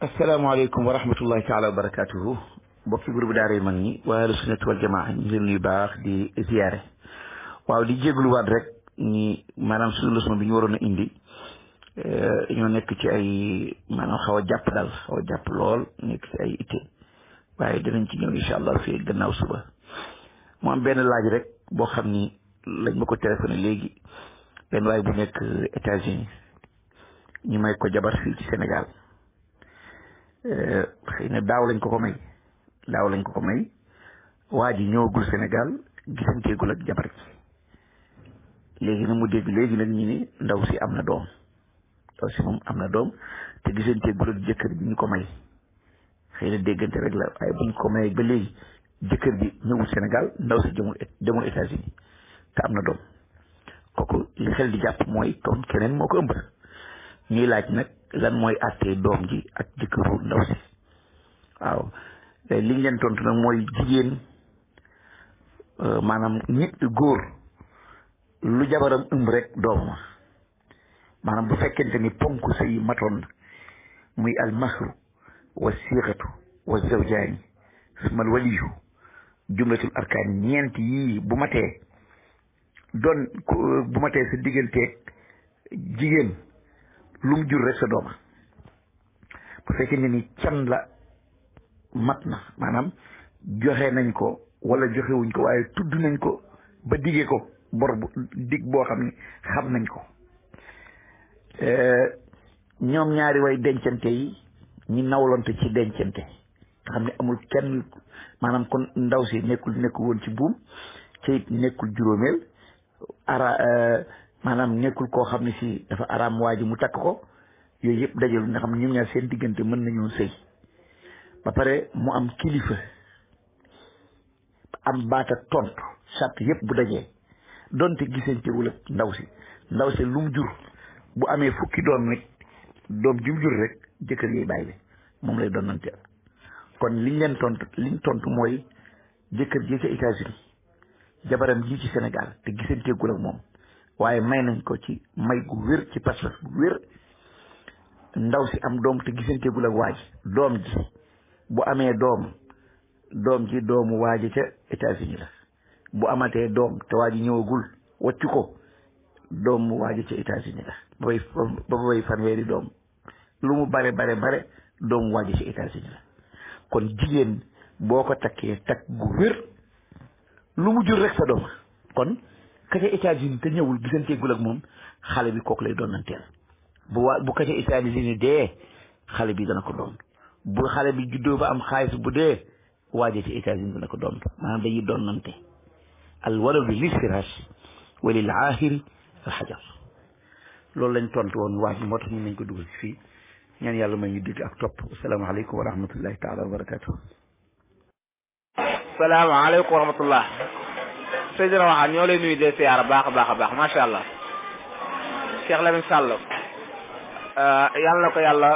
asalaamaaleykum wa rahmatullahi taala wa barakaatuhu bokki groupe daaray mag ñi leen nuyu baax di ziyaare waaw di jégluwaat rek ñi maanaam suñu leçon bi ñu waroon a indi eh, ñoo nekk ci ay maanaam xaw a jàpp daal xaw a jàpp lool nekk ci ay itte waaye dinañ ci ñëw incha allah fii gannaaw suba mu benn laaj rek boo xam ni lañ ma ko téléphoné léegi benn waaye bu nekk États-Unis ñu may ko jabar fii ci Sénégal Eh, xëy na daaw lañ ko ko may daaw lañ ko ko may waa ji ñëwagul Sénégal gisanteegul ak jabar ji léegi nag mu dégg léegi nag ñu ni ndaw si am na doom ndaw si moom am na doom te gisanteegul ak jëkkër bi ñu ko may xëy na déggante rek la waaye buñ ko may ba léegi jëkkër bi ñëwul Sénégal ndaw si demul États-Unis te am na doom kooku li xel di jàpp mooy kon keneen moo ko ëmb ñuy laaj nag. lan mooy àttee doom ji ak jëkkëru ndaw si waaw liñ leen tontu nag mooy jigéen euh, maanaam nit góor lu jabaram ëmb rek doom maanaam bu fekkente ni ponk sëy matoon muy almahru wa siixatu wa zawjaani suma alwaliyu jumlatul arkaan ñeent yii bu matee doon bu matee sa digganteeg jigéen lu mu jur rek sa dooma bu fekkee ne ni can la mat na maanaam joxe nañ ko wala joxewuñ ko waaye tudd nañ ko ba diggee ko bor bu digg boo xam ne xam nañ ko eh, ñoom ñaari way dencante yi ñi nawlante ci dencante xam ne amul kenn maanaam kon ndaw si nekkul nekku woon ci buum te it nekkul juróomeel ara eh, maanaam nekkul koo xam ne si dafa araam waa ji mu takk ko yooyu yëpp dajalu nga xam ne ñoom ñaar seen diggante mën nañoo sëy ba pare mu am kilifa am baata tontu sàtt yëpp bu dajee donte gisante wul ak ndaw si ndaw si lu mu jur bu amee fukki doom rek doom ju mu jur rek jëkkër yi bàyyi bi moom lay donante kon liñ leen tontu liñ tontu mooy jëkkër ji ca États-Unis jabaram ji ci Sénégal te gisanteegul ak moom waaye may nañ ko ci may gu wér ci pas-pas bu wér ndaw si am doom te gisante gul ak waaj doom ji bu amee doom doom ji doomu waaji ca États-Unis la bu amatee doom te waaji ñëwagul waccu ko doomu waaji ca États-Unis la ba bay ba bay fanweeri doom lu mu bare bare bare doomu waaji ca États-Unis la kon jigéen boo ko takkee takk gu wér lu mu jur rek sa doom kon kaca États-Unis te ñëwul gisanteegul ak moom xale bi kooku lay doonanteel bu waa bu kaca États-Unis dee xale bi dana ko doon bu xale bi juddoo ba am xaalis bu dee waaje ci États-Unis dana ko doon maanaam dañuy doonante al waladu lil firash wa lil aahiri al hajar loolu lañ tontu woon waa ji moo tax ñu nañ ko dugal ci fii ñaan yàlla may ñu dégg ak topp asalaamaaleykum wa rahmatullahi taala wa barakatuh salaamaaleykum wa sëñ Rawane ñoo lay nuyu de siyaar baax a baax a baax macha allah Cheikh Lamine Sall euh, yàlla na ko yàlla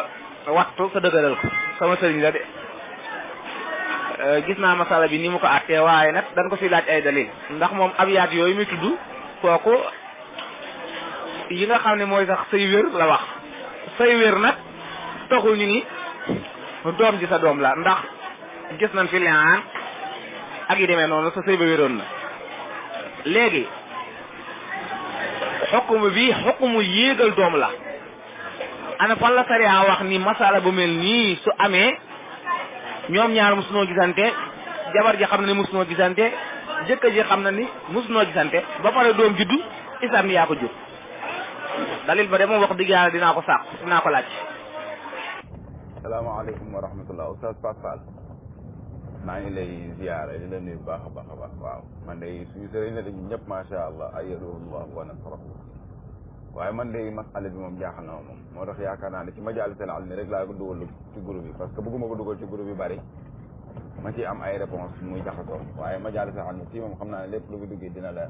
wattu sa dëgëral ko sama sëriñ la de euh, gis naa masala bi ni mu ko àttee waaye nag dañ ko fi laaj ay dalil ndax moom ab yaat yooyu muy tudd kooku yi nga xam ne mooy sax sëy wér la wax say wér nag taxul ñu doom ji sa doom la ndax gis nañ fi leen ak yi demee noonu sa sëy ba wéroon na léegi xukumu bi xukumu yéegal doom la ana fan la sariya wax ni masala bu mel nii su amee ñoom ñaar musunoo gisante jabar ji xam na ni musunoo gisante jëkkër ji xam na ni musunoo gisante ba pare doom juddu islam ni yaa ko jur dalil ba de moom wax dëgg yàlla dinaa ko sàq dinaa ko laaj salaamaaleykum wa rahmatullah Oustaz Pape Fall maa ngi lay ziyaara di nuyu bu baax a baax a baax waaw man de suñu sëriñ la dañu ñëpp macha allah ayadullah wa nasrahu waaye man de masala bi moom jaaxal na moom moo tax yaakaar naa ne ci majaalisal almi rek laa ko dugal ci groupe bi parce que bëgguma ko dugal ci groupe bi bari ma ci am ay réponse muy jaxasoo waaye majaalisal almi fii moom xam naa ne lépp lu fi duggee dina la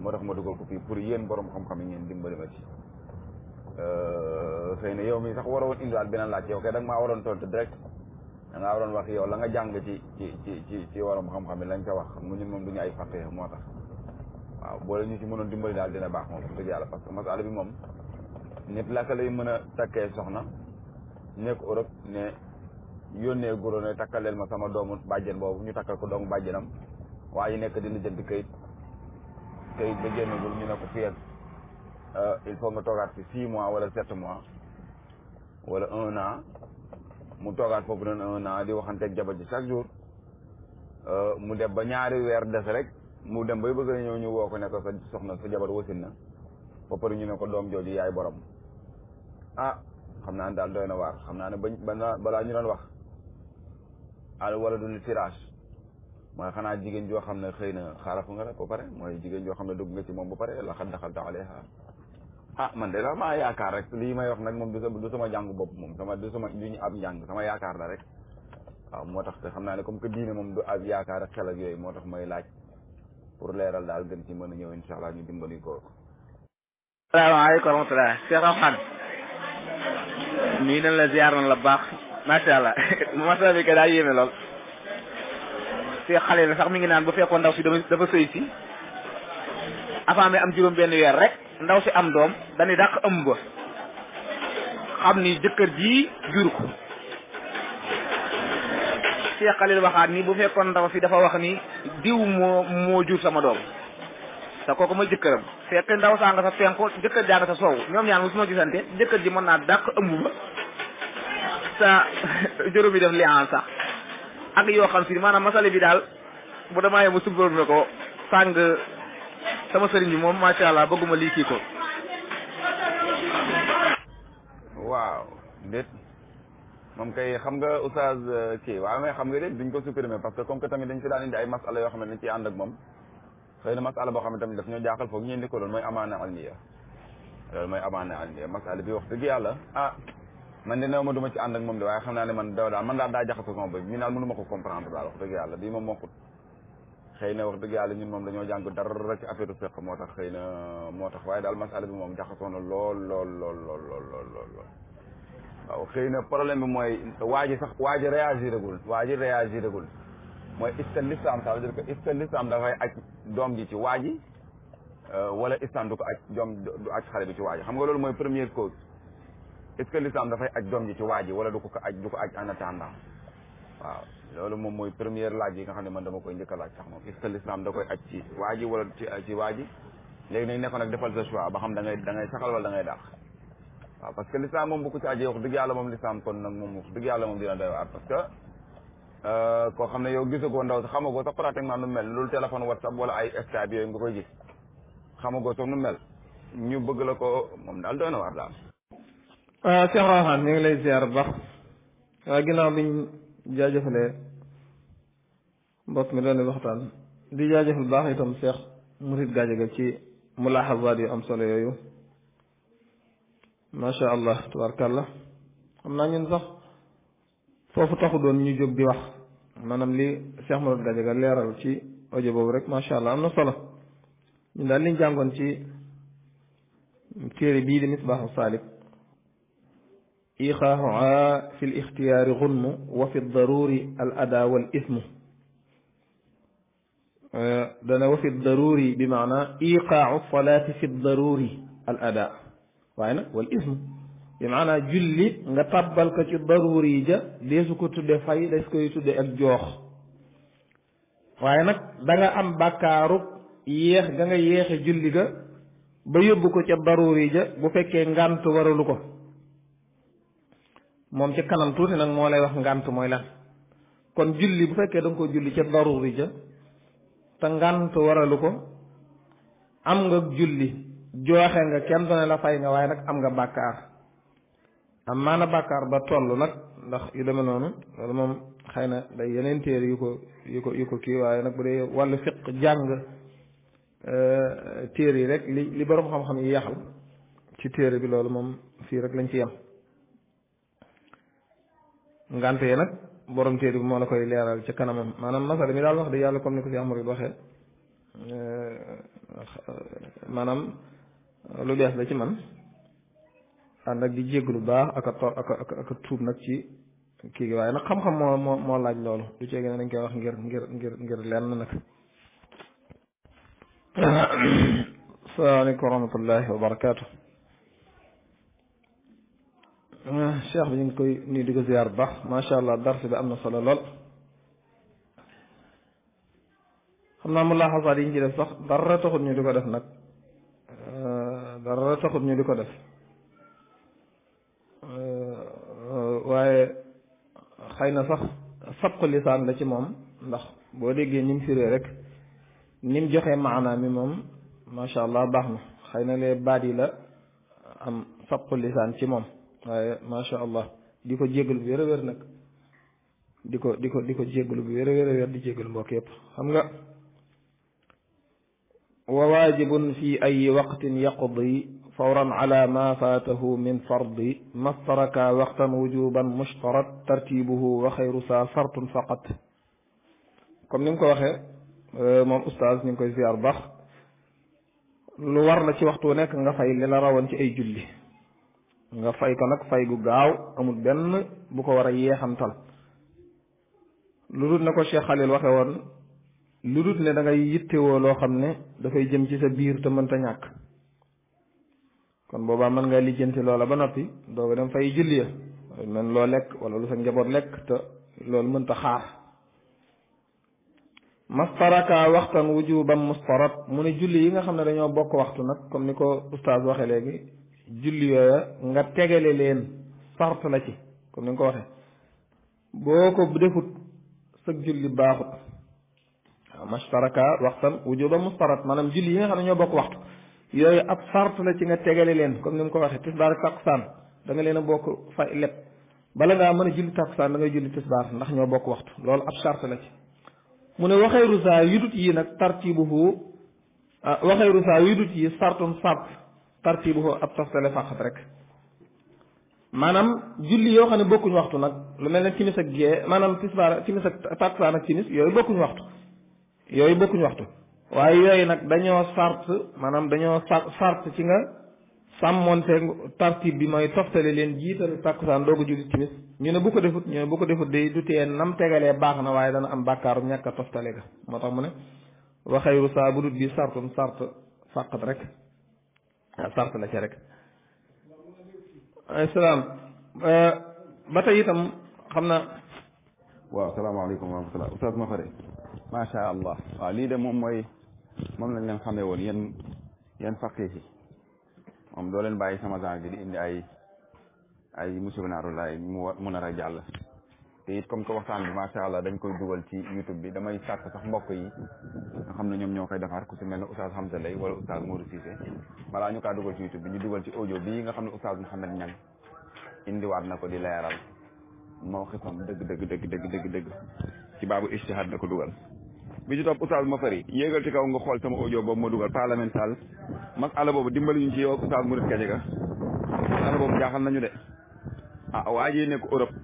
moo tax ma dugal ko fii pour yéen borom xam-xam yi ngeen dimbali ma ci euh, xëy na yow mi sax waroon indiwaat beneen laaj yow kay maa waroon tontu direct da ngaa waroon wax yow la nga jàng ci ci ci ci ci waroom xam-xam lañ ko wax mu ñun moom du ñu ay fàttee moo tax waaw boo la ñu ci mënoon dimbali daal dina baax moom wax dëgg yàlla parce que masala bi moom nit laka lay mën a takkee soxna nekk Europe ne yónnee goro ne takkaleel ma sama doomu bàjjen boobu ñu takkal ko doomu bàjjenam waaye nekk di lijjanti kayit kayit ba génnagul ñu ne ko fii ak euh, il faut nga toogaat fi six mois wala sept mois wala un an mu toogaat foofu noonu un an di waxanteeg jabar ji chaque jour euh, mu dem ba ñaari weer des rek mu dem bay bëgg a ñëw ñu woo ko nekk ko soxna sa jabar wasin na ba pare ñu ne ko doom jooju yaay borom ah xam naa ne daal doy na waar xam naa ne ba bañ balaa ñu doon wax al wala dul firage mooy xanaa jigéen joo xam ne xëy na xaarafu nga rek ba pare mooy jigéen joo xam ne dugg nga ci moom bu pare la xat daxal ta aleyha ah man de dama yaakaar rek lii may wax nag moom du sama jàngu bopp moom sama du sama ñu ab njàng sama yaakaar la rek waaw moo tax te xam naa ne comme que diine moom du ab yaakaar ak xel ak yooyu moo tax may laaj pour leeral daal gën ci mën a ñëw incha allah ñu dimbali ko. salaamaaleykum wa rahmatulah Cheikh Amhan la ziar nañ la baax macha allah macha bi ka daa yéeme lool. Cheikh xale la sax mi ngi naan bu fekkoon ndaw si dafa dafa sëy si avant mi am juróom rek. ndaw si am doom dañuy dàq ëmb ba xam ni jëkkër jii jur ko Cheikh Khalil waxaat ni bu fekkoon ndaw si dafa wax ni diw moo moo jur sama doom te ma mooy jëkkëram fekk ndaw saa nga sa penku jëkkër jaa nga sa soow ñoom ñaan mu suma gisante jëkkër ji mën naa dàq ëmb ba sa juróom yi def li sax ak yoo xam si maanaam masale bi daal bu damaa yemu subal na ko sàng sama sëriñ bi moom macha allah bëgguma lii kii ko. waaw déet moom kay xam nga oustaz euh, kii waaw mais xam nga déet duñ ko supprimer parce que comme que tamit dañ fi daan indi ay masala yoo xam ne dañ ciy ànd ak moom xëy na masala boo xam ne tamit daf ñoo jaaxal foog ñu indi ko loolu mooy amaana almiya loolu mooy amaana almiya masala bi wax dëgg yàlla ah. man de néew ma du ci ànd ak moom de waaye xam naa ne man daw daal man daal daa jaxasoo ko comprendre daal dëgg yàlla bii moom mokkut xëy na wax dëgg yàlla ñun moom dañoo jàng dara ci affaire fiqh moo tax xëy na moo tax waaye daal masala bi moom jaxasoo na lool lool lool lool lool lool waaw xëy na problème bi mooy waa ji sax waa ji réagiragul waa ji réagiragul mooy est-ce que l'islam ça veut dire dafay aj doom ji ci waa ji euh, wala islam du ko aj doom du aj xale bi ci waa ji xam nga loolu mooy première cause est-ce que l'islam dafay aj doom ji ci waa ji wala du ko ko aj du ko aj en attendant waaw loolu moom mooy première laaj yi nga xam ne man dama koy njëkk a laaj sax moom est-ce que l'islam da koy aj ci waa ji wala ci ci waa ji nag defal sa choix ba xam da saxal wala da ngay parce que ko euh, koo xam ne yow gisagoo ndaw sax xamagoo sax pratiquement nu mel loolu téléphone whatsapp wala ay skype yooyu nga koy gis xamagoo sax nu mel ñu bëgg la ko moom daal doy na waar daal euh, Cheikh Rawane ñu ngi euh, ginnaaw biñ jaajëfalee mbokk mi doon waxtaan di jaajëfal baax itam Cheikh Mourid Gadiaga ci mulaaxazaat yu am solo yooyu macha allah tabarakallah xam naa ñun sax foofu taxu doon ñu jóg di wax maanaam li Cheikh Mourid Gadiaga leeral ci audio boobu rek macha allah am na solo ñun daal liñ jàngoon ci téere bii di Misbaahu Saalik iqaaxuha fi lixtiyaari xulmu wa fi daruri wa fi daruri bi fi daruri waaye nag wal ismu julli nga tàbbal ko ci daruri ja deesu ko tudde fay des koy tudde ak waaye nag danga nga am bàkkaarub yéex ga nga yéexe julli ga ba yóbbu ko ca daruri ja bu fekkee ngànt waralu ko moom ci kanam tuuti nag moo lay wax ngant mooy lan kon julli bu fekkee da koo ko julli ca daruri ja te ngànt waralu ko am nga julli jooxe nga kenn doone la fay nga waaye nag am nga bàkkaar am maana bàkkaar ba toll nag ndax yu deme noonu loolu moom xëy na day yeneen téere yu ko yu ko yu ko kii waaye nag bu dee wàllu fiq jàng euh, téere yi rek li li borom xam-xam yi yaxal ci téer bi loolu moom fii rek lañ ci yam ngante ye nag borom téere bi moo la koy leeral ci kanamam maanaam masala mi daal wax de yàlla comme ni ko si amari waxee euh, maanaam lu bees la ci man ànd ak di jéggalu baax ak a tuub nag ci kii gi waaye nag xam-xam moo moo laaj loolu lu ceegi ne dañ koy wax ngir ngir ngir ngir lenn nag salaamaaleykum wa rahmatullahi wa barakaatu Ah, cheikh bi ñu ngi koy nuyu di ko ziar bu baax macha allah dars bi am na solo lool xam naa mu laaxasaat yi ñu ci def sax dara taxut ñu di ko def nag ah, dara taxut ñu di ko def ah, waaye xëy na sax sabqu lisaan la ci moom ndax boo déggee ni mu firee rek ni mu joxee maanaa mi moom macha allah baax na xëy na lee baat yi la am sabqu lisaan ci moom waaye macha allah di ko jéggalu bu wér a wér nag di ko di ko di ko jéggalu bu wér a wér a wér di jéggalu mbokk yépp xam nga wa waajibun fi ay waqtin yaqdi fawran ala ma faatahu min fardi mastaraka waqtan wujuban mushtarat tartibuhu wa xayru sa sartun faqat comme ni mu ko waxee euh, moom oustaz ñu ngi koy ziar baax lu war la ci waxtu nekk nga fay li la rawoon ci ay julli nga fay ko nag fay gu gaaw amul benn bu ko war a yeexantal lu dut na ko Cheikh waxe woon lu dut ne dangay ngay yittewoo loo xam ne dafay jëm ci sa biir te mënta ñàkk kon boobaa mën nga lijjanti loola ba noppi dooga dem fay julli ya man loo lekk wala lu sa njaboot lekk te loolu mënta xaar mastaraka waxtan wujuban mustarat mu ne julli yi nga xam ne dañoo bokk waxtu nag comme ni ko oustaz waxe léegi julli yooya nga tegale leen sart la ci comme ni nga ko waxee boo ko defut sëg julli baaxut waaw mastaraka waxtan wujuba mustarat maanaam julli yi nga xam ne ñoo bokk waxtu yooyu ab sart la ci nga tegale leen comme ni mu ko waxee tisbaar ak takkusaan da leen a bokk fa leb bala ngaa mën a julli takkusaan da ngay julli tisbaar ndax ñoo bokk waxtu loolu ab sart la ci mu ne waxeeru saa yu dut yi nag tartibuhu ah, waxeeru saa yu dut yi sartun sart tartibuhu ab toftale fàqat rek maanaam julli yoo xam ne bokkuñ waxtu nag lu mel ne timis ak gée maanaam tisbaar timis ak takkusaan ak timis yooyu bokkuñu waxtu yooyu bokkuñu waxtu waaye yooyu nag dañoo sart maanaam dañoo sart ci nga te tartib bi mooy toftale leen jiital takkusaan doogu julli timis ñu ne bu ko defut ñu ne bu ko defut day du tee nam tegalee baax na waaye dana am bàkkaarum ñàkk a toftale ga moo tax mu ne waxeyru saa budut bi sartum sart fàqat rek waaw sart la ci rek eh, salaam eh, xam na waaw salaamaaleykum wa rahmatullah oustaz ma fare allah waaw lii de moom mooy moom lañ leen xam woon yen yéen faqih yi moom doo leen bàyyi sama genre bi di indi ay ay monsieu naaru laay mu war mun a jàll te it comme que waxtaan bi macha allah dañ koy dugal ci YouTube bi damay sàkk sax mbokk yi nga xam ne ñoom ñoo koy defar ku si mel ne oustaz Hamza Lay wala oustaz Modou Cissé balaa ñu kaa dugal ci YouTube bi ñu dugal ci audio bii nga xam ne oustaz Mouhamed Niang indiwaat na ko di leeral moo xifam dëgg dëgg dëgg dëgg dëgg dëgg ci baabu ijtihaad na ko dugal bi ci topp oustaz ma fari yéegal ci kaw nga xool sama audio boobu ma dugal parlemental masala boobu dimbali ñu ci yow oustaz Mourid Kadiaga masala boobu jaaxal nañu de ah waa ji nekk Europe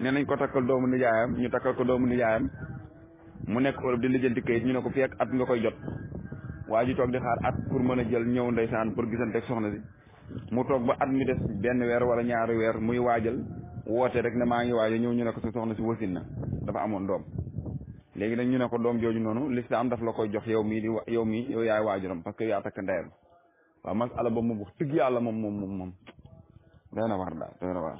ne nañ ko takkal doomu nijaayam ñu takkal ko doomu nijaayam mu nekk Europe di lijjanti kayit ñu ne ko fii ak at nga koy jot waa ji toog di xaar at pour mën a jël ñëw ndeysaan pour gisante ak soxna si mu toog ba at mi benn weer wala ñaari weer muy waajal woote rek ne maa ngi waaja ñëw ñu ne ko soxna si wasin na dafa amoon doom léegi nag ñu ne ko doom jooju noonu lislaam daf la koy jox yow mii di yow mii yow yaay waajuram parce que yaa takk ndeyam waaw masala ba mu wax dëgg yàlla moom moom moom moom doy na waar daal doy na waar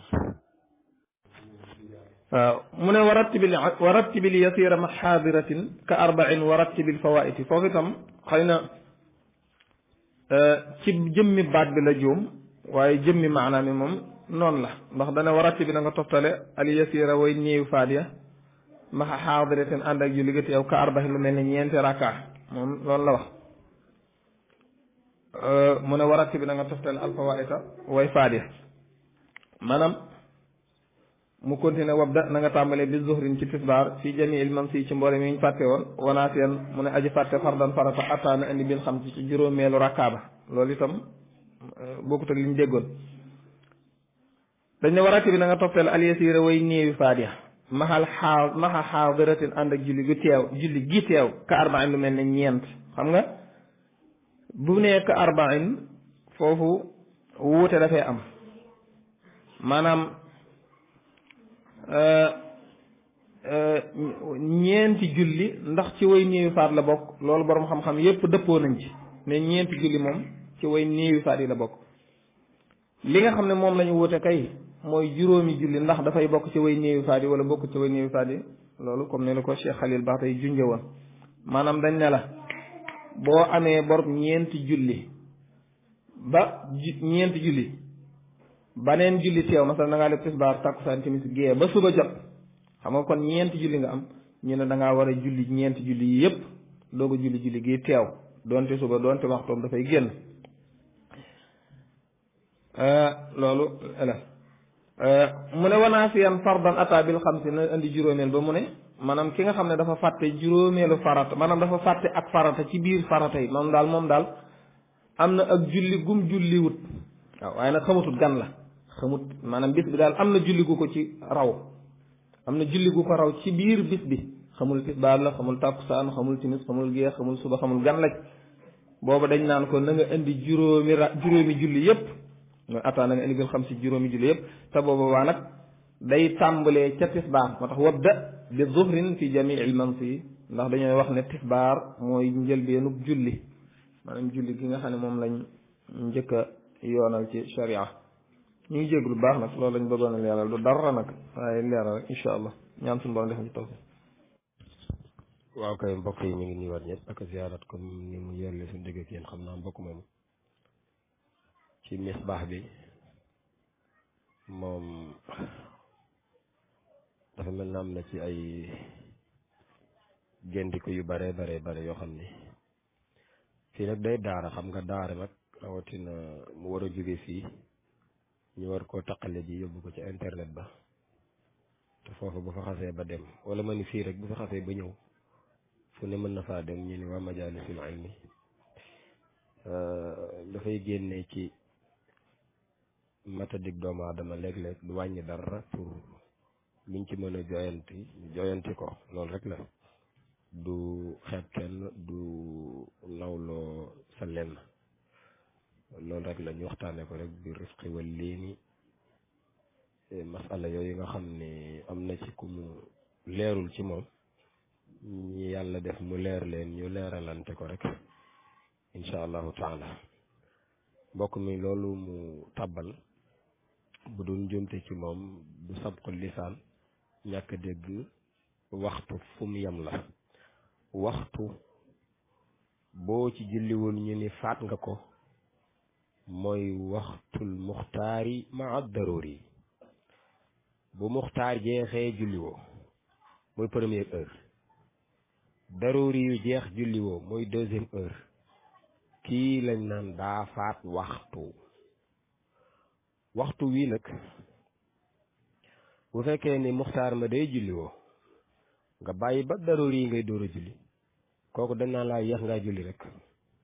waaw mu ne warattibil warattibil yasira ma xaadiratin ka arbain warattibil fawaiti foofu itam xëy na ci jëmmi baat bi la juum waaye jëmmi maanaa mi moom noonu la ndax dana warattibi na nga toftale al yasira way néew faat ya ma xaadiratin ànd ak yu liggéey yow ka arbain lu mel ne ñeenti rakka moom loolu la wax mu ne warattibi na nga toftale al fawaita way faat ya maanaam mu continué wabda na nga tàmbalee bi zuhrin ci tisbaar fii jami il mam si ci mboole mi ñu fàtte woon wanaasiyan mu ne aji fàtte fardan farata attaa na indi bil xam ci ci juróomeelu rakkaa ba loolu itam euh, bokkut ak li déggoon dañ ne warati bi na nga toppeel alyasira way néewi faatiha maxal xaa maxa xaadiratin ànd ak julli gu teew julli gi teew ka arbain lu mel ne ñeent xam nga bu nee ka arbain foofu wuute dafay am maanaam ñeenti julli ndax ci way néewi faat la bokk loolu boroom xam-xam yépp dëppoo nañ ci ne ñeenti julli moom ci way néewi yi la bokk li nga xam ne moom la ñu wute kay mooy juróomi julli ndax dafay bokk ci way néewi faat yi wala bokk ci way néewi faat yi loolu comme ne la ko Cheikh Khalil Ba tey junje woon maanaam dañ ne la boo amee bor ñeenti julli ba ñeenti julli baneen julli teew masal da ngaa def tisbaar tàkkusaan timis gee ba suba jot xam nga kon ñeenti julli nga am ñu ne da war a julli ñeenti julli yi yëpp doog a julli julli gii teew doonte suba doonte waxtoom dafay génn euh, loolu la euh, mu ne wanaasiyan fardan ata bil xamsi na indi juróomeel ba mu ne maanaam ki nga xam ne dafa fàtte juróomeelu farata maanaam dafa fàtte ak farata ci biir farata yi moom daal moom daal am na ak julli gum julliwut waaw waaye nag xamatut gan la xamut maanaam bis bi daal am na julli gu ko ci raw am na julli gu ko raw ci biir bis bi xamul tisbaar la xamul tàkkusaan xamul timis xamul gee xamul suba xamul gan laj booba dañ naan ko na indi juróomi ra juróomi julli yépp mooy ataa na nga indi bil xam si juróomi julli yépp te waa nag day tàmbalee ca tisbaar moo tax wot wabda bi zuhrin fi jamiil mansi ndax dañooy wax ne tisbaar mooy njëlbeenug julli maanaam julli gi nga xam ne moom lañ njëkk a ci sharia ñu ngi jéglu baax nag loolu lañ doon leeral du dara nag waaye leeral rek incha allah ñaan suñu borom def ci mbokk yi ñu ngi nuyuwaat ñëpp ak ziarat comme ni mu yelle suñu naa mbokk ci misbaax bi moom dafa mel na ci ay géndiku yu bare bare bare yoo xam ni fii day daara xam nga daara nag rawatina mu war a jóge fii ñu war koo taqale ji yóbbu ko ci internet ba te foofu bu fa xasee ba dem wala ma ni fii rek bu fa xasee ba ñëw fu ne mën na faa dem ñu ni waa majaalisul ilmi dafay génne ci matadik doomu aadama léeg-léeg du wàññi dara pour luñ ci mën a joyanti joyanti ko loolu rek la du xeeb kenn du nawloo sa lenn loolu rek la ñu waxtaanee ko rek bi rifqi wal liini eh, masala yooyu nga xam ne am na ci ku mu leerul ci moom ñi yàlla def mu leer leen ñu leeralante ko rek incha allahu taala mbokk mi loolu mu tàbbal bu dul jumte ci moom du sabqu lisaan ñàkk dégg waxtu fu mu la waxtu boo ci julliwul ñu ni faat nga ko mooy waxtul muxtaari maa daruri bu muxtaar jeexee julliwoo muy première heure daruri yu jeex julliwoo mooy deuxième heure kii lañ naan daa faat waxtu waxtu wii nag bu fekkee ni muxtaar ma day julliwoo nga bàyyi ba daruri yi ngay dóor a julli kooku dañ naan laa yéex ngaa julli rek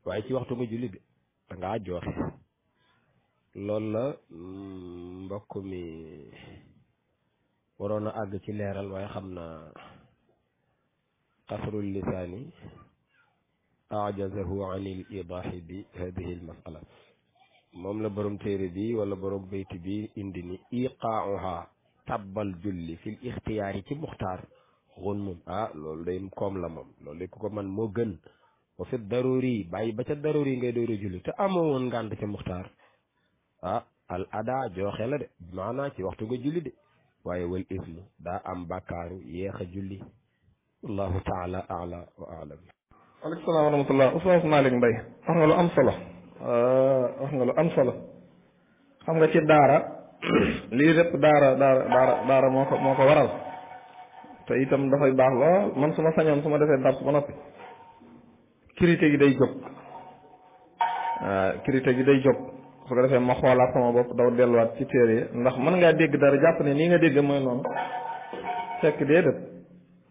waaye ci waxtu nga julli de da jooxe loolu la mm, mbokk mi waroon a àgg ci leeral waaye xam naa qasrul lisaani ajazahu an il bi hadihi al moom la borom téere bi wala borom bayti bi indi ni iqaauha tabbal julli fil ixtiyaar ci muxtaar xun moom ah loolu day kom la moom loolu day ku ko man moo gën wa fi daruri bàyyi ba ca daruri ngay dooru julli te amoo woon ngànt ca ah al ada jooxe la de maanaa ci waxtu nga julli de waaye wal ismu daa am bàkkaaru yéex a julli wallahu taala ala wa alam aleykum lu am solo ah, wax nga lu am solo xam nga ci daara lii lépp daara daara daara daara moo ko moo ko waral te itam dafay baax lool man su ma sañoon su ma defee dars ba noppi critique gi day jóg critique ah, gi day jóg su ko defee ma xoolaat sama bopp daw delluwaat ci téere yi ndax mën ngaa dégg dara jàpp ne nii nga dégg mooy noonu fekk déedéet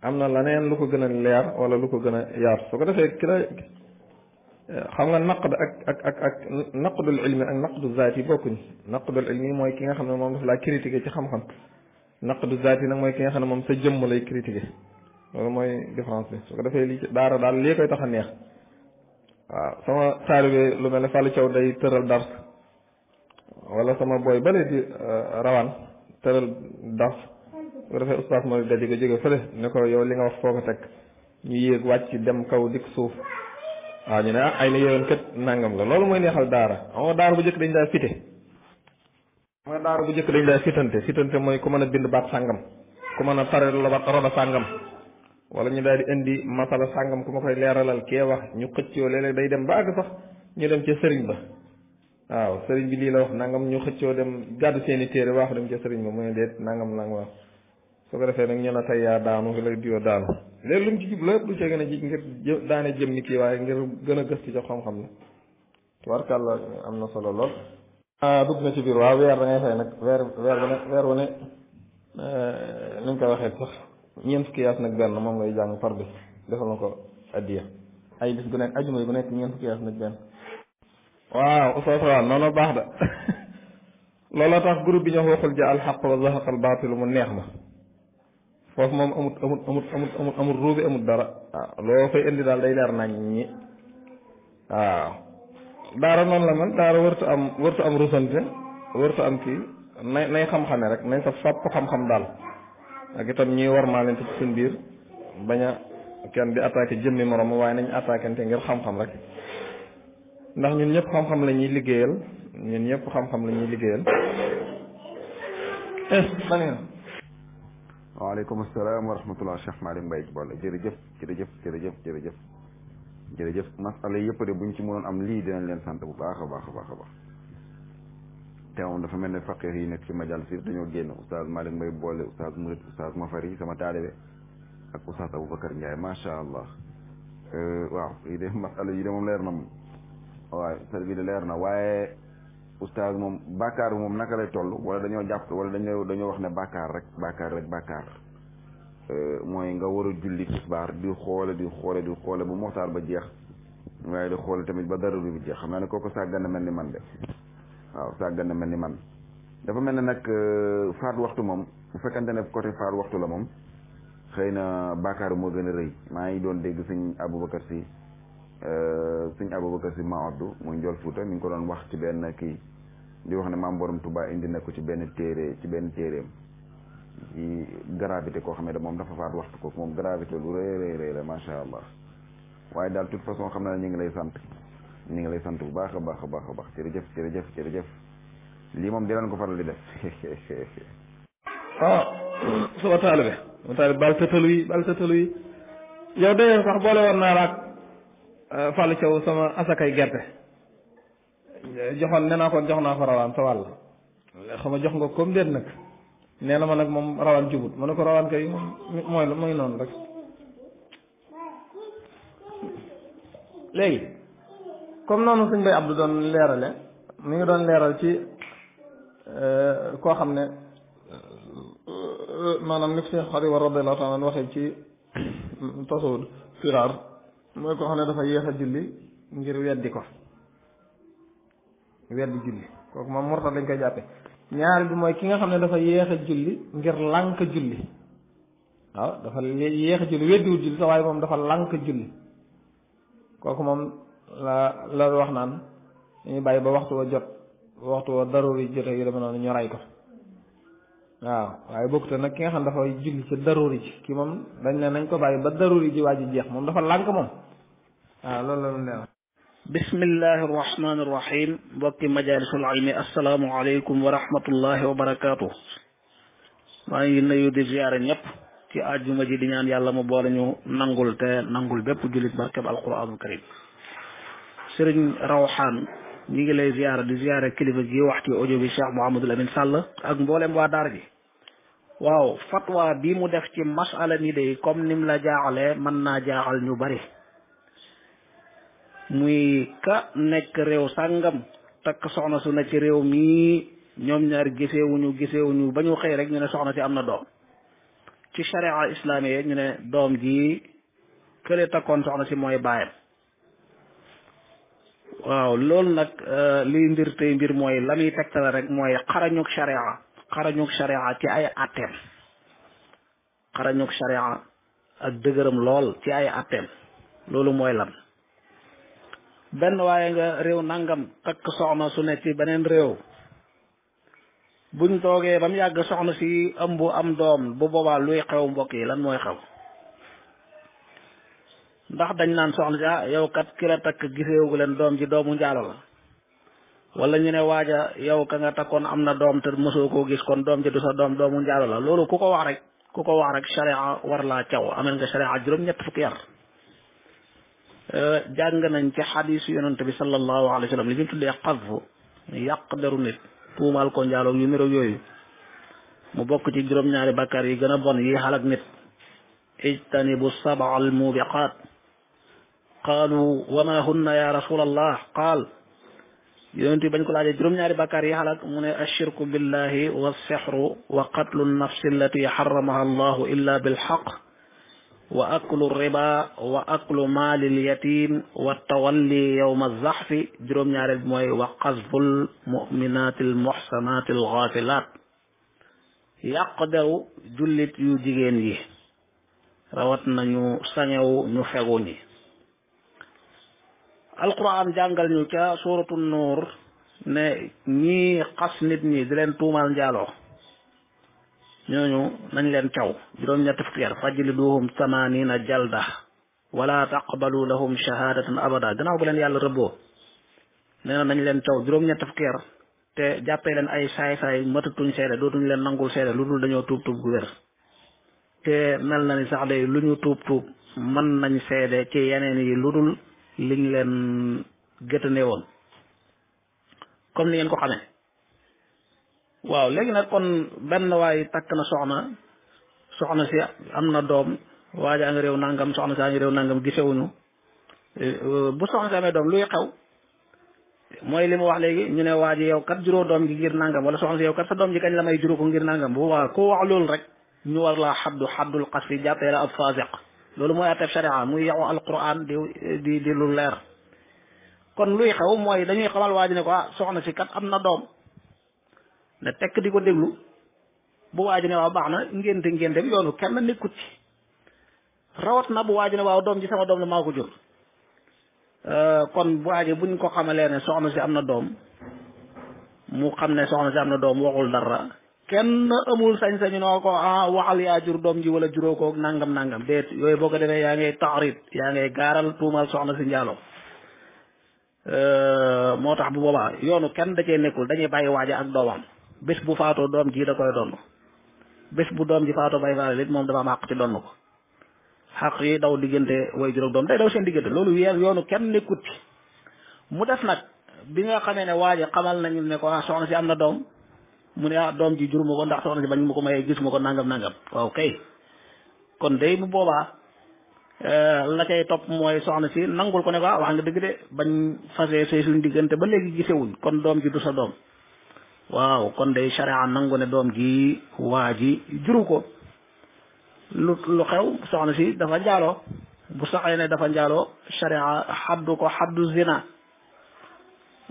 am na leneen lu ko gën a leer wala lu ko gën a yaatu su ko defee ki xam nga naqd ak ak ak ak naqdul ilmi ak naqdu zaati yi bokkuñ naqdul ilmi mooy ki nga xam ne moom daf laa critiqué ci xam-xam naqdu zaati yi nag mooy ki nga xam ne moom sa jëmm lay critiqué loolu mooy différence bi su ko defee lii ci daara daal lii koy tax a neex waaw sama taalibe lu mel ne Fallou Thiaw day tëral dars wala sama booy bale di euh, rawaan tëral daf bu defee ustaas mooy daje ga jóge fële ne ko yow li nga wax foo ko teg ñu yéeg wàcc dem kaw dikk suuf waaw ñu ne ah ay la yéwén kat nangam la loolu mooy neexal daara xam daara bu njëkk dañ daa fite xam nga daara bu njëkk dañ daa fitante fitante mooy ku mën a bind baat sàngam ku mën a tare lobat roba sàngam wala ñu daal di indi masala sàngam ku ma koy leeralal kee wax ñu xëccoo léeg-léeg day dem ba àgg sax ñu dem ci sëriñ ba waaw sëriñ bi lii la wax nangam ñu xëccoo dem gàddu seeni téere waaxu dem ca sëriñ ba mu ne déet nangam nangam wax su ko defee nag ñu la tey yaa daanu la diwa daanu léegi lu mu ci jub lu ca gën a ji ngir jë daane jëm ni kii gën a gëstu ca xam-xam la tubarkàlla am na solo lool. ah dugg na ci biir waaw weer da fay nag weer weer wu ne weer wu ne eh, ni ñu koy waxee sax ñeent fukki yaas nag benn moom ngay jàng par bés defal na ko addiya ay bis gu nekk ajuma bu nekk ñeent fukki yaas nag benn. waaw Oustaz waaw noonu baax da looloo tax groupe bi ñu waxul ja alxaq la zahaq al baatilu mu neex ma foofu moom amut amut amut amut amut amut ruubi amut dara waaw loo fay indi daal day leer nañ ñi waaw daara noonu la mel daara wërtu am wërtu am rusante wërtu am kii nay nay xam-xame rek nañ sa sopp xam-xam daal ak itam ñuy war maa leen ci seen biir bañ a kenn di attaqué jëmmi moroom waaye nañ attaquante ngir xam-xam rek ndax ñun ñëpp xam-xam la liggéeyal ñun ñëpp xam-xam la ñuy liggéeyal. Eh, waaleykum salaam wa rahmatulah Cheikh Malick Mbaye Bolle jërëjëf jërëjëf jërëjëf jërëjëf jërëjëf masala yëpp de buñ ci mënoon am lii dinañ leen sant bu baax a baax baax a baax te moom dafa mel ne faqir yi nekk fi majal si dañoo génn oustaz Malick mbay Bolle oustaz Mourid oustaz Mafari sama taalibe ak oustaz Aboubacar Ndiaye macha allah eh, waaw lii de masala yi de leer na waaw sër bi de leer na waaye oustaz moom bàkkaar bi moom naka lay toll wala dañoo jàpp wala dañoo dañoo wax ne bàkkaar rek bàkkaar rek bàkkaar euh, mooy nga war a julli tisbaar di xoole di xoole di xoole bu moxtaar ba jeex waaye di xoole tamit ba dara bi jeex xam naa ne kooko sàggan na mel ni man de waaw sàggan na mel ni man dafa mel ne nag euh, faat waxtu moom bu fekkante ne côté faat waxtu la moom xëy na bàkkaar moo gën a rëy maa ngi doon dégg sëñ Aboubacar si Euh, suñ Aboubacar si Maodou muy Ndiol Fouta mi ngi ko doon wax ci benn kii di wax ne maam borom Touba indi na ko ci benn téere ci benn téereem ci gravité koo xam ne moom dafa faat waxtu ko moom gravité lu rëy rëy rëy la macha allah waaye daal toute façon xam naa ñu ngi lay sant ñu ngi lay sant bu baax a baax a baax a baax jërëjëf jërëjëf jërëjëf lii moom dinañ ko faral di def. ah sama taalibe sama taalibe bal tëtalu yi bal tëtalu yi yow de sax boole woon naa la Euh, Fallou Thiaw sama asakay gerte joxoon nee naa ko jox naa ko rawaan sa wàll xam nga jox nga comme déet nag nee na ma nag moom rawaan jubut ma ne ko rawaan kay mooy mooy noonu rek léegi comme noonu suñ bay Abdou doon leerale mi ngi doon leeral ci euh, koo xam ne euh, maanaam ni ko Cheikh Xari war radiyallahu taala waxee ci mm, tasawud firaar mooy koo xam ne dafa yéex a julli ngir di ko weddi julli kooku moom murtad lañ koy jàppe ñaar bi mooy ki nga xam ne dafa yéex a julli ngir lànk julli waaw dafa yéex a julli weddiwul julli te waaye moom dafa lànk julli kooku moom la la wax naan dañuy bàyyi ba waxtu wa jot waxtu wa daruri jote yu dama noonu ñu ñoraay ko waaw waaye bokkute na ki nga xam dafa julli ci daruri ki moom dañ ne nañ ko bàyyi ba daruri ji waa ji jeex moom dafa lànk moom waaw loolu la ñu leeral bismillahi arrahmani irrahim mbokki majalisul ilmi asalaamu aleykum wa rahmatullahi wa maa ngi nuyu di ziyaare ñëpp ci àjjuma di ñaan yàlla mu boole ñu nangul te nangul bépp jullit barkeb alquranul karim sëriñ rawxaan ñu ngi lay ziyaara di ziyaara kilifa gi waxtu audio bi Cheikh Mouhamadul Amin Sall ak mboolem waa daara ji waaw fatwa bi mu def ci masala mi de comme nim la jaaxalee mën naa jaaxal ñu bari muy ka nekk réew sàngam takk soxna su na ci réew mii ñoom ñaar gisewuñu gisewuñu ba ñu xëy rek ñu ne soxna si am na doom ci sharia islaamiya ñu ne doom ji kële takkoon soxna si mooy baayam waaw loolu nag euh, liy mbir tey mbir mooy la muy tegtale rek mooy xarañug sharia xarañug sharia ci ay atem xarañug sharia ak dëgëram lool ci ay atem loolu mooy lan benn waaye nga réew nangam takk soxna su nekk ci beneen réew buñ toogee ba yàgg soxna si am bu am doom bu boobaa luy xew mbokk yi lan mooy xew ndax dañ naan soxna si ah, yow kat ki la takk giseewu leen doom ji doomu njaalo la wala ñu ne waaja yow ka nga takkoon am na doom te mosoo koo gis kon doom ji du doom doomu njaalo la loolu ku ko wax rek ku ko wax rek sharia war laa caw amel nga sharia juróom-ñett fukki yar euh, jàng nañ ci xadiisu yonante bi sallallahu alayhi wa sallam li ñu tuddee xadfu yàq deru nit tuumaal ko njaaloog yu niroog yooyu mu bokk ci juróom-ñaari bakkaar yi gën a bon yi xalak nit ijtanibu qaalu wa ma hunna ya rasulallah qaal yonent bi bañ ko laajee juróom-ñaari bàkkaar yi xalak mu ne ashirku billahi wa sixru wa qatlu nafsi allati xaramaha allahu illa bilxaq wa aklu riba wa aklu maalil yatim wa tawalli yowma zaxfi juróom-ñaareel bi mooy wa qazful muminati almuxsanati alxaafilat yàq deru jullit yu jigéen yi rawat nañu sañew ñu fegu ñi alquran jàngal ñu ca suuratu nuur ne ñii xas nit ñi di leen tuumaal njaaloo ñooñu nañ leen caw juróom-ñetti fukki at fajliduhum samanina jalda wala taqbalu lahum shahadatan abada gannaaw bu leen yàlla rëbboo nee nañ leen caw juróom-ñetti fukki te jàppee leen ay saay-saay matatuñ seede dootuñ leen nangul seede lu dul dañoo tuub tuub gu te mel sax day lu ñu tuub tuub mën nañ seede ci yeneen yi lu dul liñ leen gëtane woon comme li ngeen ko xamee waaw léegi nag kon benn waay takk na soxna soxna si am na doom waaja nga réew nangam soxna si a ngi réew nangam gisewuñu eh, eh, bu soxna si amee doom luy xew mooy li mu wax léegi ñu ne waa ji yow kat juróo gi ngir nangam wala soxna si yow kat sa doom ji kañ la may juróo ko ngir nangam bu waa ko wax loolu rek ñu war laa xaddu xaddul xas fi jàppee la ab faasiq loolu mooy atteb sharia muy yaxu alquran di di di lu leer kon luy xew mooy dañuy xamal waa ji ne ko ah soxna si kat am na doom ne tekk di ko déglu bu waaju ne waaw baax na ngénte ngénteem yoonu kenn nekkut ci rawat na bu waa ji ne waaw doom ji sama doom la maa ko jur euh, kon bu waa ji buñ ko xamalee ne soxna si am na doom mu xam ne soxna si am na doom waxul dara kenn amul sañ-sañu noo ko ah waxal yaa jur doom ji wala juróo koog nangam nangam déet yooyu boo ko defee yaa ngay taxarit yaa ngay gaaral tuumal soxna si njaalo euh, moo tax bu boobaa yoonu kenn da nekkul dañuy bàyyi waaja ak doomam bés bu faatoo doom ji da koy donn bés bu doom ji faatoo bay faale moom dafa am àq ci donn ko xaq yi daw diggante way juróom doom day daw seen diggante loolu yeen yoonu kenn nekkut ci mu def nag bi nga xamee ne waaja xamal nañu ne ko ah, soxna si doom mu ne ah doom ji jur ma ko ndax soxna si bañ ma ko mayee gis ma ko nangam nangam waaw kay kon day bu boobaa euh, la cay topp mooy soxna si nangul ko ne ko ah wax nga dëgg de bañ fasee sëy suñ diggante ba léegi gisewuñ kon doom ji du sa doom waaw kon day sharia nangu ne doom ji waa ji juru ko lu lu xew soxna si dafa njaaloo bu saxee ne dafa njaaloo sharia xaddu ko xaddu zina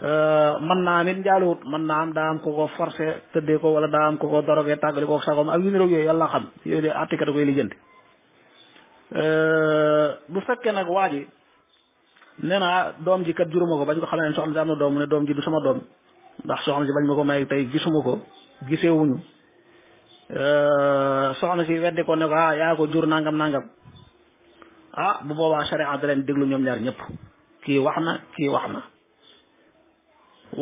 Euh, mën naa am it man naa am daa am ko ko forcé tëddee ko wala daa am ko ko dorogee tàggali ko sagom ak yu niroog yooyu yàlla xam yooyu de àttekat da koy lijjanti euh, bu fekkee nag waa ji nee naa doom ji kat juróoma ko bañ ko xamee ne soxna si am na doom mu ne doom ji du sama doom ndax soxna si bañ ma ko may tey gisuma ko gisewuñu euh, soxna si weddi ko ne ko ah ko jur nangam nangam ah bu boobaa charia da leen déglu ñoom ñaar ñëpp kii wax na kii wax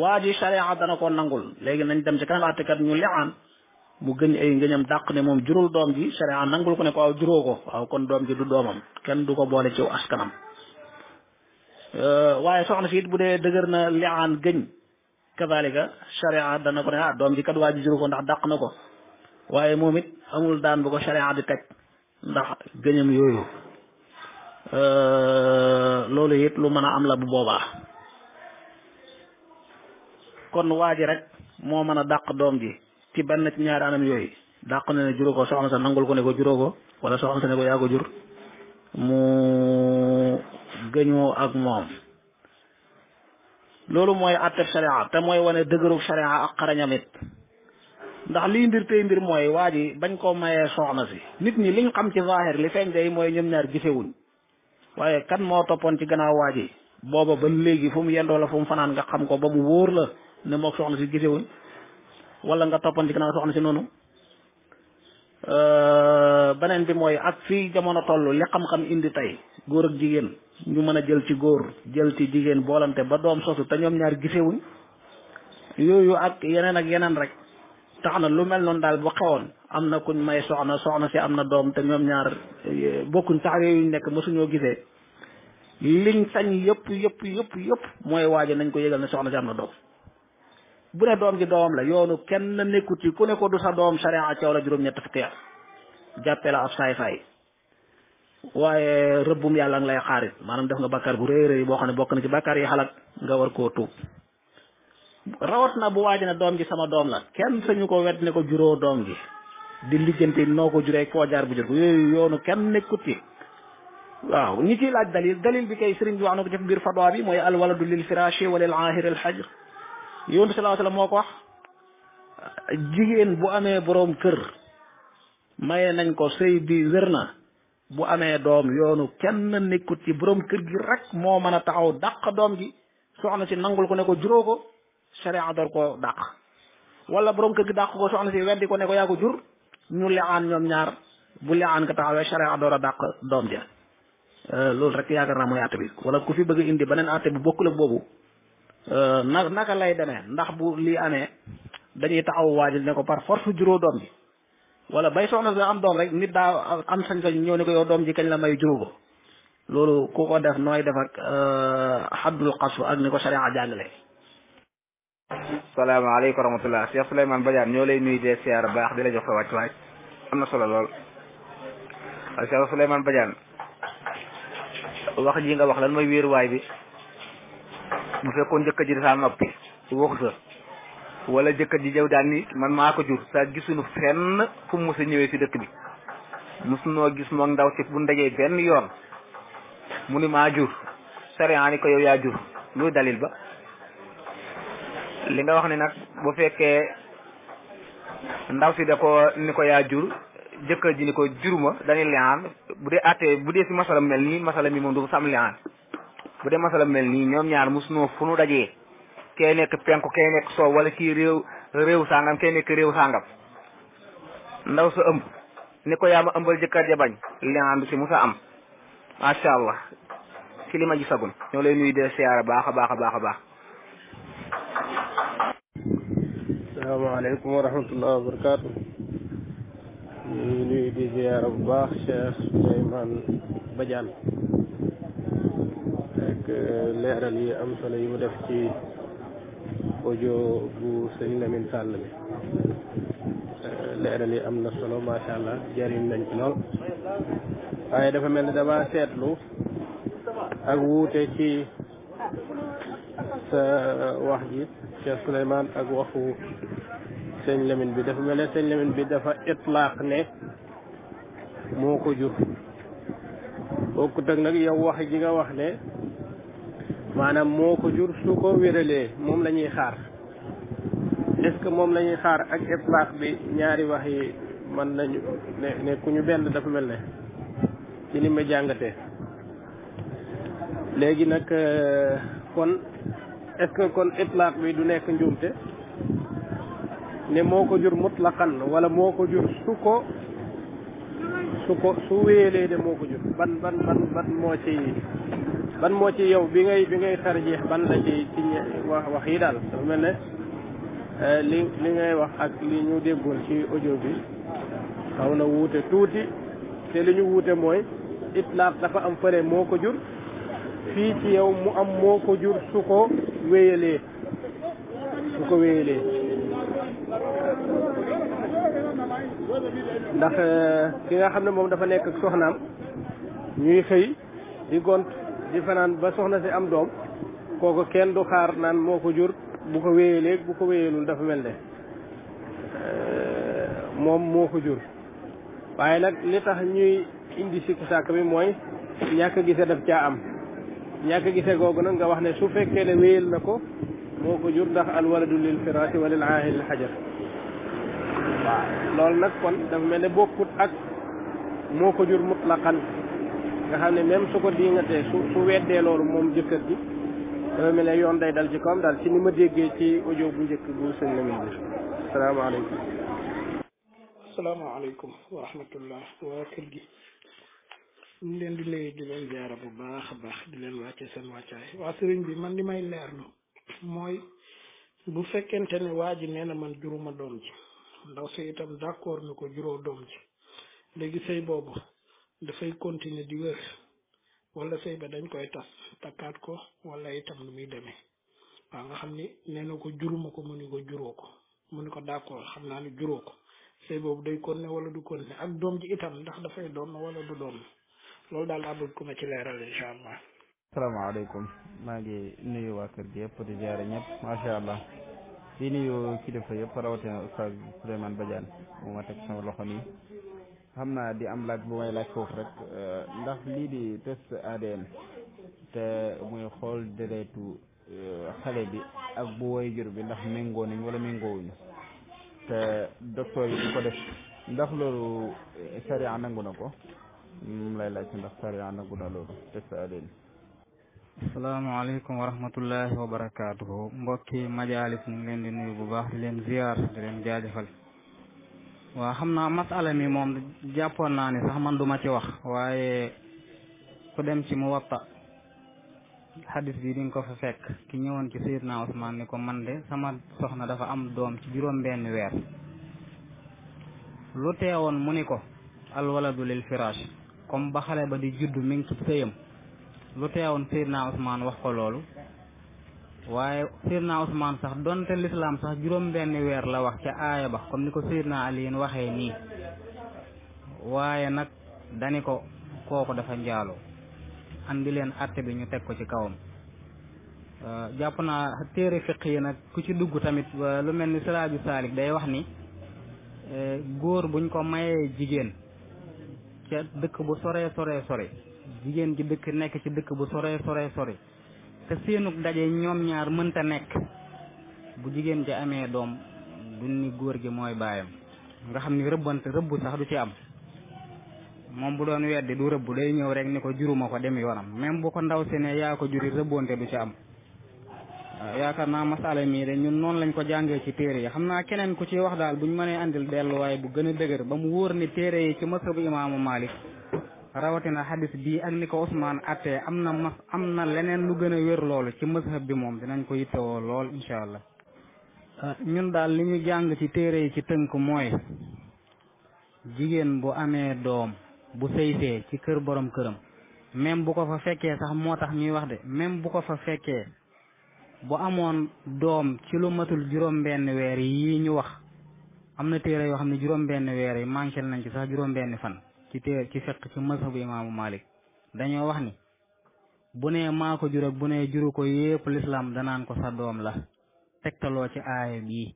waa ji charia dana ko nangul léegi nañ dem ci kanam àttekat ñu leaan mu gën ay ngëñam dàq ne moom jurul doom ji charia nangul ko ne ko aw juróo ko waaw kon doom ji du doomam kenn du ko boole ci askanam euh, waaye soxna bu dee dëgër na liaan gëñ kazalika charia dana ko ne ah doom ji kat ko ndax dàq na ko waaye moom it amul daan bu ko charia di teg ndax gëñam yooyu euh, loolu it lu mën a am la bu boobaa kon waa ji rek moo mën a dàq doom ji ci benn ci ñaari anam yooyu dàq na ne juró ko sa nangul ko ne ko juró ko wala soxna sa ne ko yaa ko jur mu gëñoo ak moom loolu mooy àtteb sharia te mooy wane dëgërug sharia ak xarañam it ndax liy mbir tey mbir mooy waa ji bañ koo mayee soxna si nit ñi liñ xam ci zaahir li feeñ day mooy ñoom ñaar gisewuñ waaye kan moo toppoon ci gannaaw waa ji booba ba léegi fu mu yendoo la fu mu fanaan nga xam ko ba mu wóor la ne moo soxna si gisee wuñ wala nga toppan ci gannaaw soxna si noonu euh, beneen bi mooy ak fii jamono toll li xam-xam indi tey góor ak jigéen ñu mën a jël ci góor jël ci jigéen boolante ba doom sosu te ñoom ñaar gisewuñ yooyu ak yeneen ak yeneen rek tax na lu mel noonu daal bu xewoon am na kuñ may soxna soxna si am na doom te ñoom ñaar eh, bokkuñ sax yooyu nekk mësuñoo gisee liñ sañ yëpp yëpp yëpp yëpp mooy waaja nañ ko yëgal ne soxna si am na doom bu ne doom ji doomam la yoonu kenn nekku ci ku ne ko du sa doom sariya coow la juróom-ñett fukki at jàppee la ab saay saay waaye rëbbum yàlla nga lay xaarit maanaam def nga bàkkaar bu rëy rëy boo xam ne bokk na ci bàkkaar yi xalaat nga war koo tuub rawat na bu waaj ne doom ji sama doom la kenn sañu ko wet ne ko juróo doom ji di liggante noo ko juree foo jaar bu jur ko yooyu yoonu kenn nekkut ci waaw ñi ciy laaj dalil dalil bi kay sëriñ bi wax na ko mooy al waladu lil firaashi wa yonent sallallahu alayhi wasallam moo ko wax jigéen bu amee boroom kër maye nañ ko sëy bi wér na bu amee doom yoonu kenn nekkut ci boroom kër gi rek moo mën a taxaw dàq doom gi ne si nangul ko ne ko juróo ko sharia ko dàq wala boroom kër gi dàq ko soxna si weddi ko ne ko yaa ko jur ñu leexaan ñoom ñaar bu leexaan ka taxawee sharia door a dàq doom ja euh, loolu rek yaakaar naa mooy àtte bi wala ku fi bëgg indi beneen ate bi bokk ak boobu Euh, na naka lay deme ndax bu lii amee dañuy taxaw waajal ne ko par force juróo doom bi wala bay soxna si am doom rek nit daa ñëw ne ko doom ji kañ la may juróo loolu ku ko def nooy def ak xaddul euh, xasu ak ni ko sharia jàngale salaamaaleykum wa rahmatullah Cheikh Souleymane Badiane ñoo lay nuyu dee siyaar baax di la jox sa wàcc waay am na solo lool Cheikh Souleymane Badiane wax ji nga wax lan mooy wéeruwaay bi bu fekkoon jëkkër ji dafa noppi waxu sa wala jëkkër ji jëw daan man maa ko jur sa gisuñu fenn fu mu mos a ñëwee si dëkk bi mosunoo gis moom ndaw si bu ndajee benn yoon mu ni maa jur sariya ni ko yow yaa jur ba li nga wax ni nag bu fekkee ndaw si da ko ni yaa jur jëkkër ji ni ko juruma dañuy liaan bu dee àttee bu dee si masala mel nii masala mi moom du sam liaan bu dee masala mel nii ñoom ñaar mosunoo fu nu dajee kee nekk penku kee nekk soow wala kii réew réew sàngam kee nekk réew sàngam ndaw sa ëmb ni ko yaa ma ëmbal jëkkër ja bañ liaan du ci musa am macha allah ci li ma gisagun ñoo lay nuyu de siyaara baax a baax a baax a baax salaamaaleykum wa rahmatullah wa barakaatu ñu nuyu di siyaara bu baax Cheikh Souleymane Badiane ak euh, leeral yi am solo yi mu def ci audio bu sëñ Lamine Sall bi euh, leeral yi am na solo macha allah jëriñ nañ ci lool waaye dafa mel ni dama seetlu ak wuute ci sa wax ji Cheikh Souleymane ak waxu sëñ Lamine bi dafa mel ne sëñ Lamine bi dafa itlaaq moo ko jur bokkut ak nag yow wax ji nga wax ne maanaam moo ko jur su ko wéralee moom la ñuy xaar est ce que moom lañuy xaar ak itlaax bi ñaari wax yi man nañu ne ne ku ñu benn dafa mel ne ci ni ma jàngatee léegi nag euh, kon est ce que kon itlaax bi du nekk njuumte ne moo ko jur mutlaqan wala moo ko jur su ko su ko su wéelee de moo ko jur ban ban ban moo ci ban moo ci yow bi ngay bi ngay tarjix ban la ci ci wax wax yi daal dafa mel ne eh, li li ngay wax ak li ñu déggoon ci audio bi xaw na wuute tuuti te li ñu wuute mooy itlaaq dafa am fële moo ko jur fii ci yow mu am moo ko jur su ko wéyalee su ko wéyalee ndax eh, ki nga xam ne moom dafa nekk ak soxnaam ñuy xëy di gont di fanaan ba soxna si am doom kooku kenn du xaar naan moo ko jur bu ko wéyeeleeg bu ko wéyelul dafa mel ne euh, moom moo ko jur waaye nag li tax ñuy indi sikki sàkk bi mooy ñàkk gise daf caa am ñàkk gise googu nag nga wax ne su fekkee ne wéyal na ko moo ko jur ndax al waladu lil firaasi wa lil aahil lil xajar waaw nag kon dafa mel ne bokkut ak moo ko jur mutlaqan nga xam ne même su ko diingatee su su weddee loolu moom jëkkër ji dafa mel ne day dal ci kawam daal ci ni ma déggee ci audio bu njëkk bu sëñ la mel bi leen di bu baax baax di leen wàcce seen wàccaay waa sëriñ bi man di may leerlu mooy bu fekkente ne waa ji nee na man juróoma doom ji ndaw si itam d'accord ni ko juróo doom ji léegi sëy boobu dafay continuer di wér wala feeba dañ koy tas takkaat ko wala itam lu muy demee waaw nga xam ni nee na ko juruma ko mu ni ko juróo mu ni ko d'accord xam naa ni juróo ko sëy boobu day konne wala du konne ak doom ji itam ndax dafay doon wala du doon loolu daal daa bëgg ku ma ci leeral incha allah. salaamaaleykum maa ngi nuyu waa kër gi yëpp di ziare ñëpp macha allah di nuyu kilifa yëpp rawatina Oustaz Souleymane Badiane a teg sama loxo nii. xam naa di am laaj bu may laaj foofu rek euh, ndax lii di test ADN te muy xool deretu euh, xale bi ak bu woy jur bi ndax méngoo nañ wala méngoowuñu te docteur yi di ko def ndax loolu euh, sariya nangu na ko moom lay laaj ndax sariya nangu na loolu test ADN asalaamaaleykum wa rahmatullahi wa barakaatuhu mbokki majaalis ñu leen di nuyu bu baax leen ziar di leen waaw xam naa masala mi moom jàppoon naa ni sax man duma ci wax waaye ku dem ci Muwatta xadis bi di ko fa fekk ki ñëwoon ci Seydina Ousmane ni ko man de sama soxna dafa am doom ci juróom benn weer lu teewoon mu ni ko alwaladu lil firaash comme ba xale ba di juddu mi ngi ci sëyam lu teewoon Seydina Ousmane wax ko loolu waaye Seydina Ousmane sax donte lislaam sax juróom benn weer la wax ca aaya ba comme ni ko naa Aliyin waxee nii waaye nag dani ko kooku dafa njaaloo andi leen àtte bi ñu teg ko ci kawam euh, jàpp naa téere fiq yi nag ku ci dugg tamit euh, lu mel ni siraaju saalik day wax ni euh, góor buñ ko mayee jigéen ca dëkk bu sore sore sore jigéen ji dëkk nekk ci dëkk bu sore sore sore te seenug daje ñoom ñaar mënta nekk bu jigéen ji amee doom du ni góor gi mooy baayam nga xam ni rëbbante rëbb sax du ci am moom bu doon weddi du rëbb day ñëw rek ni ko juruma ko dem yoonam même bu ko ndaw si ne yaa ko juri rëbbonte du ci am ah, yaakaar naa masala mii de ñun noonu lañ ko jàngee ci téere yi xam naa keneen ku ciy wax daal buñ mënee andil delluwaay bu gën a dëgër ba mu wóor ni téere yi ci masabu imaamu Malik rawatina xadis bii ak ni ko Ousmane attee am na mas am na leneen lu gën a wér loolu ci mazhab bi moom dinañ ko yittewoo lool incha allah. Ah, ñun daal li ñu jàng ci téere yi ci tënk mooy jigéen bu amee doom bu sëysee ci kër borom këram même bu ko fa fekkee sax moo tax ñuy wax de même bu ko fa fekkee bu amoon doom ci lu matul juróom-benn weer yi ñu wax am na téere yoo xam ne juróom-benn weer yi manqué nañ ci sax juróom-benn fan. ci teer ci fiq ci mazhabu imaamu Malik dañoo wax ni bu nee maa ko jur bu nee juru ko yépp lislaam danaan ko sa doom la tegtaloo ci aaya bii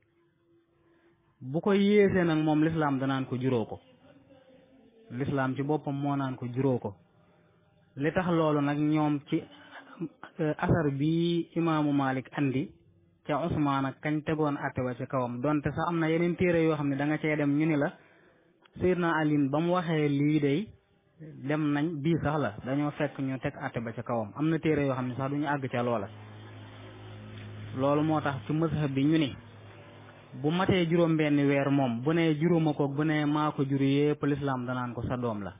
bu ko yéesee nag moom lislaam danaan ko juróo ko lislaam ci boppam moo naan ko juróo ko li tax loolu nag ñoom ci eh, asar bi imaamu Malik andi ca Usmaan ak kañ tegoon àtte ba ci kawam donte sax am na yeneen téere yoo xam ne da nga cee dem ñu ni la Seydina Alioune ba mu waxee lii dey dem nañ bii sax la dañoo fekk ñu teg àtte ba ca kawam am na téere yoo xam ne sax du ñu àgg ca loola loolu moo tax ci mazhab bi ñu ni bu matee juróom benn weer moom bu nee juróoma koog bu nee maa ko jur lislaam danaan ko sa doom la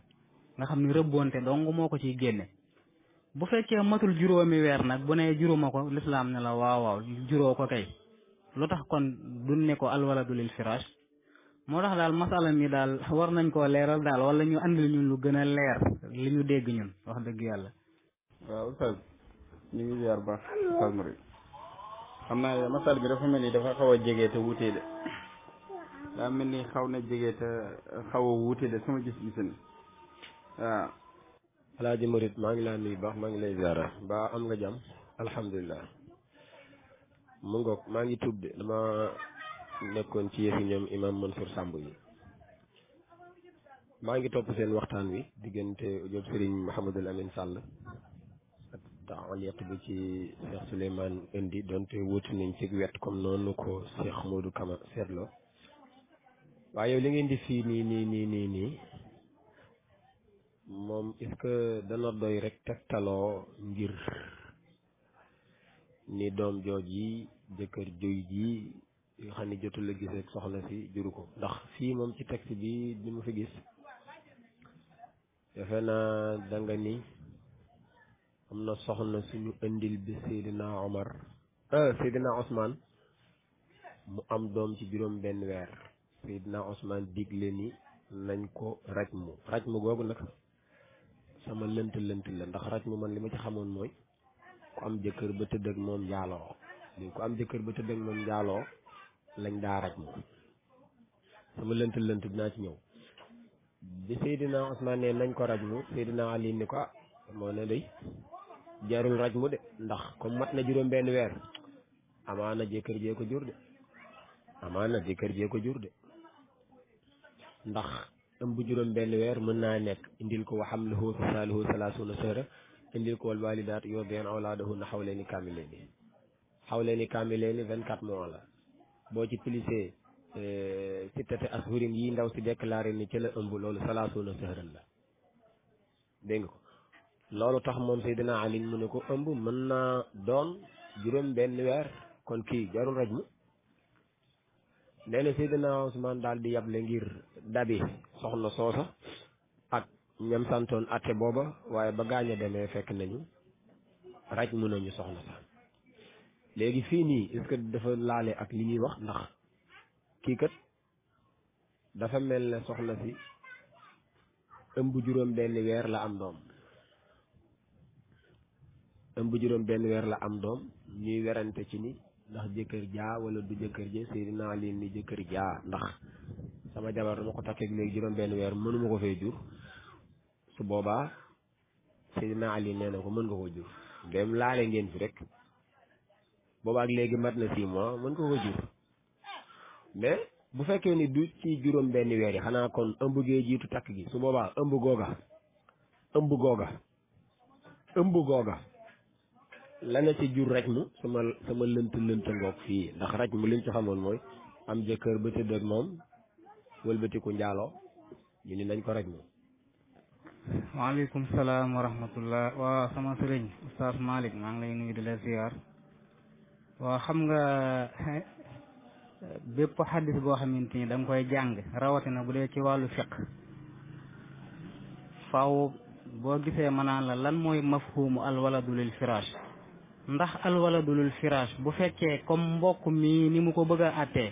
nga xam ni rëbbonte dong moo ko ciy génne bu fekkee matul juróomi weer nag bu nee juróoma ko lislaam ne la waaw waaw juróo ko kay lu tax kon dun ne ko wala lil firash moo tax daal masala mi daal war nañ koo leeral daal wala ñu andil ñun lu gën a leer li ñu dégg ñun wax dëgg yàlla. waaw Oustaz ñu ngi ziar baax Oustaz Mari xam naa masal bi dafa mel ni dafa xaw a jege te mel ni xaw na jege te xaw a wuute de sama gis-gisin waaw. Alaaji Murit maa ngi laa nuyu baax maa ngi lay ziara ba am nga jàmm alhamdulilah mu ngoog maa ngi tuub de dama. nekkoon ci yëfi ñoom imam Mansour Samb yi maa ngi topp seen waxtaan wi diggante Jóob Sëriñ Mouhamadul Amin Sàll ak taaliq bi ci Cheikh Souleymane indi donte wóotu nañ ci wet comme noonu ko Cheikh Modou Kama seetloo waaye yow li ngeen di fii nii nii nii nii moom est-ce que dana doy rek tegtaloo ngir ni doom jooj yi jëkkër joy ji yoo xam ne jotul la gisee soxla si juru ko ndax fii moom ci texte bi li ma fi gis defe naa danga ni am na soxna suñu indil bi Seydina Omar euh, Seydina osmaan mu am doom ci juróom benn weer Seydina osmaan digle ni nañ ko raj rajmu googu nag sama lënt lënt la ndax rajmu man li ma ci xamoon mooy ku am jëkkër ba tëdd ak moom njaaloo ko am jëkkër ba tëdd ak moom njaaloo lañ daa raj moom sama lënt lënt bi ci ñëw bi Seydina Ousmane ne nañ ko raj mu Seydina Ali ni ko ah moo ne day jarul raj mu de ndax ko mat na juróom benn weer amaana jëkkër jee ko jur de amaana jëkkër jee ko jur de ndax ëmb juróom benn weer mën naa nekk indil ko waxam lahu saalihu salaasuna sahra indil ko wal walidaat yurdi'na awlaadahunna xawleeni kaamileeni xawleeni kaamileeni vingt-quatre mois la boo ci plissé sittati euh, ashurin yi ndaw si déclaré ni ci la ëmb loolu salaasuuna sahran la dégg ko loolu tax moom Seydina Ali mu ne ko ëmb mën naa doon juróom benn weer kon kii jarul raj mu nee na Seydina daal di yable ngir dabi soxna soosa ak ñam santoon atte booba waaye ba gaañ demee fekk nañu raj mu ñu soxna sax léegi fii nii est-ce que dafa laale ak li ñuy wax ndax kii kat dafa mel ne soxna si ëmb juróom benn weer la am doom ëmb juróom benn weer la am doom ñuy werante ci ni ndax jëkkër jaa walla du jëkkër ja Seydina Ali ni jëkkër jaa ndax sama jabar dama ko takkeeg léegi juróom benn weer mënuma ko fay jur su booba Seydina Ali nee na ko mën nga ko jur dem laale ngeen fi rek boobaak léegi mat na six mois mën ko ko jur mais bu fekkee ni du ci juróom benn weer yi xanaa kon ëmb gee jiitu takk gi su boobaa ëmb googa ëmb googa ëmb googa la na ci jur raj mu sama sama lënt lënt ngoog fii ndax raj mu liñ ci xamoon mooy am jëkkër ba tëdd moom wëlbatiku njaaloo ñu ni nañ ko raj mu waaleykum salaam wa rahmatullah waa sama sëriñ oustaz Malick maa ngi lay nuyu di la ziar waaw xam nga bépp xaddis boo xamante ni da koy jàng rawatina bu dee ci wàllu fiq faaw boo gisee manaan la lan mooy mafhumu alwaladu lil firaash ndax alwaladu lil firaash bu fekkee comme mbokk mi ni mu ko bëgg a àttee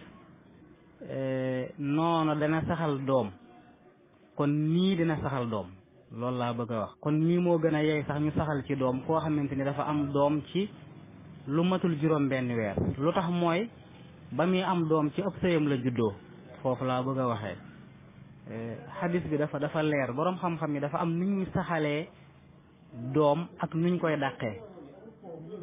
eh, noonu dana saxal doom kon nii dina saxal doom loolu laa bëgg a wax kon nii moo gën a yey sax ñu saxal ci doom koo xamante ni dafa am doom ci lu matul juróom benn weer lu tax mooy ba muy am doom ci ëpp sëyam la juddoo foofu laa bëgg a waxee eh, xadis bi dafa dafa leer boroom xam-xam yi dafa am nu ñuy saxalee doom ak nuñ koy dàqee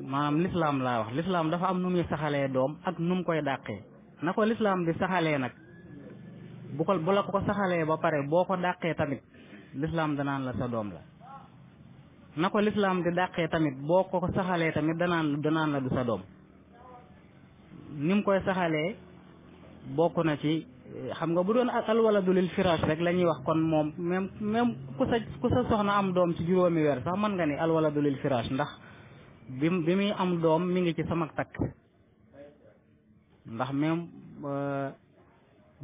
maanaam lislaam laa wax lislaam dafa am nu muy saxalee doom ak nu mu koy dàqee na ko lislaam bi saxalee nag bu ko bu la ko saxalee ba pare boo ko dàqee tamit lislaam danaan la sa doom la na ko lislaam di dàqee tamit boo ko saxalee tamit danaan danaan la du sa doom ni koy saxalee bokk na ci xam nga bu doon du lil firaash rek la ñuy wax kon moom même même ku sa ku sa soxna am doom ci juróomi weer sax mën nga ni alwaladu lil firaash ndax bi bi muy am doom mi ngi ci sama takk ndax même euh,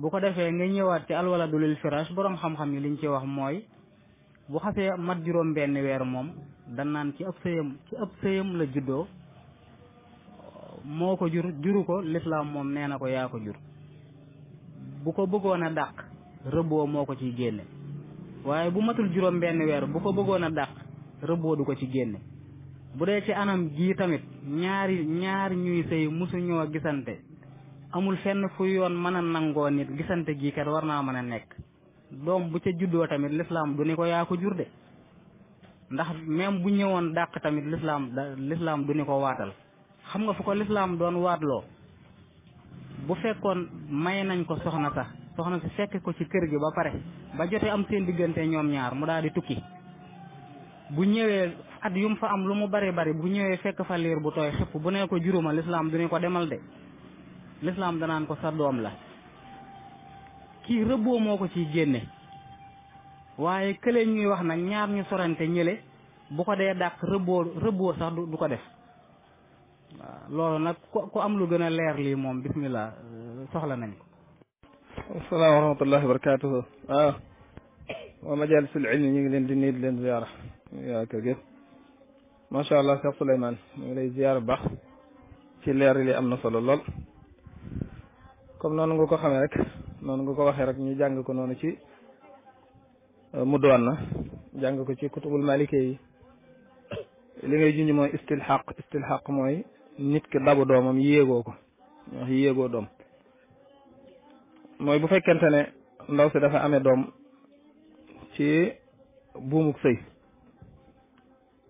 bu ko defee nga ñëwaat ci alwaladu lil firaash boroom xam-xam yi liñ ci wax mooy bu xasee mat juróom benn weer moom da naan ci ab sëyam ci ab sëyam la juddoo moo ko jur juru ko lislaam moom nee na ko yaa ko jur bu ko bëggoon a dàq rëbboo moo ko ci génne waaye bu matul juróom benn weer bu ko bëggoon a dàq rëbboo du ko ci génne bu dee ci anam gii tamit ñaari ñaar ñuy sëy musuñoo gisante amul fenn fu yoon mën a nangoo nit gisante gii kat war naa mën a nekk doom bu ca juddoo tamit lislaam du ni ko yaa ko jur de ndax même bu ñëwoon dàq tamit lislaam da lislaam du ni ko waatal xam nga fu ko lislaam doon waatloo bu fekkoon may nañ ko soxna sax soxna si fekk ko ci kër gi ba pare ba jote am seen diggante ñoom ñaar mu daal di tukki bu ñëwee at yum fa am lu mu bari bari bu ñëwee fekk fa liir bu tooy xëpp bu ne ko juruma lislaam du ni ko demal de lislaam danaan ko sa doom la kii rëbboo moo ko ci génne waaye kële ñuy wax nag ñaar ñu sorante ñële bu ko dee dàq rëbboo rëbboo sax du ko def waaw loolu nag ku am lu gën a leer lii moom bismillah euh, soxla nañu ko asalaam wa rahmatullahi wa barakatuhu waaw ñu ngi leen di nuyu di leen ziyaara yaa kër gi macha allah Cheikh Souleymane ñu lay ziyaara baax ci leer li am na solo lool comme noonu nga ko xamee rek noonu nga ko waxee rek ñu jàng ko noonu ci euh, na jàng ko ci kutubul malike yi li ngay junj mooy istilxaq istilxaq mooy nit ki dabu doomam yéegoo ko wax yéegoo doom mooy bu fekkente ne ndaw si dafa ame doom ci buumuk sëy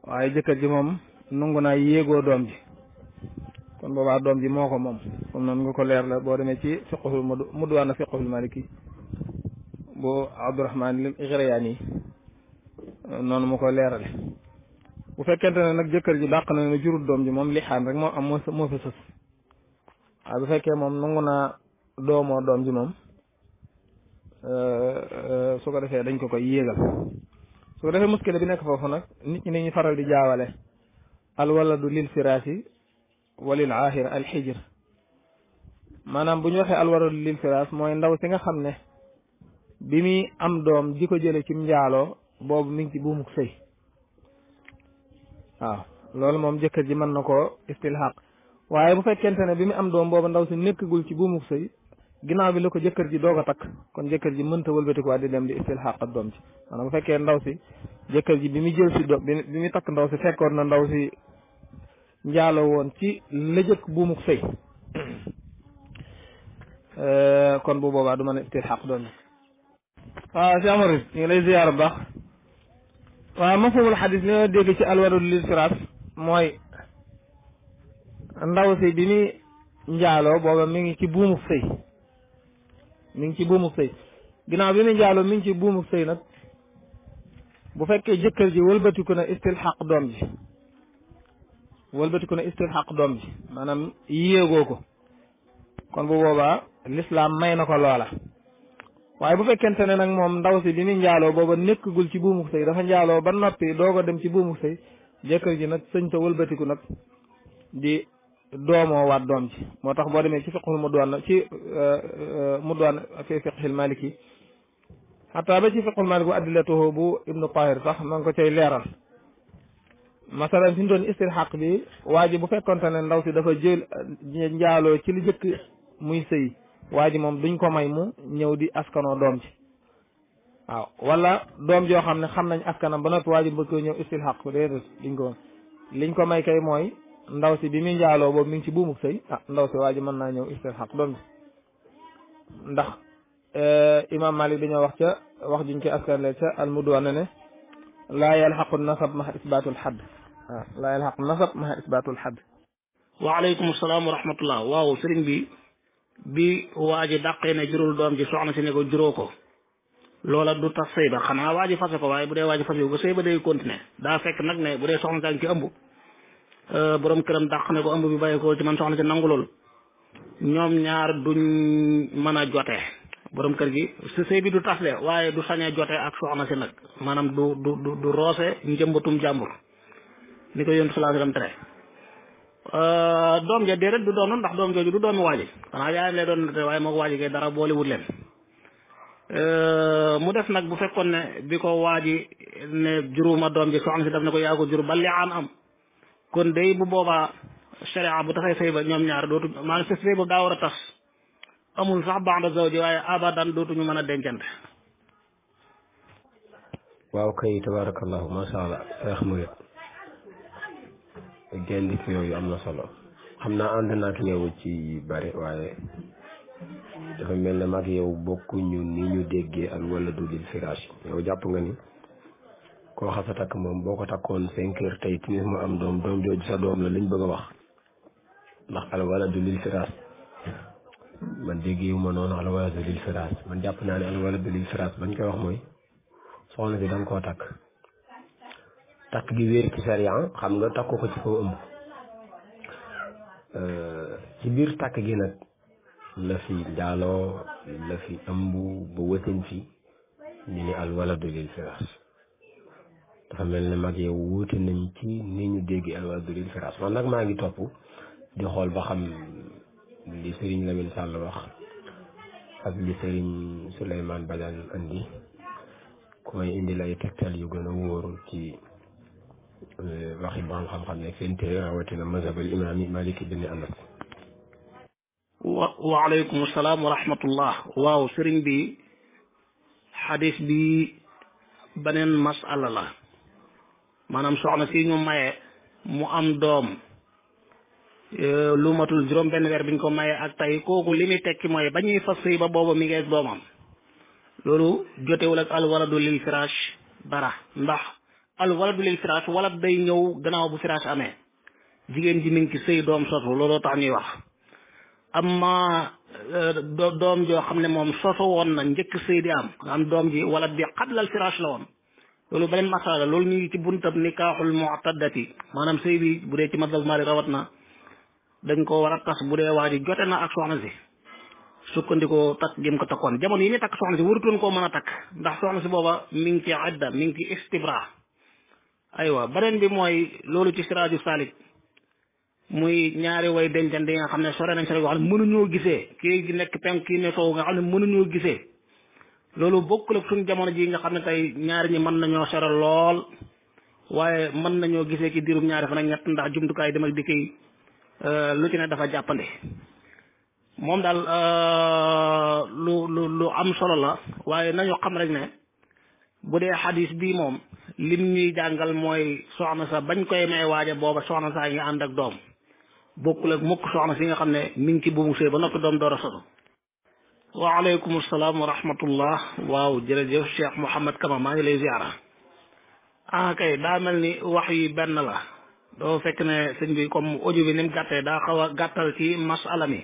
waaye jëkkër ji moom nangu naa yéegoo doom ji kon boobaa doom ji moo ko moom comme noonu nga ko leer la boo demee ci fiqhul mudwana fiqhul maliki bu abdourahman li xirayaan yi noonu mu ko leerale bu fekkente ne nag jëkkër ji dàq na ne jurut doom ji moom lixaan rek moo am moo moo bu fekkee moom nangu naa doomoo doom ji moom euh, su ko defee dañ ko koy yéegal su ko defee muskile bi nekk foofu nag nit ñi dañuy faral di jaawale al waladu lil firaasi walil aahir al xijir maanaam bu ñu waxee alwaral lil firaas mooy ndaw si nga xam ne bi muy am doom di ko jële ci njaaloo boobu mi ngi ci buumuk sëy waaw loolu moom jëkkër ji mën na koo istilhaq waaye bu fekkente ne bi mu am doom boobu ndaw si nekkagul ci buumu sëy ginnaaw bi la ko jëkkër ji doo a takk kon jëkkër ji mënta wëlbatikuwaat di dem di istilhaq ak doom ci maanaam bu fekkee ndaw si jëkkër ji bi mu jël si doom bi mu takk ndaw si fekkoon na ndaw si njaaloo woon ci la jëkk buumuk Euh, kon bu boobaa du mën a istilxaq doon waaw si amar ñu ngi lay ziyaar bu baax waaw mafhumul xadis li nga dégg ci alwadul lil firaas mooy ndaw si bi muy njaaloo booba mi ngi ci buumu sëy mu ngi ci buumuk sëy ginnaaw bi muy njaaloo mi ngi ci buumu sëy nag bu fekkee jëkkër ji wëlbatiku na istilxaq doom ji wëlbatiku na istilxaq doom ji maanaam yéegoo ko kon bu boobaa lislaam may na ko loola waaye bu fekkente ne nag moom ndaw si bi muy njaaloo booba nekkagul ci buumu sëy dafa njaaloo ba noppi doo a dem ci buumu sëy jëkkër ji nag sëñ ta nag di doomoo waat doom ci moo tax boo demee ci fiqhul mu doon ci euh, euh, mu doon fi fiqhil maliki xataa ba ci fiqhul maliki bu addilatuhu bu ibnu tahir sax ma ko cay leeral masalan fi ñu doon bi waa ji bu fekkonte ne ndaw si dafa jël njaaloo ci li jëkk muy sëy waa ji moom duñ ko may mu ñëw di askanoo doom ci waaw wala doom joo xam ne xam nañ askanam ba noppi waa ji bëgg ko ñëw istilxaq ko déedéet duñ ko liñ ko may kay mooy ndaw si bi muy njaaloo boobu mi ngi ci buumuk sëy a ah, ndaw si waa ji mën naa ñëw istilxaq doom ci ndax eh, imaam Malik dañoo wax ca wax juñ ci askanle ca almudwana ne laa yalxaqu nasab maxa isbaatul xadd waaw ah, laa yalxaqu nasab maxa isbaatul xadd waaleykum salaam wa rahmatullah waaw sëriñ bi bi waa ji dàqee ne jurul doom ji soxna si ne ko juróo ko loola du tax sëy ba xanaa waa ji fase ko waaye bu dee waa ji fase ko ba day continuer daa fekk nag ne bu dee soxna saa euh, borom këram dàq ne ko ëmb bi bàyyi ko ci man soxna si nangulul ñoom ñaar duñ mën a jote borom kër gi du tas de waaye du sañ a jote ak soxna si nag maanaam du du du roose njëmbatum jàmbur ni ko yontu sallallahu alayhi wa sallam Euh, doom ja déedéet du doonoon ndax doom du doomi waaji xanaa yaayam lay doon waaye moo waaji kay dara boolewut leen euh, mu def nag bu fekkoon ne bi ko waaji ne juróoma doom ji soxna si daf ko yaa ko jur am kon day bu boobaa sharia bu taxay sëy ñoom ñaar dootu maanaam sa sëy daa war a tas amul sax banda zawji waaye abadan dootuñu mën a dencante waaw kay tabarakallahu masha allah gendiku yu am na solo xam naa ànd naa ak yow ci bari waaye dafa mel na mag yow bokkuñu ni ñu déggee al wala du lil firaash jàpp nga ni koo xasa takk moom boo ko takkoon cinq heures tey timis mu am doom doom jooju sa doom la liñ bëgg a wax ndax al wala du lil man déggeewu ma noonu al wala du lil jàpp naa ne wala du bañ koy wax mooy soxna si danga koo takk takk gi wéer ci sariya xam nga takku ko ci kaw ëmb euh, ci biir takk gi nag la fi njaaloo la fi ëmb ba wësin fi ñu ni alwaladu lil firaas dafa mel ne mag yow wuute nañ ci ni ñu dégg alwaladu lil firaas man nag maa ngi topp di xool ba xam li Serigne Lamine Sall wax ak li Serigne Souleymane Badiane andi ku may indil ay tegtal yu gën a wóoru ci Eh, waxi borom xam-xam nekk seen téere Malik ibn Anas wa wa rahmatullah waaw sëriñ bi xadis bi beneen masala la maanaam soxna si ñu maye mu am doom eh, lu matul juróom benn weer biñ ko maye ak tey kooku li muy mooy ba ñuy fas sëy ba booba mi ngees doomam loolu jotewul ak alwaradu lil firaash dara ndax al waladu lil firaash walad day ñëw gannaaw bu firaash amee jigéen ji mi ngi ci sëy doom sosu looloo tax ñuy wax amma euh, doom joo xam ne moom sosu woon na njëkk sëy di am nga doom ji walad bi xablal firaash lawoon woon loolu beneen masala loolu ñu ngi ci buntab nikaaxul mu'taddati maanaam sëy bi bu dee ci madhab Maalik rawat na dañ ko war a tas bu dee waa ji jote na ak soxna si sukkandikoo takk gém ko takkoon jamono yi ñu takk soxna si warutoon koo mën takk ndax soxna si booba mi ngi ci adda mi ngi ci istibra aywa beneen bi mooy loolu ci siraaju salik muy ñaari way dencante yi nga xam ne sore nañ sore yoo xam ne mënuñoo gisee nekk penk kii ne soow nga xam ne mënuñoo gisee loolu bokk ak suñ jamono ji nga xam ne tey ñaari ñi mën nañoo sore lool waaye mën nañoo gisee ci diirum ñaari fan ak ñett ndax jumtukaay dem dikki dikk euh, lu ci ne dafa jàppande moom daal euh, lu lu lu am solo la waaye nañu xam rek ne bu dee xadis bi moom lim ñuy jàngal mooy soxna sax bañ koy may waaja booba soxna saa ngi ànd ak doom bokkul ak mukk soxna si nga xam ne mi ngi ci buumu sëy ba noppi doom door a soto waaleykum salaam wa rahmatullah waaw jërëjëf Cheikh Mouhamed Kama maa ngi lay ziara ah kay daa mel ni wax yi benn la doo fekk ne sëñ bi comme audio bi ni mu gàttee daa xaw a gàttal ci masala mi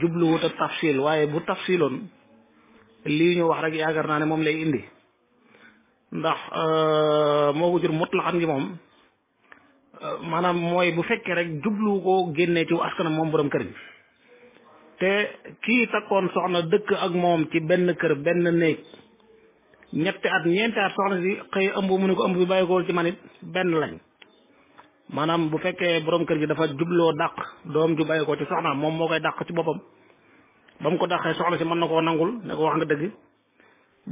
jubluwut a waaye bu tafsiloon li ñu wax rek yaakaar naa ne moom lay indi ndax euh, moo ko jur mutlaxan ngi moom euh, maanaam mooy bu fekkee rek jublu ko génnee ci askanam moom borom kër gi te kii takkoon soxna dëkk ak moom ci benn kër benn néeg ñetti at ñeenti at soxna si xëy ëmb mu ne ko ëmb bi bàyyi ko ci man it benn lañ maanaam bu fekkee borom kër gi dafa jubloo dàq doom ju bàyyi ko ci soxna moom moo koy dàq ci boppam ba mu ko dàqee soxna si mën na koo nangul ne ko wax nga dëgg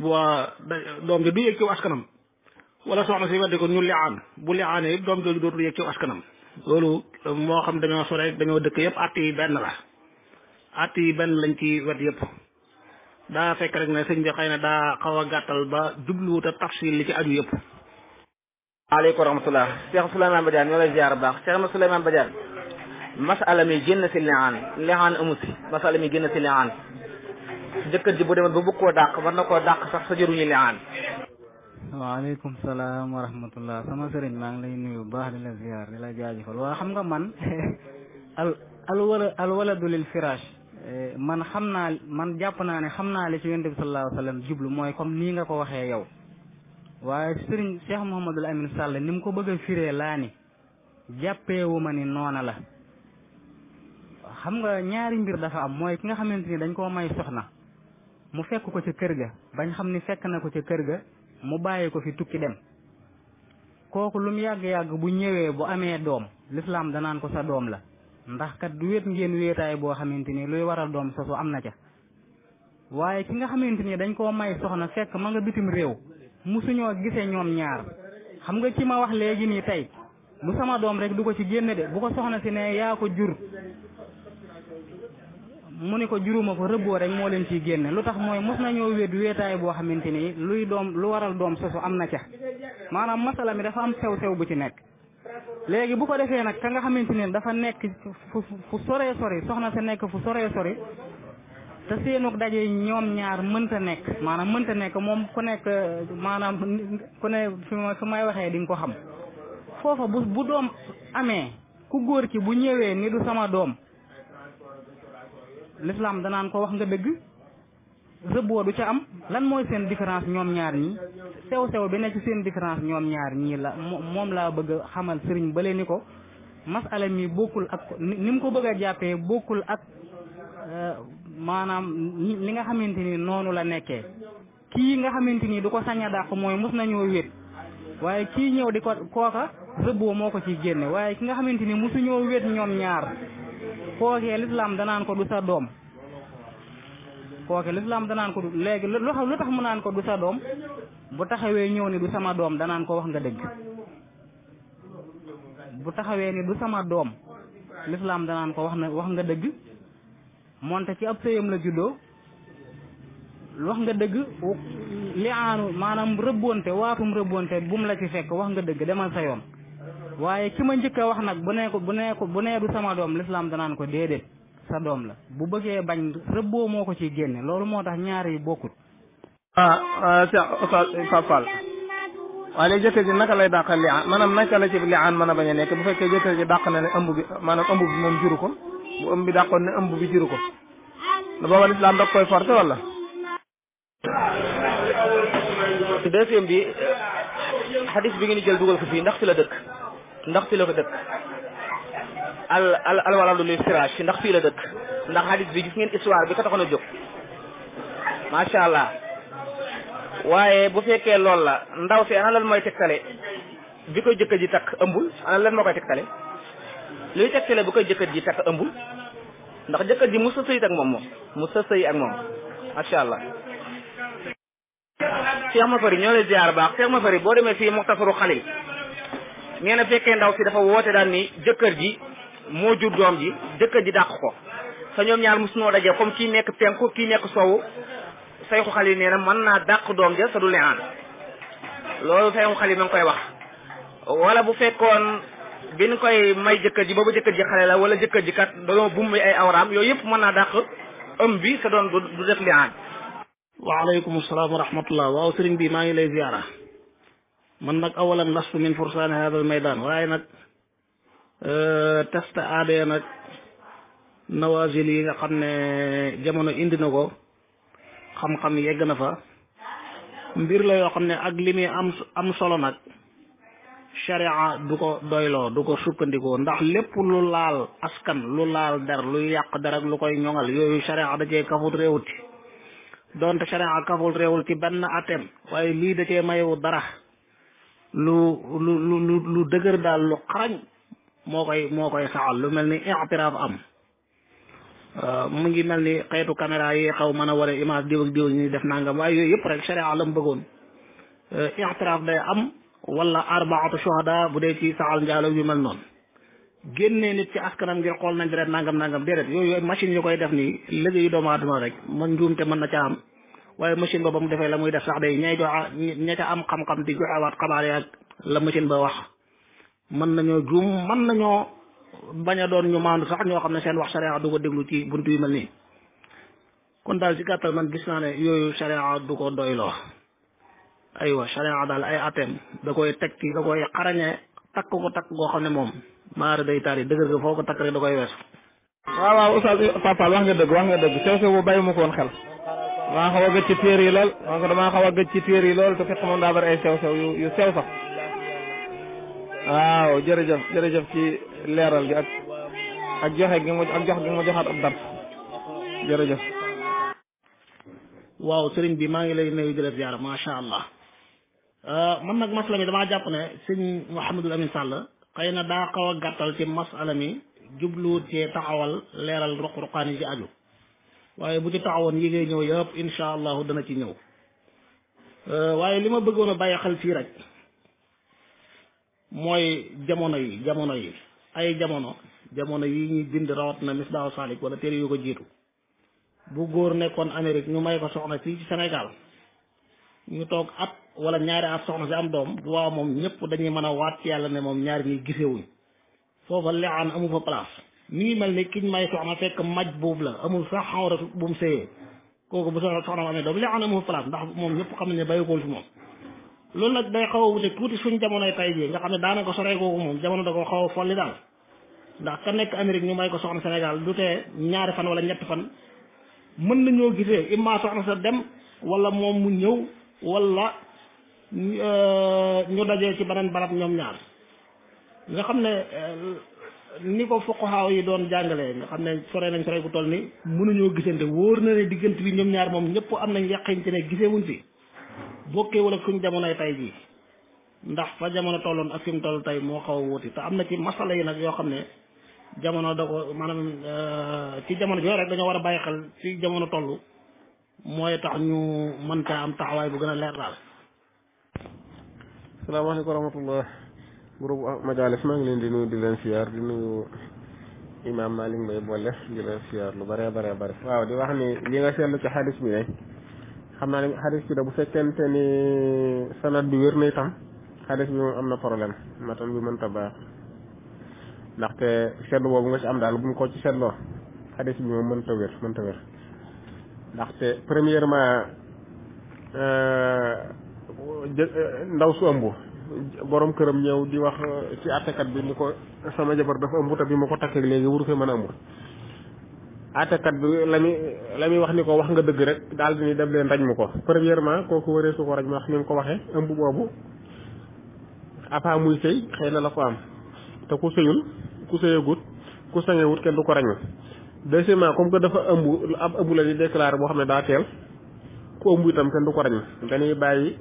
waa doom ja du yëg ci askanam wala soxna si weddi ko ñu liaan bu liaanee yëpp doom jooju dootul yëg ci askanam loolu euh, moo xam dañoo sore dañoo dëkk yëpp àtt benn la àtt yi benn lañ ci wet yëpp daa fekk rek ne sëñ bi xëy na daa xaw a gàttal ba jubluwut a tafsil li ci aju yëpp aleykum wa rahmatullah Cheikh Souleymane Badiane ñoo lay ziar baax Cheikh na Souleymane Badiane masala mi génn si liaan liaan amu si masala mi génn si liaan jëkkër ji bu demoon ba bëgg koo dàq mën na koo dàq sax sa jëruñu liaan waaleykum salaam wa sama sëriñ maa ngi lay nuyu bu baax di la ziar di la jaajëfal waa xam nga man al al wala al waladu lil firaash eh, man xam naa man jàpp naa ne xam naa li ci yonent bi sallallahu mooy comme nii nga ko waxee yow waaye sëriñ Cheikh Mouhamadul Amin Sall ni mu ko bëgg a laa ni jàppeewu ma ni noona la xam nga ñaari mbir dafa am mooy ki nga xamante ni dañ koo may soxna mu fekk ko ca kër ga bañ xam ni fekk na ko ca kër ga mu bàyyi ko fi tukki dem kooku lu mu yàgg-yàgg bu ñëwee bu amee doom lislaam danaan ko sa doom la ndax kat du wéet ngeen wéetaay boo xamante ni luy waral doom sosu am na ca waaye ki nga xamante ni dañ koo may soxna fekk ma nga bitim réew musuñoo gisee ñoom ñaar xam nga ci ma wax léegi nii tey bu sama doom rek du ko ci génn de bu ko soxna si ne yaa ko jur mu ne ko juróoma ko rëbboo rek moo leen ciy génne lu tax mooy mos nañoo wéet wéetaay boo xamante ni luy doom lu waral doom sosu am na ca maanaam masala mi dafa am sew-sew bu ci nekk léegi bu ko defee nag ka nga xamante ni dafa nekk fu fu soree sori soxna sa nekk fu soree sori te seenug daje ñoom ñaar mënta nekk maanaam mënta nekk moom ku nekk maanaam ku ne fi ma fi may waxee di nga ko xam foofa bu bu doom amee ku góor ki bu ñëwee ni du sama doom l'islam danaan ko wax nga dëgg rëbboo du ca am lan mooy seen différence ñoom ñaar ñi sew sew bi ne ci seen différence ñoom ñaar ñii la moom laa bëgg a xamal sëriñ bële ni ko masala mii bokkul ak ni mu ko bëgg a jàppee bokkul ak euh, maanaam li nga xamante ni noonu la nekkee kii nga xamante ni du ko sañ a mooy mos nañoo wéet waaye kii ñëw di ko kooka rëbboo moo ko ciy génne waaye ki nga xamante ni mosuñoo wéet ñoom ñaar kookee lislaam danaan ko du sa doom kooke lislaam danaan ko du léegi lu lu tax mu naan ko du sa doom bu taxawee ñëw ni du sama doom danaan ko wax nga dëgg bu taxawee ni du sama doom lislaam danaan ko wax na wax nga dëgg moonte ci ab sëyam la juddoo wax nga dëgg li aanu maanaam rëbbonte waatum rëbbonte bum la ci fekk wax nga dëgg demal sa yoon waaye ki ma njëkk a wax nag bu nee bu nee bu nee du sama doom lislaam danaan ko déedéet sa doom la bu bëggee bañ rëbboo moo ko ci génne loolu moo tax ñaari yi bokkut ah, ah Pape ji naka lay dàqal li aan maanaam naka la ci li aan mën a nekk bu fekkee jëkkër ji dàq na ne ëmb bi maanaam ëmb ko bi dàqoon ne ëmb bi juru ko da booba lislaam da bi xadis ndax fi la dëkk ndax fii la ko dëkk al al alwaladu li firage ndax fii la dëkk ndax hadis bi gis ngeen histoire bi ko taxoon na jóg macha allah waaye bu fekkee loolu la ndaw si ana lan mooy tegtale bi koy jëkkër ji takk ëmbul ana lan moo koy tegtale luy tegtale bu koy jëkkër ji takk ëmbul ndax jëkkër ji musa sëy ak moom moom musa sëy ak moom macha allah ma Mafari ñoo lay ziar baax ma Mafari boo demee fii Muxtasaru Xalil nee na fekkee ndaw si dafa woote daal ni jëkkër ji moo jur doom ji jëkkër ji dàq ko te ñoom ñaar mosunoo dajee comme kii nekk penku kii nekk soow sowu sayxu xali nee na mën naa dàq doom ja sa du leen loolu sayxu xali ma ngi koy wax wala bu fekkoon bi ñu koy may jëkkër ji boobu jëkkër ji xale la wala jëkkër ji kat dañoo bummi ay awraam yooyu yëpp mën naa dàq ëm bi sa doon du def li aan waaleykum salaam wa rahmatullah waaw sëriñ bi maa ngi lay ziara man nag awalan lastu min fursaani may daan waaye nag euh, test ADN nag nawazil yi nga xam ne jamono indi na ko xam-xam yegg na fa mbir la yoo xam ne ak li muy am am solo nag sharia du ko doyloo du ko sukkandikoo ndax lépp lu laal askan lu laal dar lu yàq dara lu koy ñoŋal yooyu sharia da cee kafut réewut ci donte sharia kaful réewul ci benn atem waaye lii da cee mayewut dara lu lu lu lu dëgër daal lu xarañ moo koy moo koy saxal lu mel ni i'tiraaf am euh, mu ngi mel ni xeetu caméra yi xaw mën a war a image diw ak diw ñuy def nangam waaye yooyu yëpp rek sharia la mu bëggoon euh, i'tiraaf day am wala arbaatu shuhada bu dee ci saxal njaalo yu mel noonu génnee nit ci askanam ngir xool na deret nangam nangam déedéet yooyu machine yi koy def nii liggéeyu doomu aadama rek man njuumte mën na ca am waaye machine ba ba mu defee la muy def sax day ñay joxa am xam-xam di joxewaat xabaar yaag la machine ba wax mën nañoo juum mën nañoo bañ a doon ñu maandu sax ñoo xam ne seen wax sharia du ko déglu ci buntu yu mel nii kon daal ci gàttal man gis naa ne yooyu sharia du ko doyloo aywa sharia daal ay atem da koy teg ci da koy xarañee takk ko takk goo xam ne moom maara day taar yi dëgër ga ko takk rek da koy weesu waaw waaw oustaz Papa wax nga dëgg wax nga dëgg sew sew xel maa xaw gëj ci téere yi lool damaa xaw a gëj ci téere yi lool te fekk moom daa bari ay sew sew yu sew sax waaw jërëjëf jërëjëf ci leeral gi ak ak joxe gi ma ak joxaat ab dars jërëjëf waaw sëriñ bi maa ngi lay nuyu di la ziyaara macha allah euh, man nag masala mi damaa jàpp ne sëñ Mouhamadul Amin Sall xëy na daa xawa gàttal ci masala mi jubluwut ci taxawal leeral ruq-ruqaan yi ci aju waaye bu ci taxawoon yi ngay ñëw yëpp incha allahu dana ci ñëw euh, waaye li ma bëggoon a bàyyi xel fii rek mooy jamono yi jamono yi ay jamono jamono yi ñuy bind rawat na misdaaw saalik wala téere yu ko jiitu bu góor nekkoon Amérique ñu may ko soxna fii ci Sénégal ñu toog at wala ñaari at soxna si am doom bu waaw moom ñëpp dañuy mën a waat ci yàlla ne moom ñaari ñuy gisewuñ foofa leexaan amu fa place mu ngi mel ni kiñ may soxna fekk maj la amul sax xawra bu mu sëyee kooku bu soxna soxna amee doom li am na mu place ndax moom xam ne bàyyikool fi moom loolu nag xaw a wute tuuti suñ jamonoy tay jii nga xam ne daanaka soree kooku moom jamono da ko xaw a nekk Amérique ñu may ko soxna Sénégal du tee ñaari fan wala ñetti fan mën nañoo gisee imma sa dem wala moom mu ñëw wala euh, ñu dajee ci beneen barab ñoom ñaar nga xam ne euh, ni ko fuqahaa yi doon jàngalee nga xam ne sore nañ sore bu toll ni mënuñoo gisante wóor na ne diggante bi ñoom ñaar moom ñëpp am nañ yàqin ci ne gisewuñ fi bokkeewul ak suñ jamonoy tey jii ndax fa jamono tolloon ak fi mu toll tey moo xaw a wuti te am na ci masala yi nag yoo xam ne jamono da ko euh, jamono joo rek war a bàyyi xel jamono toll mooy tax ñu mën caa am taxawaay bu gën a leer daal. salaamaaleykum wa rahmatullah groupe Majalis maa ngi leen di nuyu di leen siyaar di nuyu imaam Malick Mbaye boole di leen siyaar lu bëree bëree bëri. waaw di wax ni li nga seetlu ci xadis bi rek xam naa ne xadis bi da bu fekkente ni sanad bi wér na itam xadis bi moom am na problème matan bi mënta baax ndaxte seetlu boobu nga ci am daal bu ñu ko ci seetloo xadis bi moom mënta wér mënta wér ndaxte premièrement euh, euh, ndaw su ëmb. boroom këram ñëw di wax uh, ci àttekat bi ni ko sama jabar dafa ëmb te bi ma ko takkee léegi wuru fi mën a ëmb àttekat bi la la muy wax ni ko wax nga dëgg rek daal di ni dem leen raj mu ko premièrement kooku waree su ko raj ma wax ni ko waxee ëmb boobu avant muy sëy xëy na la ko am te ku sëyul ku sëyagut ku sañewut kenn du ko rañu deuxièmement comme que dafa ëmb ab ëmb la di boo xam ne daa teel ku ëmb itam kenn du ko rañu dañuy bàyyi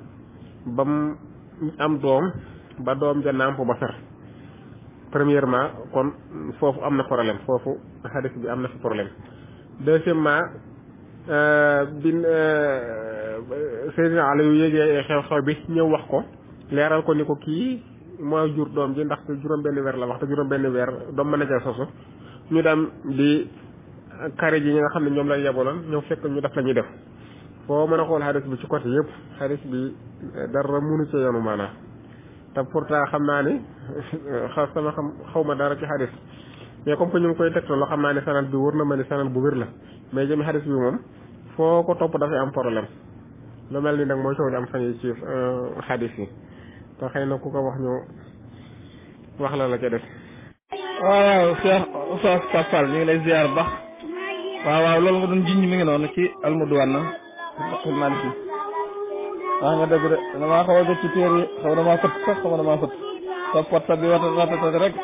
bam am doom ba doom ja nàmp ba fer premièrement kon foofu am na problème foofu xadis bi am na fi problème deuxièmement euh, bi euh, Seydina Aliou yéegee xew-xew bi ñëw wax ko leeral ko ni ko kii mooy jur doom ji ndax juróom benn weer la wax te juróom benn weer doom mën a sosu ñu dem di kare ji ñi nga xam ne ñoom lañ yeboloon ñëw fekk ñu def la ñuy def foo mën a xool xadis bi ci côté yëpp xadis bi eh, dara munu ci yoonu maanaa te pourtant xam naa ni xa sama xam xaw ma dara ci xadis mais comme koy tegtal xam naa ne sanad bi wër na ma ni sanad bu wér la mais jëmi xadis bi moom foo ko topp dafay am problème lu mel ni nag mooy coow di am fan yi ci eh, xadis yi te xëy na ku ko wax ñu wax la la ca def waaw Cheikh ñu ngi lay ziar baax waaw waaw loolu nga doon jiñ mi ngi noonu ci almuduwana Fathul Maliki wax nga dëgg de damaa xaw a jot ci téere yi xaw damaa fët sax xaw damaa fët sa bi wata wata rek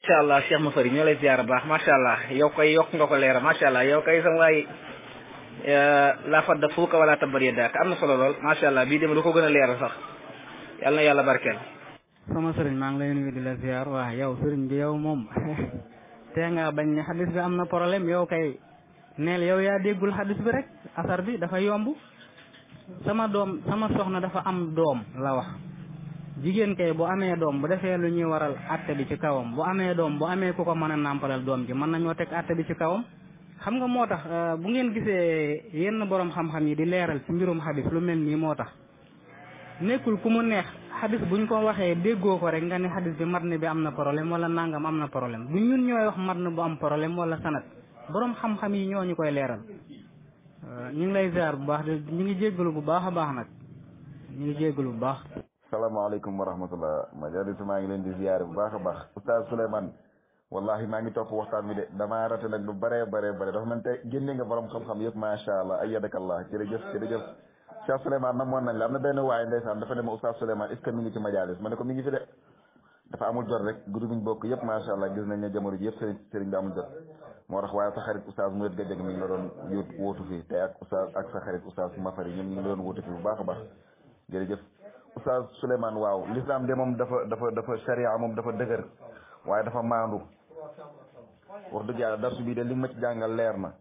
macha allah Cheikh Mafari ñoo lay ziar baax macha allah yow koy yokk nga ko leera macha allah yow koy sama waay euh, la fadda fuuka wala tabar ya daak am na solo lool macha allah bii dem du ko gën a sax yàlla na yàlla barkeel sama sëriñ maa ngi lay nuyu di la ziar waa yow sëriñ bi yow moom te nga bañ ne bi am na problème yow neel yow yaa déggul xadis bi rek asar bi dafa yomb sama doom sama soxna dafa am doom la wax jigéen kay bu amee doom bu defee lu ñuy waral atte bi ci kawam bu amee doom bu amee ku ko mën a nàmpalal doom ji mën nañoo teg atte bi ci kawam xam nga moo tax euh, bu ngeen gisee yenn borom xam-xam yi di leeral ci mbirum xadis lu mel nii moo tax nekkul ku mu neex xadis buñ ko waxee déggoo ko rek nga ne xadis bi matn bi am na problème wala nangam am na problème du ñun ñooy wax matn bu boroom xam-xam yi ñoo ñu koy leeral euh, ñu ngi lay ziar bu baax de ñu ngi jéggalu bu baax a baax nag ñu ngi jéggalu bu baax. salaamaaleykum wa rahmatullah majaritu maa ngi leen di ziar bu baax a baax oustaz Souleymane wallahi maa ngi topp waxtaan bi de damaa rate nag lu bëree bëree bëri dafa mel te génne nga borom xam-xam yëpp macha allah ayyadakallah jërëjëf jërëjëf. Cheikh Souleymane nag moon nañ la am na benn waaye ndeysaan dafa ne ma oustaz Souleymane est dafa amul jot rek groupe ñu bokk yëpp macha allah gis nañ ne jamono ji yëpp sëriñ sëriñ bi amul jot moo tax waaye sa xarit oustaz mu wet gajjëg ngi la doon yóot wóotu fii te ak oustaz ak sa xarit oustaz mafari ñoom ñu ngi la doon wóotu bu baax a baax jërëjëf oustaz Souleymane waaw l'islam de moom dafa dafa dafa charia moom dafa dëgër waaye dafa maandu wax dëgg yàlla darsu bii de li ma jàngal leer na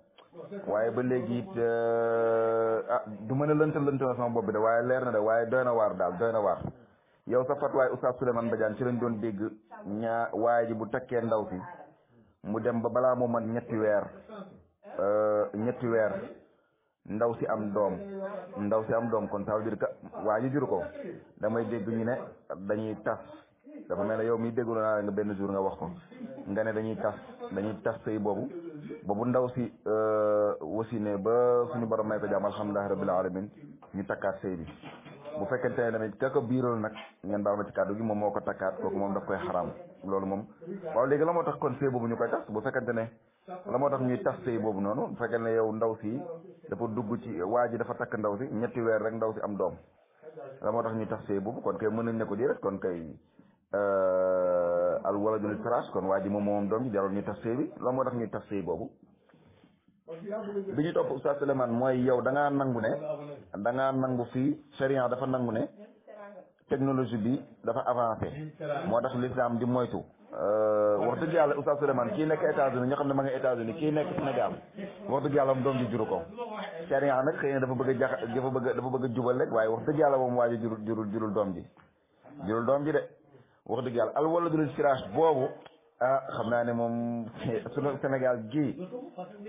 waaye ba léegi it euh, ah du mën a lënt lënt na sama bopp bi de waaye leer na de waaye doy na waar daal doy na waar yow sa fatwaay Oustaz Souleymane Badiane ci lañ doon dégg ñaa waa ji bu takkee ndaw si mu dem ba balaa moom man ñetti weer euh, ñetti weer ndaw si am doom ndaw si am doom kon ça veut waa ji juru ko damay dégg ñu ne dañuy tas dafa mel ne yow mi déglu naa la nga benn jour nga wax ko nga ne dañuy tas dañuy tas sëy boobu boobu ndaw si euh, wasi ne ba suñu borom may ko jàmm alhamdulilah rabbil alamin ñu takkaat sëy bi bu fekkente ne tamit ka ko biiral nag ngeen baal ma ci kàddu gi moom moo ko takkaat kooku moom daf koy xaraam loolu moom waaw léegi la moo tax kon sëy boobu ñu koy tas bu fekkente ne la moo tax ñuy tas sëy boobu noonu bu fekkente ne yow ndaw si dafa dugg ci waa ji dafa takk ndaw si ñetti weer rek ndaw si am doom la moo tax ñuy tas sëy boobu kon kay mën nañ ne ko rek kon kay euh, al waladu lil firaas kon waa ji moom moom doom ji jarul ñuy tas sëy bi la moo tax ñuy tas sëy boobu bi ñu topp Oustaz Souleymane mooy yow da nangu ne da nangu fii sharia dafa nangu ne technologie bi dafa avancé moo tax l'islam di moytu euh, wax dëgg yàlla Oustaz Souleymane kii nekk États-Unis ñoo xam ne ma nga États-Unis kii nekk Sénégal wax dëgg yàlla moom doom ji juru ko sharia nag xëy na dafa bëgg a jax dafa bëgg dafa bëgg jubal rek waaye wax dëgg yàlla moom waa ji jurul jurul jurul doom ji jurul doom ji de wax dëgg yàlla al waladul firaash boobu ah xam naa ne moom sunu Sénégal gii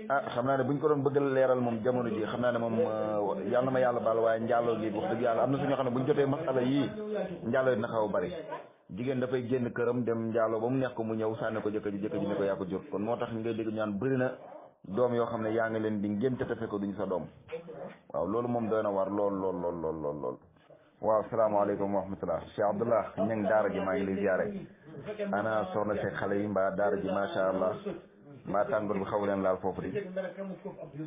ah xam naa ne buñ ko doon bëgg leeral moom jamono jii xam naa ne moom ah, yàlla na ma yàlla baal waaye njaaloo gi wax dëgg yàlla am na suñoo xam ne buñ jotee masala yii njaaloo dina xaw a bari jigéen dafay génn këram dem njaaloo ba mu neex ko mu ñëw sànni ko jëkkër ji jëkkër ji ne ko yaa ko jur kon moo tax ñu ngay dégg ñaan bëri na doom yoo xam ne yaa ngi leen di ngénte fekk duñu sa doom waaw loolu moom doy na war lool lool lool lool lool lool wax salaamaaleykum wa rahmatullah Cheikh Abdallah ñang daara ji maa ngi lay ziyaare ana soxna si xale yi mbaa daara ji macha allah mbaa tàngoor bi xaw leen laal foofu di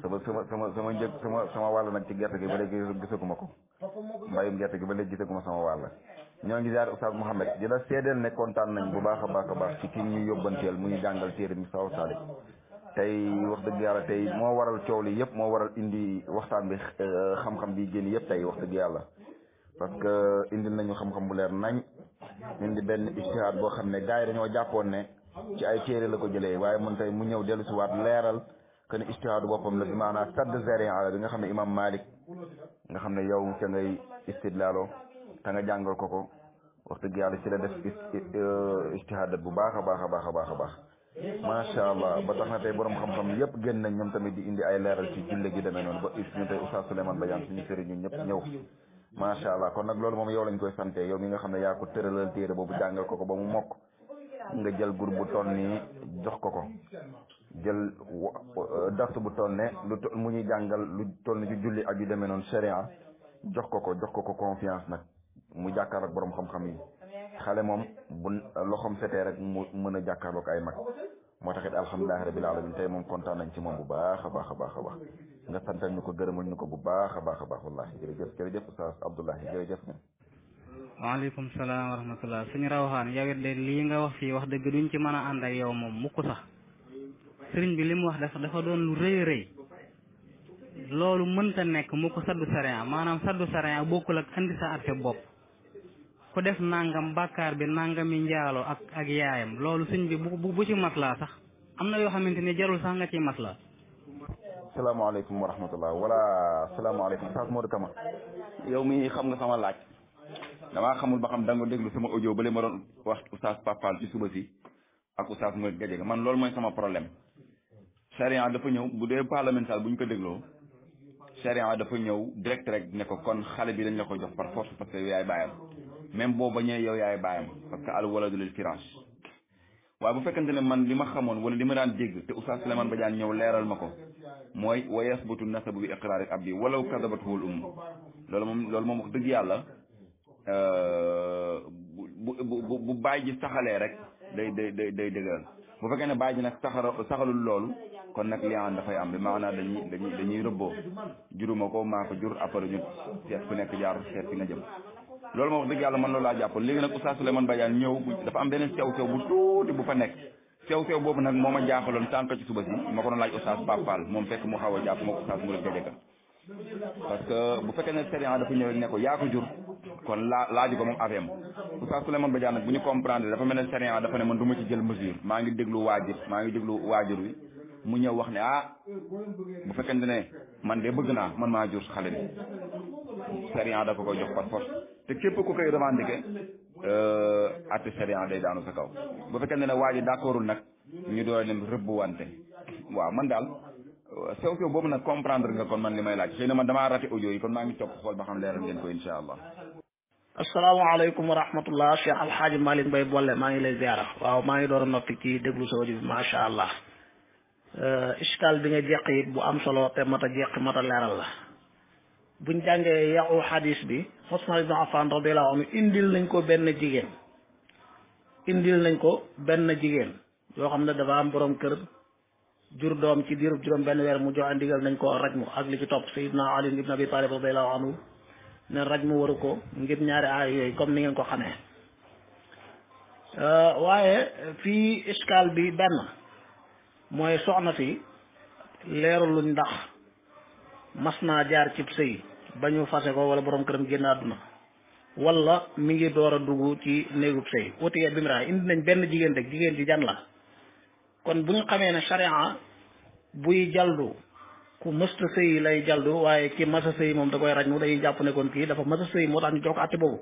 sama sama sama sama njëg sama sama wàll nag ci gerte gi ba léegi gisaguma ko mbayum gerte gi ba léegi gisaguma sama wàll ñoo ngi ziar Oustaz Mouhamed di la seedeel ne kontaan nañ bu baax a baax a baax ci kii ñu yóbbanteel muy jàngal téere mi saw saalik tey wax dëgg yàlla tey moo waral coow li yëpp moo waral indi waxtaan bi eh, xam-xam bi génn yëpp tey wax dëgg yàlla parce que indi nañu xam bu leer nañ indi benn ijtihaad boo xam ne gars yi dañoo jàppoon ne ci ay téere la ko jëlee waaye mun tay mu ñëw dellu si waat leeral kenn ne ijtihaadu boppam la bi maanaam sadd zarin ala bi nga xam ne imam malik nga xam ne yow ca ngay istidlaalo te nga jàngal ko ko wax dëgg yàlla ci la def ijtihaad bu baax a baax a baax a baax a baax macha allah ba tax na tey borom xam-xam yëpp génn nañ ñoom tamit di indi ay leeral ci julle gi demee noonu ba it ñu tey oustaz Souleymane Badiane suñu sëriñ ñu ñëpp ñëw macha allah kon nag loolu moom yow lañ koy sante yow mi nga xam ne yaa ko tëralal téere boobu jàngal ko ko ba mu mokk nga jël gur bu tol ni jox ko ko jël dars bu tol ne lu mu ñuy jàngal lu tol ni ci julli ak yu demee noonu sharia jox ko ko jox ko ko confiance nag mu jàkkaar ak borom xam-xam yi xale moom bu loxom setee rek mu mën a jàkkaarloog ay mag moo tax it alhamdulilah rabil alamin tey moom kontaan nañ ci moom bu baax a baax a baax a baax nga santal ñu ko gërëmal ñu ko bu baax a baax a baax wallaahi jërëjëf jërëjëf oustaz Abdoulahi jërëjëf ñun waaleykum salaam wa rahmatullah suñu rawaxaan yow it de lii nga wax fii wax dëgg ñu ci mën a ànd ak yow moom mukk sax sëriñ bi li mu wax dafa dafa doon lu rëy rëy loolu mënta nekk mukk saddu sariya maanaam saddu sariya bokkul ak andi sa atte bopp ku def nangam bàkkaar bi nangami njaalo ak ak yaayam loolu sëñ bi bu bu ci maslaa sax am na yoo xamante ni jarul sax nga ciy maslaa. salaamaaleykum wa rahmatulah wala salaamaaleykum Oustaz Modou Kama yow mi xam nga sama laaj damaa xamul ba xam da nga déglu sama ojo ba li ma doon wax Oustaz Papal ci suba si ak Oustaz Modou Gadiaga man loolu mooy sama problème. charia dafa ñëw bu dee parlementaire bu ñu ko dégloo charia dafa ñëw direct rek ne ko kon xale bi dañ la ko jox par force parce que yaay même boo bañee yow yaay baayam parce que al waladu lil firash waaye bu fekkente ne man li ma xamoon wala li ma daan dégg te man ba Badiane ñëw leeral ma ko mooy wa yasbutu nasabu bi iqraari abdi walaw kadabathu l umm loolu moom loolu moom wax dëgg yàlla euh, bu bu baay ji saxalee rek day day day day dëgëral bu fekkee ne baay ji nag saxara saxalul loolu kon nag li aan dafay am bi maanaam dañuy dañuy dañuy rëbboo juruma ko maa ko jur après ñu seet ku nekk jaar seet fi nga jëm loolu moom wax dëgg yàlla man loolu laa jàppoon léegi nag Oustaz Souleymane Badiane ñëw dafa am beneen sew sew bu tuuti bu fa nekk sew sew boobu nag moom ma jaaxaloon tànk ci suba si ma ko doon laaj Oustaz Pape Fall moom fekk mu xaw a jàpp moo ko Oustaz rek bu fekkee ne sériant dafa ñëwee ne ko yaa jur kon laa laaju ko moom affaire am Oustaz Souleymane Badiane nag bu ñu comprendre dafa mel ne sériant dafa ne man du ma ci jël mesure maa ngi déglu waajur maa ngi déglu waajur wi mu ñëw wax ne ah bu fekkente ne man de bëgg naa man maa jur xale sariya da ko koy jox par te képp ku koy revendiquer euh, atti sariya day daanu sa kaw bu fekkee ne ne waa ji d'accordul nag ñu doon leen rëbbuwante waaw man daal euh, sew sew boobu nag comprendre nga kon man li may laaj xëy na man damaa raté audio yi kon maa ngi topp xool ba xam leeral ngeen ko insha allah asalaamaaleykum wa rahmatullah Cheikh Alxaaji Malick Mbaye Bolle maa ngi lay ziara waaw maa ngi door a noppi ci déglu sa audio bi macha allah euh, iskal bi nga jeq it bu am solo mat a jeqi mat a leeral la buñ jàngee yaxu xadis bi Usmaan ibn Affaan radiyallaahu anhu indil nañ ko benn jigéen indil nañ ko benn jigéen yoo xam ne dafa am borom kër jur doom ci diirub juróom benn weer mu joxe ndigal nañ ko raj mu ak li ci topp Sayyidna Ali ibn Abi Talib radiyallaahu anhu ne raj mu waru ko ngir ñaari aay yooyu comme ni ngeen ko xamee euh, waaye fii iskaal bi benn mooy soxna si leeruluñ ndax mas naa jaar cib sëy ba ñu fase ko wala boroom këram génn àdduna wala mi ngi door a dugg ci néegub sëy utiye bi mira indi nañ benn jigéen rek jigéen ji jan la kon bu ñu xamee ne charia buy jaldu ku mësta sëy lay jaldu waaye ki masa sëy moom da koy raj mu dañuy jàpp ne kii dafa masa sëy moo tax ñu jox ko àtte boobu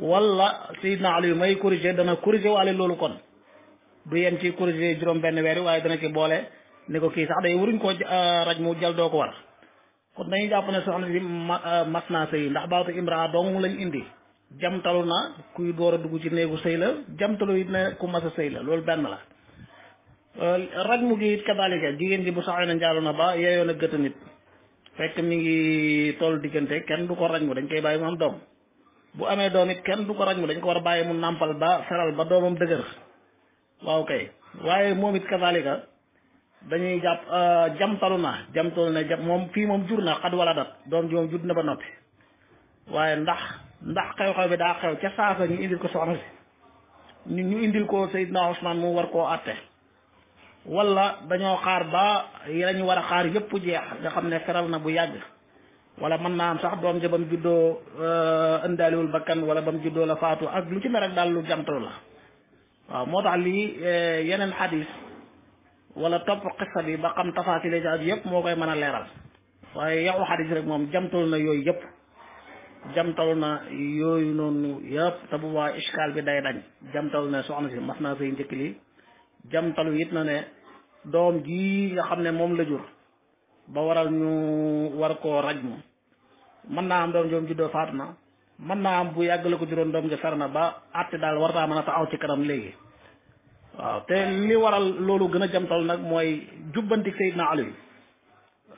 wala Seydina yu may corrigé dana corrigé waale loolu kon du yem ci corrigé juróom benn weer waaye dana ci boole ne ko kii sax day waruñ koo euh, raj mu jaldoo ko war kon dañuy jàpp ne soxna si euh, mat naa sëy ndax baatu imraa dong lañ indi jamtalu na kuy door a dugg ci néegu sëy la jamtalu it ne ku mas a sëy la loolu benn la euh, rajmu gi it kadalika jigéen ji bu saxee na njaalu na ba yeeyoon a gëtt nit fekk mi ngi toll diggante kenn du ko rajmu dañ koy bàyyi mu am doom bu amee doom it kenn du ko rajmu dañ ko war a bàyyi mu nàmpal ba feral ba doomam dëgër waaw kay waaye moom it kadalika dañuy jàpp euh, jamtalu na jamtalu na jam moom fii moom jur na xad wala dat doom ji moom jur na ba noppi waaye ndax ndax xew-xew bi daa xew ca saasa ñu indil ko soxna si ñu indil ko Seydina Ousmane mu war koo àtte wala dañoo xaar ba la ñu war a xaar yëpp jeex nga xam ne feral na bu yàgg wala mën naa am sax doom ja ba mu juddoo euh, ëndaaliwul bakkan wala ba mu juddoo la faatu ak lu ci ne rek daal lu jamtalu la waaw moo tax lii euh, yeneen xadis wala topp xissa bi ba xam tafaasile ci at yëpp moo koy mën a leeral waaye yaxu xadis rek moom jamtalu na yooyu yëpp jamtalu na yooyu noonu yëpp te bu waa iskaal bi day dañ jamtalu na soxna si mas naa say njëkk lii jamtalu yit na ne doom ji xam ne moom la jur ba waral ñu war koo raj mu mën naa am doom joom juddoo faatu na mën naa am bu yàgg la ko juróon doom ja fer na ba àtte daal war naa mën a taxaw ci kanam léegi waaw te li waral loolu gën a jamtal nag mooy jubbanti Seydina Ali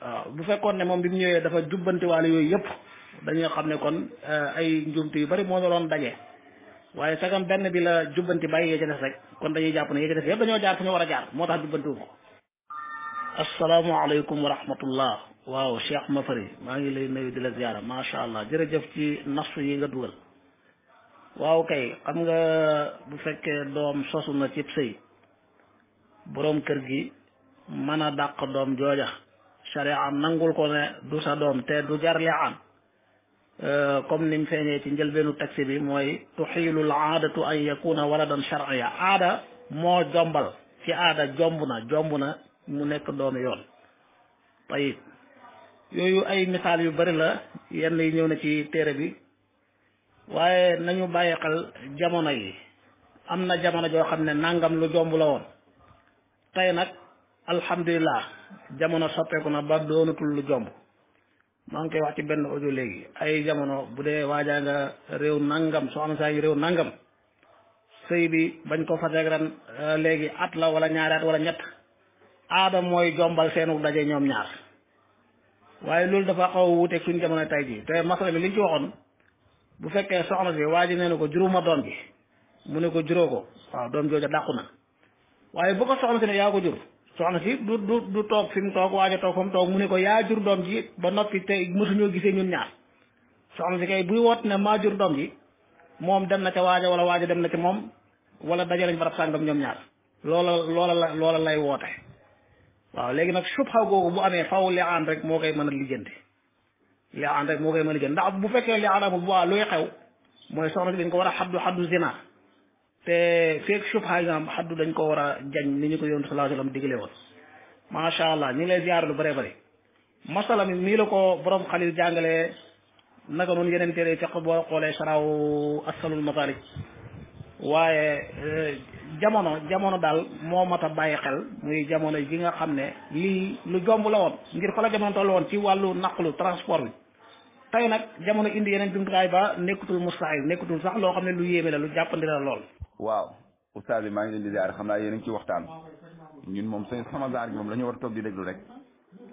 waaw bu fekkoon ne moom bi mu ñëwee dafa jubbanti waale yooyu yëpp dañoo xam ne kon eh, ay njuumte yu bari moo doon daje waaye sagam benn bi la jubbanti bàyyi yee ca des rek kon dañuy jàpp ne yee ca des yëpp dañoo jaar fu ñu war a jaar moo tax jubbanti wu ko. asalaamaaleykum waaw Cheikh Mafari maa ngi lay nuyu di la ziara macha allah jërëjëf ci nasu yi nga dugal. waaw kay xam nga bu fekkee doom sosu na cib sëy boroom kër gi mën a dàq doom jooja sharia nangul ko ne du sa doom te du jar li'aan euh, comme ni feeñee ci njëlbeenu taxi bi mooy tuxiilul aadatu an yakuna waladan shar'iyya aada moo jombal ci aada jomb na jomb na mu nekk doomi yoon tayib yooyu ay misaal yu bari la yenn yi ñëw na ci téere bi waaye nañu bàyyi xel jamono yi am na jamono joo xam ne nangam lu jomb la woon tey nag alhamdulilah jamono soppeeku na ba doonatul lu jomb maa ngi koy wax ci benn audio léegi ay jamono bu dee waajaa nga réew nangam soo am saa ngi réew nangam sëy bi bañ ko faseeg ren euh, léegi at la wala ñaari at wala ñett aada mooy jombal seenu daje ñoom ñaar waaye loolu dafa xaw a wuuteeg suñ jamono tey jii te masala bi liñ ci waxoon bu fekkee soxna si waa ji nee ko juróoma doom bi mu ne ko juróo ko waaw doom jooja dàqu na waaye bu ko soxna si ne yaa ko jur soxna si du du du toog fi mu toog waa toog fa mu toog mu ne ko yaa jur doom ji ba noppi tey mësuñoo gisee ñun ñaar soxna si kay buy woot na maa jur doom ji moom dem na ca waaja wala waaja dem na ca moom wala daje lañ barab sàngam ñoom ñaar loola loola loola lay woote waaw léegi nag subxa googu bu amee faw li aan rek moo koy mën a lijjanti li aan rek moo koy mën a jël ndax bu fekkee li adamu boi luy xew mooy soxna si dañ ko war a xaddu xaddu zina te fek subha yi nga xaddu dañ ko war a jañ ni ñu ko yonent sallallahu alayhi wasallam digle woon macha allah ñu ngi lay ziar lu bëree bëri masala mi nii la ko borom xalil jàngalee naka noonu yeneen téere fiq boo xoolee saraw asalul masalik waaye eh, jamono jamono daal moo mat a bàyyi xel muy jamono ji nga xam ne li lu jomb la woon ngir fa la jamono woon ci wàllu naqlu transport bi tey nag jamono indi yeneen jumtukaay ba nekkutul mustahil nekkutul sax loo xam ne lu yéeme la lu jàppandi la lool. waaw oustaz bi maa ngi leen di ziar xam naa yéen a ci waxtaan ñun moom seen sama zaar moom la ñu war a toog déglu rek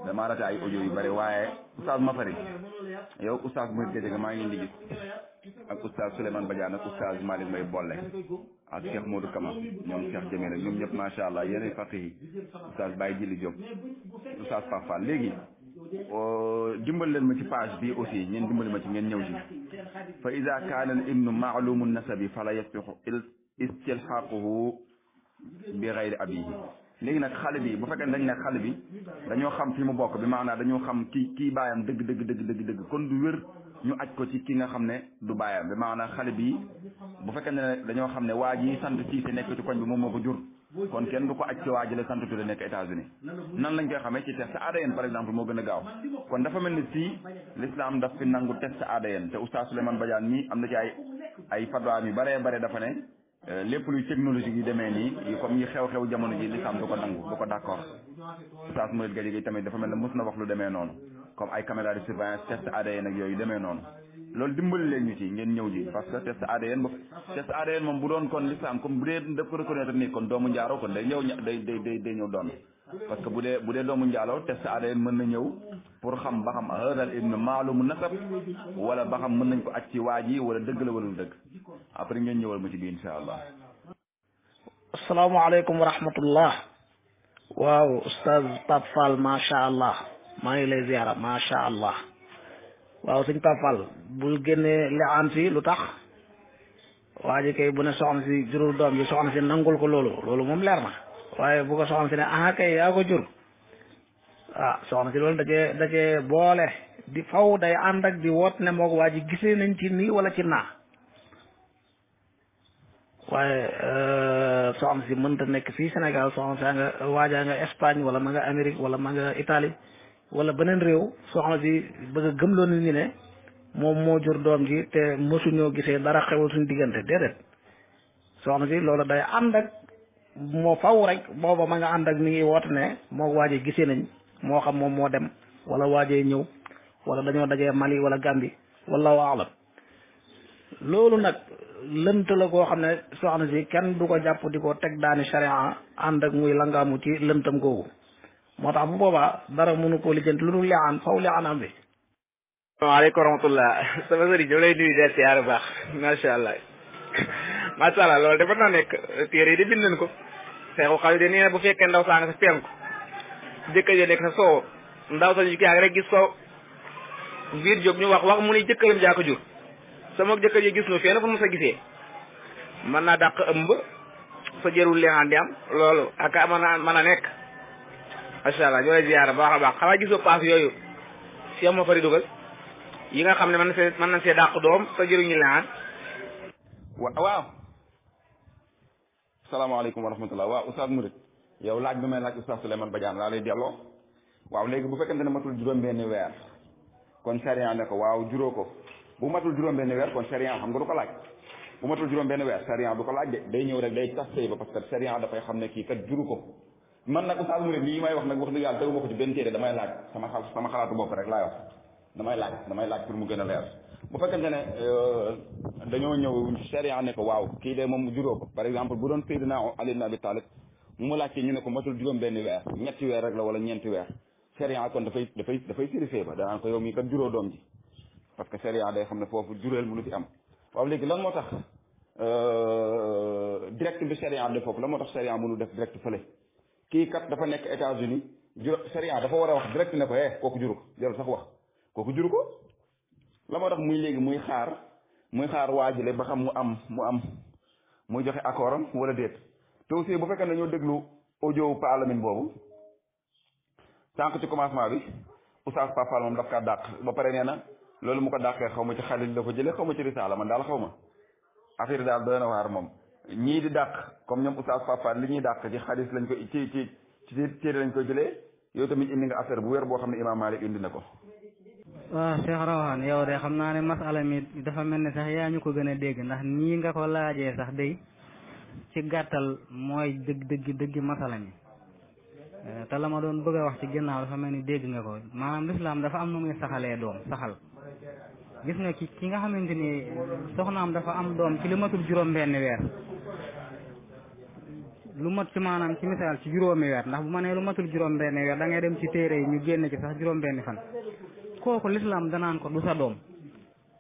damaa rate ay audio yu bëri waaye oustaz Mafari yow oustaz Mourid Gadiaga maa ngi leen di gis ak oustaz Souleymane Badiane ak oustaz Malick Mbaye Bolle ak Cheikh Modou Kama ñoom Cheikh Jamil ñoom ñëpp macha allah yéenay fàq yi oustaz Baye Jili Diop oustaz Pape Fall léegi. Euh, dimbal leen ma ci page bi aussi ngeen dimbali ma ci ngeen ñëw ci fa ida kaana al ibnu maalumu nasabi fala yasbiqu istilxaaquhu bi gayri abihi léegi nag xale bi bu fekkee dañ ne xale bi dañoo xam fi mu bokk bi maanaam dañoo xam kii kii baayam dëgg dëgg dëgg dëgg dëgg kon du wér ñu aj ko ci ki nga xam ne du baayam bi maanaa xale bi bu fekkee ne dañoo xam ne waa ji sant Siise nekk ci koñ bi moom moo ko jur kon kenn du ko aj ci waajale sant Touré nekk États-Unis nan lañ koy xamee ci test ADN par exemple moo gën a gaaw kon dafa mel ni fii l'islam daf fi nangu test ADN te oustaz Souleymane Badiane mi am na ci ay ay fatwaam yu baree bare dafa ne euh, lépp luy technologie yu demee nii comme yi xew-xew jamono ji l'islam du ko nangu du ko d'accord oustaz Mourid Gadjigui tamit dafa mel ne mos na wax lu demee noonu comme ay caméra de surveillance test ADN ak yooyu demee noonu loolu dimbali leen ñu ci ngeen ñëw ji parce que test ADN boobu test ADN moom bu doon kon lislaam comme bu dee daf ko reconnaître nii kon doomu njaaroo kon day ñëw doon parce que bu dee bu dee doomu njaaloo test ADN mën na ñëw pour xam ba xam hadal ibn maalum nasab wala ba xam mën nañ ko aj ci waaj yi wala dëgg la wala lu dëgg après ngeen ñëwal ma ci bi insha allah asalaamaaleykum a rahmatullah waaw oustaz Pape Fall macha allah maa ngi lay ziara macha allah waaw suñ papal bul génnee liaan si lu tax waa ji kay bu ne soxna si jurul doom ji soxna si nangul ko loolu loolu moom leer ma waaye bu ko soxna si ne ah kay yaa ko jur ah, soxna si loolu da cee da boole di faw day ànd ak di woot ne moog waa ji gisee nañ ci nii wala ci naa waaye euh, soxna si mënta nekk fii senegal soxna si nga waajaa nga Espagne wala ma nga Amérique wala ma nga wala beneen réew soxna si bëgg a gëmloo nit ne moom moo jur doom ji te mësuñoo gisee dara xewul suñu diggante déedéet soxna si loolu day ànd ak moo faw rek booba ma nga ànd ak mi ngi woote ne moo waajee gisee nañ moo xam moom moo dem wala waajee ñëw wala dañoo dajee Mali wala Gambie wallahu alam loolu nag lënt la koo xam ne soxna si kenn du ko jàpp teg daani charia ànd ak muy langamu ci lëntam googu moo tax bu boobaa dara mënu ko lijjanti lu dul liaan faw liaan am bi salaamaaleykum wa rahmatullah sama sëriñ ñoo lay nuyu del siyaar baax macha allah macha allah loolu dafa naa nekk téere yi di bind nañ ko seexu xaw de nee na bu fekkee ndaw saa nga sa penku jëkkër jo nekk sa soow ndaw sa ñu ki rek gis ko biir jóg ñu wax wax mu ni jëkkëram jaa ko jur sama jëkkër ji gis nu fenn fu mu sa gisee mën naa dàq ëmb sa jërul leexaan di am loolu ak mën a mën a nekk macha allah ñoo lay ziyaara baax a baax xanaa gisoo paas yooyu si am ma fari yi nga xam ne mën na see mën na see dàq doom te jëriñu laan. Ah. waaw. salaamaaleykum wa rahmatulah waaw Oustaz Mouride yow laaj bi may laaj Oustaz Souleymane Badiane laa lay delloo. waaw léegi bu fekkente ne matul juróom-benn weer kon sariya ne ko waaw juróo ko bu matul juróom-benn weer kon sariya xam nga du ko laaj. bu matul juróom-benn weer sariya du ko laaj de day ñëw rek day tas ba dafay xam ne kii kat juru man nag Oustaz Mouride lii may wax nag wax dëgg yàlla tegu ma ko ci benn téere damay laaj sama xal sama xalaatu bopp rek laay wax damay laaj damay laaj pour mu gën a leer bu fekkente ne euh, dañoo ñëw sharia ne ko waaw kii de moom juróo ko par exemple bu doon Seydina Ali ibn Abi Talib ma làkkee ñu ne ko matul juróom benn weer ñetti weer rek la wala ñeenti weer sharia kon dafay dafay dafay sérifie ba danaan ko yow mii kat juróo doom ji parce que sharia day xam ne foofu juréel mënu fi am waaw léegi lan moo tax euh, direct bi sharia def foofu lan moo tax sharia mënu def direct kii kat dafa nekk États-Unis jur sharia dafa war a wax direct ne ko eh kooku juru ko jarul sax wax kooku juru ko la moo tax muy léegi muy xaar muy xaar waajale ba xam mu am mu am muy joxe accord am wala déet te aussi bu fekkee dañoo déglu audio parlement boobu sànq ci commencement bi Oustaz Pape Fall moom daf kaa dàq ba pare nee na loolu mu ko dàqee xaw ma ci xalil la ko jëlee xaw ma ci risaala man daal xaw ma affaire daal doy na waar moom. ñii di dàq comme ñoom oustaz Fafane li ñuy dàq ci xadis lañ ko ci ci ci téere lañ ko jëlee yow tamit indi nga wér boo xam ne imaam Malik na ko. waaw Cheikh xam naa ne masala mi dafa mel ni sax yaa ko gën dégg ndax nii nga ko laajee sax day ci gàttal mooy dëgg dëgg dëgg masala mi eh, te la ma doon bëgg a wax ci ginnaaw dafa mel ni dégg nga ko maanaam lislaam dafa am nu muy saxalee doom saxal. gis nga ki ki nga xamante ni soxnaam dafa am doom ci li juróom-benn weer. lu mat ci maanaam ci misaal ci juróomi weer ndax bu ma nee lu matul juróom benn weer da ngay dem ci téere yi ñu génn ci sax juróom benn fan kooku lislaam danaan ko du sa doom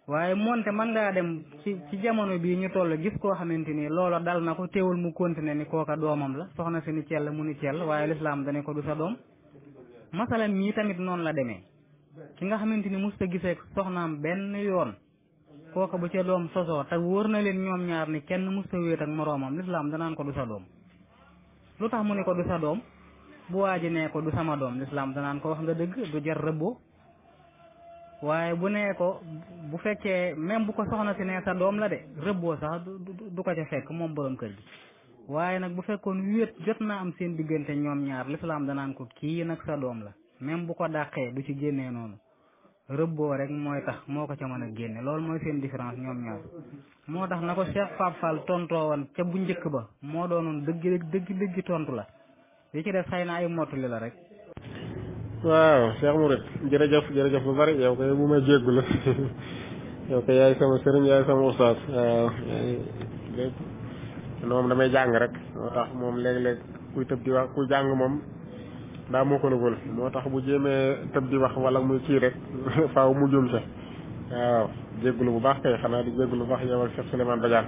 waaye moonte mën ngaa dem ci ci jamono bii ñu toll gis koo xamante ni loola dal na ko teewul mu continuer ni kooka doomam la soxna si ni cell mu ni cell waaye lislaam dane ko du sa doom masalan mii tamit noonu la demee ki nga xamante ni mosut a gisee soxnaam benn yoon kooka bu ca doom sosoo te wóor na leen ñoom ñaar ni kenn mosut a wéet ak moroomam lislaam danaan ko du sa doom lu tax mu ne ko du sa doom bu waa nee ko du sama doom lislaam danaan ko wax nga dëgg du jar rëbboo waaye bu nee ko bu fekkee même bu ko soxna si nee sa doom la de rëbboo sax du ko ca fekk moom borom kër gi waaye nag bu fekkoon wéet jot naa am seen diggante ñoom ñaar lislaam danaan ko kii nag sa doom la même bu ko dàqee du ci génnee noonu rëbboo rek mooy tax moo ko ca mën a génne loolu mooy seen différence ñoom ñaar moo tax na ko Cheikh Pape Fall tontoo woon ca bu njëkk ba moo doonoon dëgg dëgg dëgg tontu la li ci def xëy na ay mottali la rek. waaw Cheikh Mouride jërëjëf jërëjëf bu bari yow kay bu may jéggu la yow kay yaay sama sëriñ yaay sama ustaas waaw moom damay jàng rek moo tax moom léeg-léeg kuy tëb di wax kuy jàng moom. ndaa moo ko lëgul moo tax bu jéemee tëb di wax wala muy kii rek faaw mu juum sa waaw jéggulu bu baax kay xanaa di jéggulu bu baax yow ak Cheikh Souleymane Badiane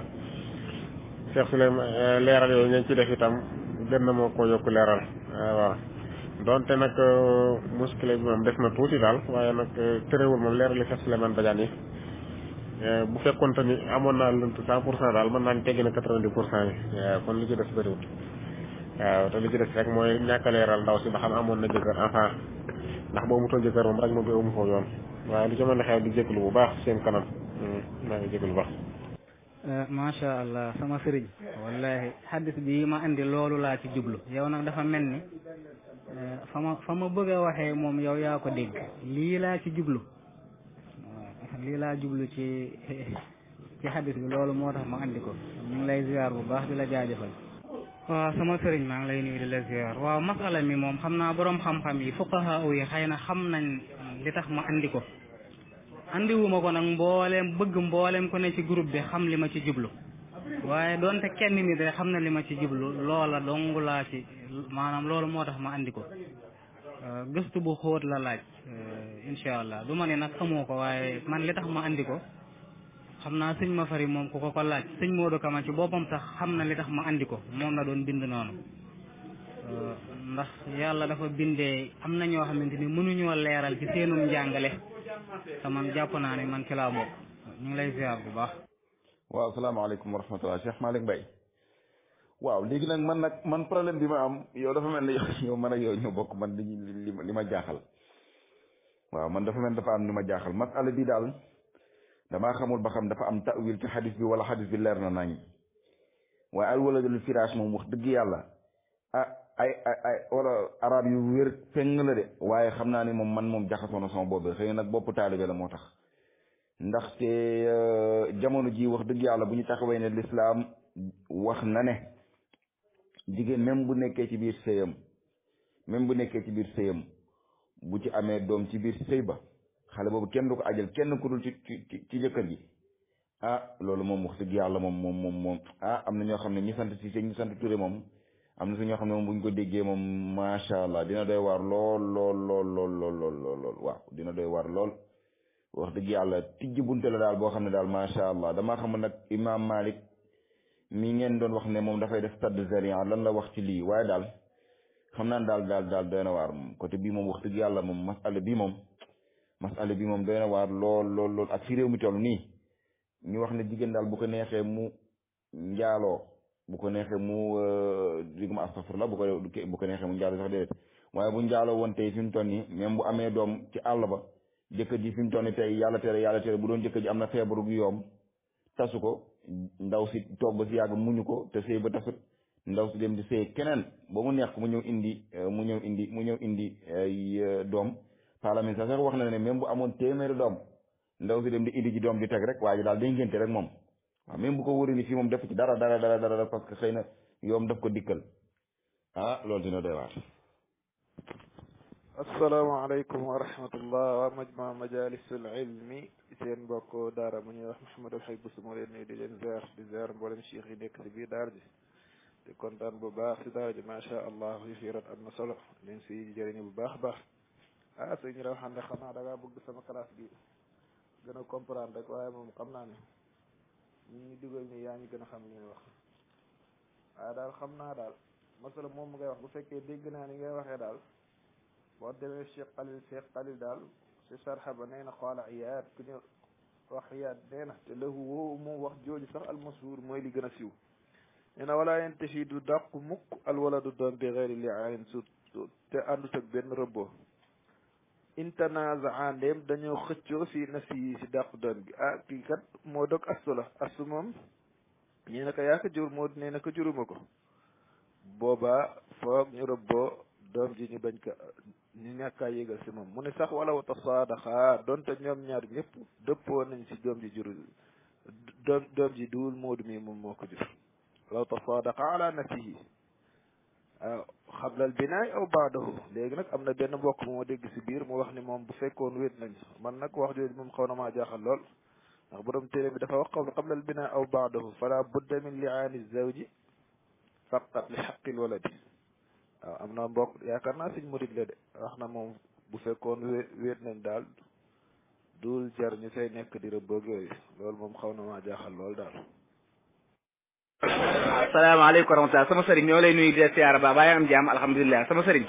Cheikh Souleymane eh, leeral yooyu ngeen ci def itam gën moo koo yokku leeral waaw nag euh, muskile bi def na tuuti daal waaye nag euh, terewul moom leerali Cheikh Souleymane Badiane yi euh, bu fekkoon tamit amoon naa lënt cent pour cent daal mën naa ni teggi na quatre pour cent yi kon li ci def bëriwul waaw te li ci des rek mooy ñàkk a ndaw si ba xam amoon na jëkkër enfant ndax boo mutoon jëkkër moom rek moom bii amu ko yoon waaye lu ci mën a xew di bu baax seen kanam hmm, maa ngi jégalu bu baax. Eh, macha allah sama xaddis bi ma indi loolu laa ci jublu yow nag dafa mel ni eh, fa ma fa ma bëgg a waxee moom yow yaa ko dégg lii laa ci jublu eh, lii laa jublu ci ci xaddis bi loolu moo tax ma indi ko ñu ngi lay ziar bu baax di la jaajëfal. waaw sama sëriñ maa ngi lay nuyu di la ziar waaw masala mi moom xam naa boroom xam-xam yi fuqaha yi xëy na xam nañ li tax ma andi ko andiwuma ko nag mbooleem bëgg mboolem ko ne ci groupe bi xam li ma ci jublu waaye doonte kenn ni de xam na li ma ci jublu loola dongu laa ci maanaam loolu moo tax ma andi ko gëstu bu xóot la laaj incha allah du ma ne nag amoo ko waaye man li tax ma andi ko xam naa sëñ ma fari moom ku ko ko laaj sëñ Modou Kama ci boppam tax xam na li tax ma andi ko moom la doon bind noonu euh, ndax yàlla dafa bindee am na ñoo xamante ni mënuñoo leeral ci seenum njàngale te man jàpp naa ne man ci laa bokk ñu ngi lay ziar bu baax. waaw salaamaaleykum wa rahmatulah Cheikh Malick Mbaye waaw léegi nag man nag man problème bi ma am yow dafa mel ni yow man ñu bokk man li li ma jaaxal waaw man dafa mel dafa am li ma jaaxal masala bi daal. damaa xamul ba xam dafa am tawil ci xadis bi wala xadis bi leer na nañ waaye de firaas moom wax dëgg yàlla ah ay ay ay yu wér feng la de waaye xam naa ni moom man moom jaxasoo na sama bopp bi nag boppu taalibe la moo tax ndaxte euh, jamono ji wax dëgg yàlla bu ñu taxawee ne lislaam wax na ne jigéen même bu nekkee ci biir sëyam même bu nekkee ci biir sëyam bu ci amee doom ci biir sëy ba xale boobu kenn du ko ajal kenn ku dul ci ci ci jëkkër ji ah loolu moom wax dëgg yàlla moom moom moom moom ah am na ñoo xam ne ñi sant si ñu sant Touré moom am na si ñoo xam ne moom bu ñu ko déggee moom macha allah dina doy waar lool lool lool lool lool lool dina doy waar lool. wax dëgg yàlla tijji bunte la daal boo xam ne daal macha allah damaa xamul nag imaam Malik mi ngeen doon wax ne moom dafay def stade Zaria lan la wax ci lii waaye daal xam naa daal daal daal doy na waar moom bii moom wax dëgg yàlla moom masala bii moom. masala bi moom doy na waar lool lool lool ak fi réew mi toll nii ñu wax ne jigéen daal bu ko neexee mu njaaloo bu ko neexee mu diguma euh, astafurla bu ko bu ko neexee mu njaaloo sax déedéet waaye bu njaaloo woon tey fi mu toll nii même bu amee doom ci àll ba jëkkër ji fi mu toll nii tey yàlla tere yàlla tere bu doon jëkkër am na feebaru gu yoom tasu ko ndaw si toog ba si yàgg muñu ko te sëy ba tasut ndaw si dem di sëy keneen ba mu neex ko mu ñëw indi euh, mu ñëw indi mu ñëw indi euh, doom Salamine sax wax na ne même bu amoon téeméeri doom ndaw si dem di indi ci doom di teg rek waaye daal day ngénte rek moom waaw bu ko wóoree ni fii moom def ci dara dara dara dara parce que xëy na yoom daf ko dikkal ah loolu dina doy waar. asalaamaaleykum wa rahmatullah wa majma majalisul ilmi seen mbokk daara mu ñuy wax Mouhamadou Xay Bousso moo leen nuyu di leen ziar di ziar mboolem cheikh yi nekk si biir daara ji di kontaan bu baax si daara ji macha allah yu fi rat am na solo leen si jëriñu bu baax baax. ah sëñ raw xande xanaa da ngaa bëgg sama classe bi gën a comprendre rek waaye moom xam naa ne ñun ñu dugal nii yaa ñu gën a xam li ñuy wax waaye ah, daal xam naa daal masala moom ngay wax bu fekkee dégg naa ni ngay waxee daal boo demee Cheikh Xalil Cheikh Xalil daal si sarxa ba nee na xoola iyaat ku ñu wax iyaat nee na te lahu woowu moom wax jooju sax almasuur mooy li gën a siiw nee na walaa yentafi du dàq mukk alwaladu doom bi xeeri li ayn su te àndut ak benn rëbboo intanazaa ndéem dañoo xëccoo si na si si dàq doon gi ah kii kat moo dog astu la moom ñee na ko yaa ko jur moo nee na ko juruma booba foog ñu rëbboo doom ji ñu bañ ko ñu ñàkkaa yégal si moom mu ne sax wala wata saadaxa donte ñoom ñaar ñëpp dëppoo nañ si doom ji juru doom ji duwul moodu mi moom moo ko jur wala wata saadaxa ala Euh, xablal binaay aw baadahu léegi nag am na benn mbokk moo dégg ci biir mu wax ni moom bu fekkoon wéet nañ man nag wax jooju moom xaw na maa jaaxal lool ndax borom téere bi dafa wax xaw xablal binaay aw baadahu fala budda min liaani zawji faqat li xaqil waladi waaw am na mbokk yaakaar naa siñ murid la de wax na moom bu fekkoon wéet nañ daal duul jar ñu fay nekk di rëbb ak yooyu loolu moom xaw na maa jaaxal lool daal salaamaaleykum wa rahmatulah sama sëriñ ñoo lay sama sëriñ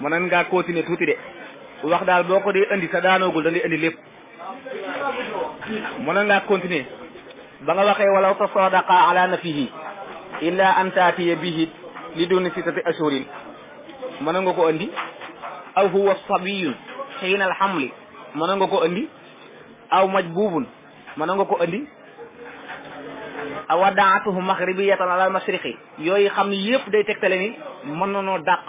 mën nan ngaa tuuti de wax daal boo ko di indi sa daanoogul da lay indi lépp mën nan ngaa continuer ba nga waxee walaw tasadaqa ala nafihi an taatiya bihi li duni sitati ashurin mën na nga ko indi aw huwa sabiyun xiina alxamli mën nga ko indi aw majbubun mën nga ko indi wa daatuhu maxribiyatan alal mashriqi yooyu xam ne yëpp day tegtale ni mën na noo dàq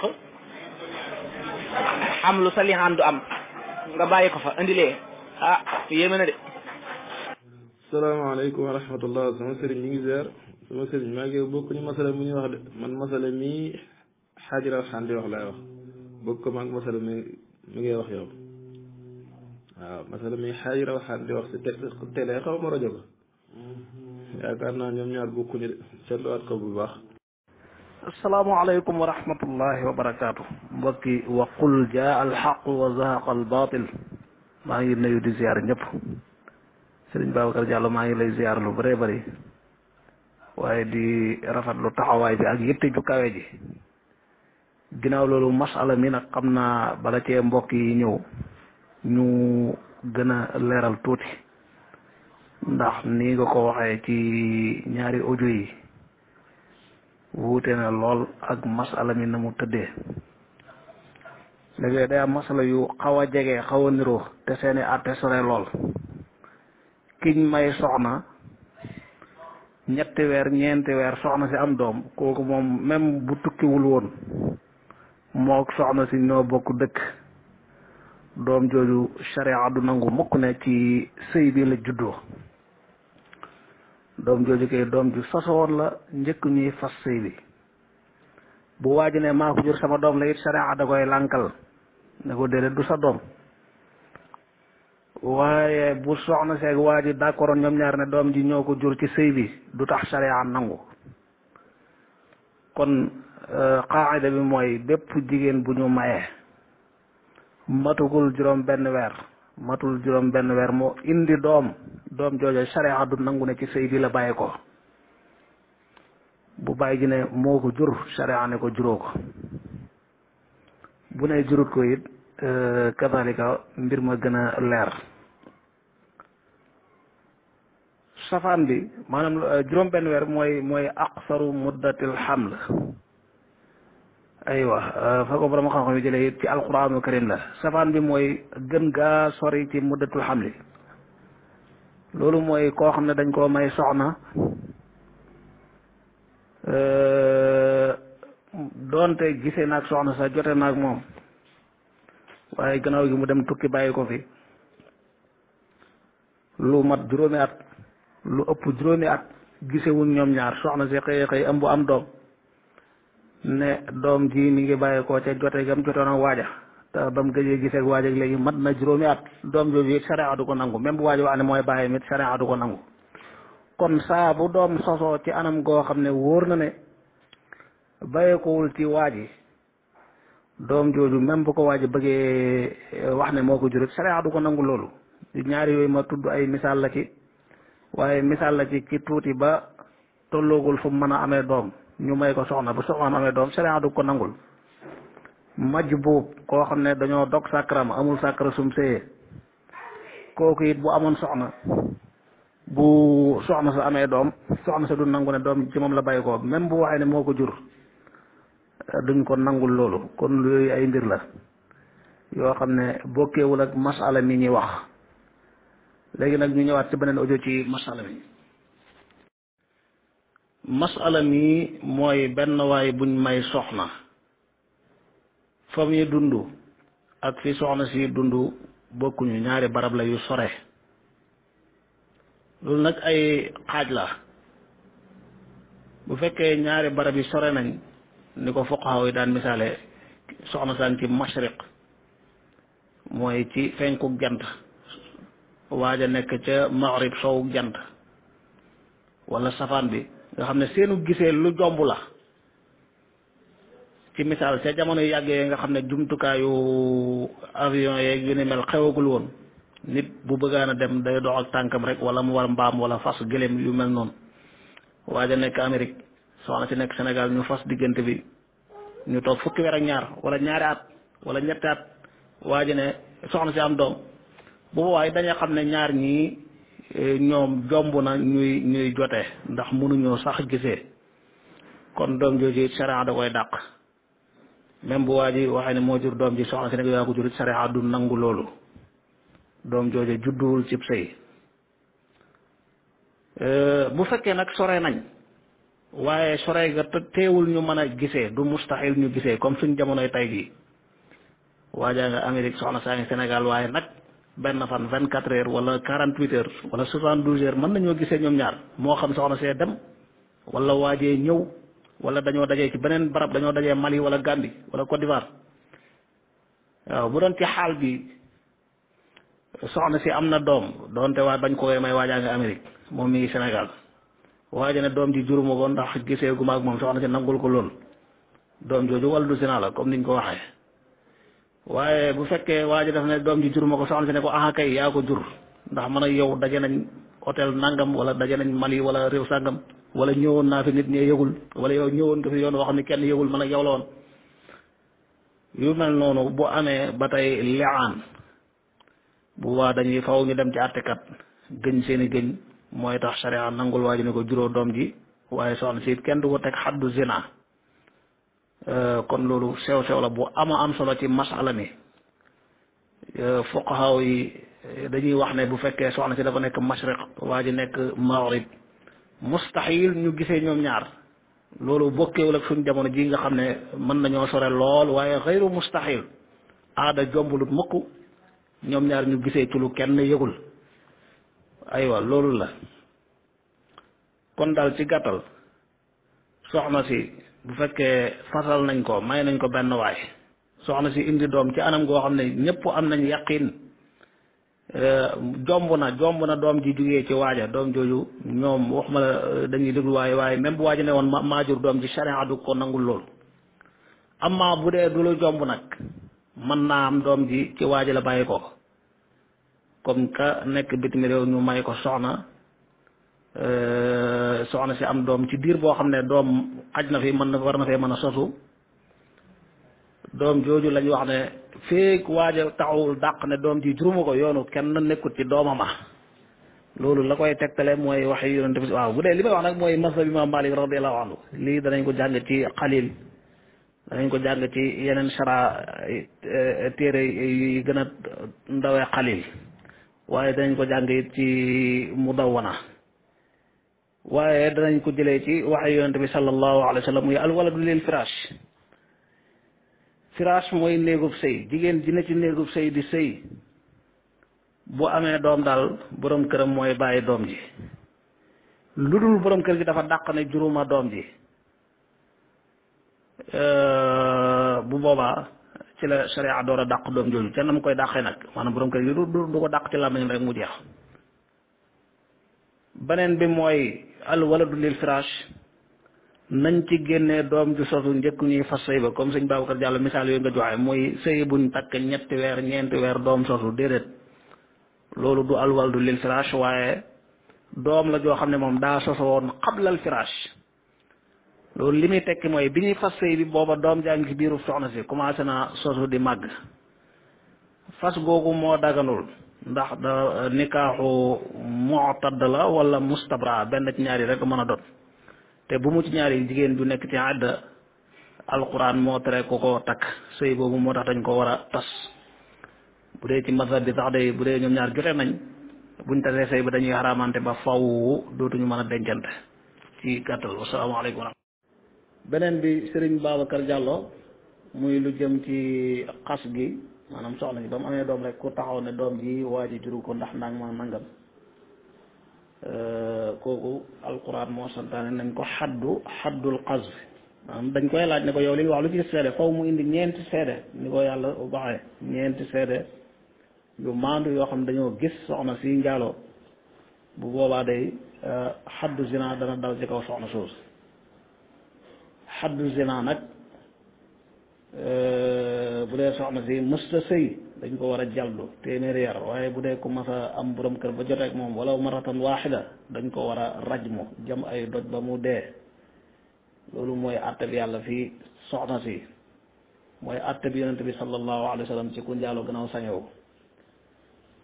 lu sa lihaan du am nga bàyyi ko fa indilee ah yéeme na de salaamaaleykum wa rahmatullah sama sëriñ mi ngi ziar sama sëriñ maa ngi bokk ñu mu ñuy wax de man masala mi xaajiral xaan di wax laay wax bokk ko maag mi mi ngay wax yow waaw mi xaajiral xaan di wax si télé xaw ma rajo ko yaakaar naa ñoom ñaar bokkuñu de seetluwaat ko bu baax asalaamaaleykum wa wa barakaatu mbokki wa qul jaa alxaq wa zahaqa albaatil maa ngi nuyu di ziar ñëpp sëriñ Babacar Diallo maa ngi lay ziar lu bëree bëri waaye di rafetlu taxawaay bi ak yitte ju kawe ji ginnaaw loolu masala mi nag xam naa bala cee mbokk yi ñëw ñu gën a leeral tuuti ndax nii nga ko waxee ci ñaari audio yi wuute na lool ak masala mi na mu tëddee léegi day am masala yu xaw a jege xaw a niroo te seeni àtte sore lool kiñ may soxna ñetti weer ñeenti weer soxna si am doom kooku moom même bu tukkiwul woon moo soxna si ñoo bokk dëkk doom jooju sharia du nangu mukk ne ci sëy bi la juddoo doom jooju kay doom ju sosoon la njëkk ñuy fas sëy bi bu waaju ne maa jur sama doom la it sariya da koy lànkal ne ko déedéet du sa doom waaye bu soxna seeg waa ji d'accord ñoom ñaar ne doom ji ñoo ko jur ci sëy bi du tax sariya nangu kon euh, qaacida bi mooy bépp jigéen bu ñu maye matugul juróom benn weer matul juróom benn weer moo indi doom doom joojo sharia du nangu ne ci sëy bi la bàyyi ko bu bàyyi ji ne moo ko jur sharia ne ko juróo ko bu ne jurut ko it euh, mbir ma gën a leer safaan bi maanaam euh, juróom benn weer mooy mooy aqsaru muddatil haml aywa euh, fa ko borom xam-xam yi jëlee ci alquraanul karim la safaan bi mooy gën gaa sori ci muddatul xamli loolu mooy koo xam ne dañ koo may soxna euh, doonte gisee naag soxna sax jote naag moom waaye gannaaw gi mu dem tukki bàyyi ko fi lu mat juróomi at lu ëpp juróomi at gisewuñ ñoom ñaar soxna si xëy xëy am bu am doom ne doom ji mi ngi bàyyeekoo ca jote gam jotoon na waaja te ba mu gëjee gisee waaja léegi mat na juróomi at doom jooju it sharia du ko nangu même bu waaja wa mooy bàyyi mit sharia ko nangu kon saa bu doom sosoo ci anam goo xam ne wóor na ne bàyyeekowul ci waaj yi doom jooju même bu ko waaja bëggee eh, wax ne moo ko jur sharia du ko nangu loolu ñaari yooyu ma tudd ay misaal la ci waaye misaal la ci ci tuuti ba tolloogul fu mu mën a amee doom ñu may ko soxna bu soxnaam amee doom sharia du ko nangul majbuub koo xam ne dañoo dog sàkkaram amul sàkkara sum séyee kooku it bu amoon soxna bu soxna sa amee doom soxna sa du nangu ne doom ci moom la bàyyi ko même bu waxee ne moo ko jur duñ ko nangul loolu kon yooyu ay mbir la yoo xam ne bokkeewul ak masala mi ñuy wax léegi nag ñu ñëwaat ci beneen audio ci masala mi masala mi mooy benn waay buñ may soxna fa muy dund ak fi soxna si dund bokkuñu ñaari barab la yu sore loolu nag ay xaaj la bu fekkee ñaari barab yi sore nañ ni ko foqaxaw yi daan misaale soxna saan ci mashriq mooy ci fenku jant waaj nekk ca maghrib sowu jant wala safaan bi nga xam ne seenu gisee lu jomb la ci misaal ca jamono yàgg yàggee nga xam ne jumtukaayu avion yeeg yu ni mel xewagul woon nit bu bëggaan a dem day dox ak tànkam rek wala mu war mbaam wala fas gëléem yu mel noonu waaja nekk Amérique soxna si nekk Sénégal ñu fas diggante bi ñu toog fukki weer ak ñaar wala ñaari at wala ñetti at waaja ne soxna si am doom bu boobaa dañuy xam ne ñaar ñii Eh, ñoom jomb na ñuy ñuy jote ndax mënuñoo sax gisee kon doom jooju sariya da koy dàq même bu waa ji waxee ne moo jur doom ji soxna si nekk yaa ko jurit du nangu loolu doom jooju judduwul cib sëy eh, bu fekkee nag sore nañ waaye sore ga teewul ñu mën a gisee du mustaxil ñu gisee comme suñ jamonoy tay jii waajaa nga Amérique soxna saa ngi Sénégal waaye nag benn fan vingt quatre heures wala quarante huit heures wala soixante douze heures mën nañoo gisee ñoom ñaar moo xam soxna see dem wala waajee ñëw wala dañoo dajee ci beneen barab dañoo dajee Mali wala Gambie wala Côte d'Ivoire waaw bu doon ci xaal bi soxna si am na doom doonte waa bañ koo may waajaa nga Amérique moom mi Sénégal waaja ne doom ji juruma ko ndax gisee gu ak moom soxna si nangul ko lool doom jooju wàllu sinaa la comme niñ ko waxee. waaye bu fekkee waa ji daf ne doom ji jur ma ko soxna si ne ko ah yaa ko jur ndax man ak yow daje nañ hôtel nangam wala daje nañ Mali wala réew sàngam wala ñëwoon naa fi nit ñee yëgul wala yow ñëwoon nga fi yoon woo xam ne kenn yëgul man a yaw la woon yu mel noonu bu amee ba tey liaan bu waa dañuy faw ñu dem ci àttekat gëñ seen gëñ mooy tax sharia nangul waa ji ne ko juróo doom ji waaye soxna si kenn du ko teg xaddu zina Euh, kon loolu sew sew la bu ama am solo ci masala mi euh, fuqahaw yi euh, dañuy wax ne bu fekkee soxna si dafa nekk mashriq waa ji nekk maghrib mustahil ñu gisee ñoom ñaar loolu bokkeewul ak suñ jamono ji nga xam ne mën nañoo sore lool waaye xayru mustahil aada jombulut mukk ñoom ñaar ñu gisee ci lu kenn yëgul aywa loolu la kon daal ci gàttal soxna si bu fekkee fasal nañ ko may nañ ko benn waay soxna si indi doom ci anam goo xam ne ñëpp am nañ yaqin euh, jomb na jomb na doom ji jógee ci waaja doom jooju ñoom waxuma la euh, dañuy déglu waaye waaye même bu waaja ne woon ma maajur doom ji charia du ko nangul loolu amma bu dee du lu jomb nag mën naa am doom ji ci waaja la bàyyi ko comme ka nekk bitim réew ñu may ko soxna Euh, soxna si am doom ci diir boo xam ne doom aj na fi mën na war na fee mën a sosu doom jooju lañ wax ne feek waaja taxawul dàq ne doom ci juruma ko yoonu kenn nekkut ci doomama loolu la koy tegtale mooy wax yonent bu dee li may wax nag mooy masla bi imaam Maalik radiyallaahu anhu lii danañ ko jàng ci xalil danañ ko jàng ci yeneen sara euh, téere yu gën a ndawee xalil waaye danañ ko jàng it ci mudawwana waaye danañ ko jëlee ci waxe yonent bi sallallahu alayhi wa sallam muy alwaladu lil firaash firaash mooy néegub sëy jigéen dina ci néegub sëy di sëy bu amee doom daal boroom këram mooy bàyyi doom ji lu dul boroom kër gi dafa dàq ne juróoma doom ji euh, bu boobaa ci la sharia door a dàq doom jooju ca na mu koy dàqee nag maanaam borom kër gi du du ko dàq ci làmmiñ rek mu jeex beneen bi mooy àll al du lil firaash nañ ci génnee doom ju sotu njëkk ñuy fas sëy ba comme sañ Babacar Diallo misaal yooyu nga joxe mooy sëy buñ takk ñetti weer ñeenti weer doom sotu déedéet loolu du al waladu lil firaash waaye doom la joo xam ne moom daa soso woon xablal firaash loolu li muy tekki mooy bi ñuy fas sëy bi booba doom jaa ngi biiru soxna si commencé naa sosu di màgg fas googu moo daganul ndax da nikaaxu mu'tad la wala mustabra benn ci ñaari rek mën a doon te bu mu ci ñaari jigéen bu nekk ci àdda alquran moo tere ko ko takk sëy boobu moo tax dañ ko war a tas bu dee ci mazhab bi sax day bu dee ñoom ñaar jote nañ buñ tasee sëy ba dañuy xaraamante ba faw dootuñu mën a dencante ci gàttal wasalaamaaleykum wa beneen bi Serigne Babacar Diallo muy lu jëm ci xas gi maanaam soxna si ba mu amee doom rek ku taxaw ne doom ji waa ji juru ko ndax nag ma nangam euh, kooku alquran moo santaane nañ ko xaddu xaddu qazf maanaam dañ koy laaj ne ko yow li wax lu ci seede faw mu indi ñeenti seede ni ko yàlla waxee ñeenti seede yu maandu yoo xam dañoo gis soxna si njaaloo bu boobaa de euh, xaddu zina dana dal ci kaw soxna suus xaddu zina nag Euh, bu dee soxna si mësta sëy dañ ko war a jaldu téeméeri yar waaye bu dee ku mas a am borom kër ba joteeg moom wala maratan waaxida dañ ko war a rajmu jam ay doj ba mu dee loolu mooy àtte bi yàlla fii soxna si mooy àtte bi yonente bi sallallahu alayhi wa sallam ci ku njaaloo gannaaw sañow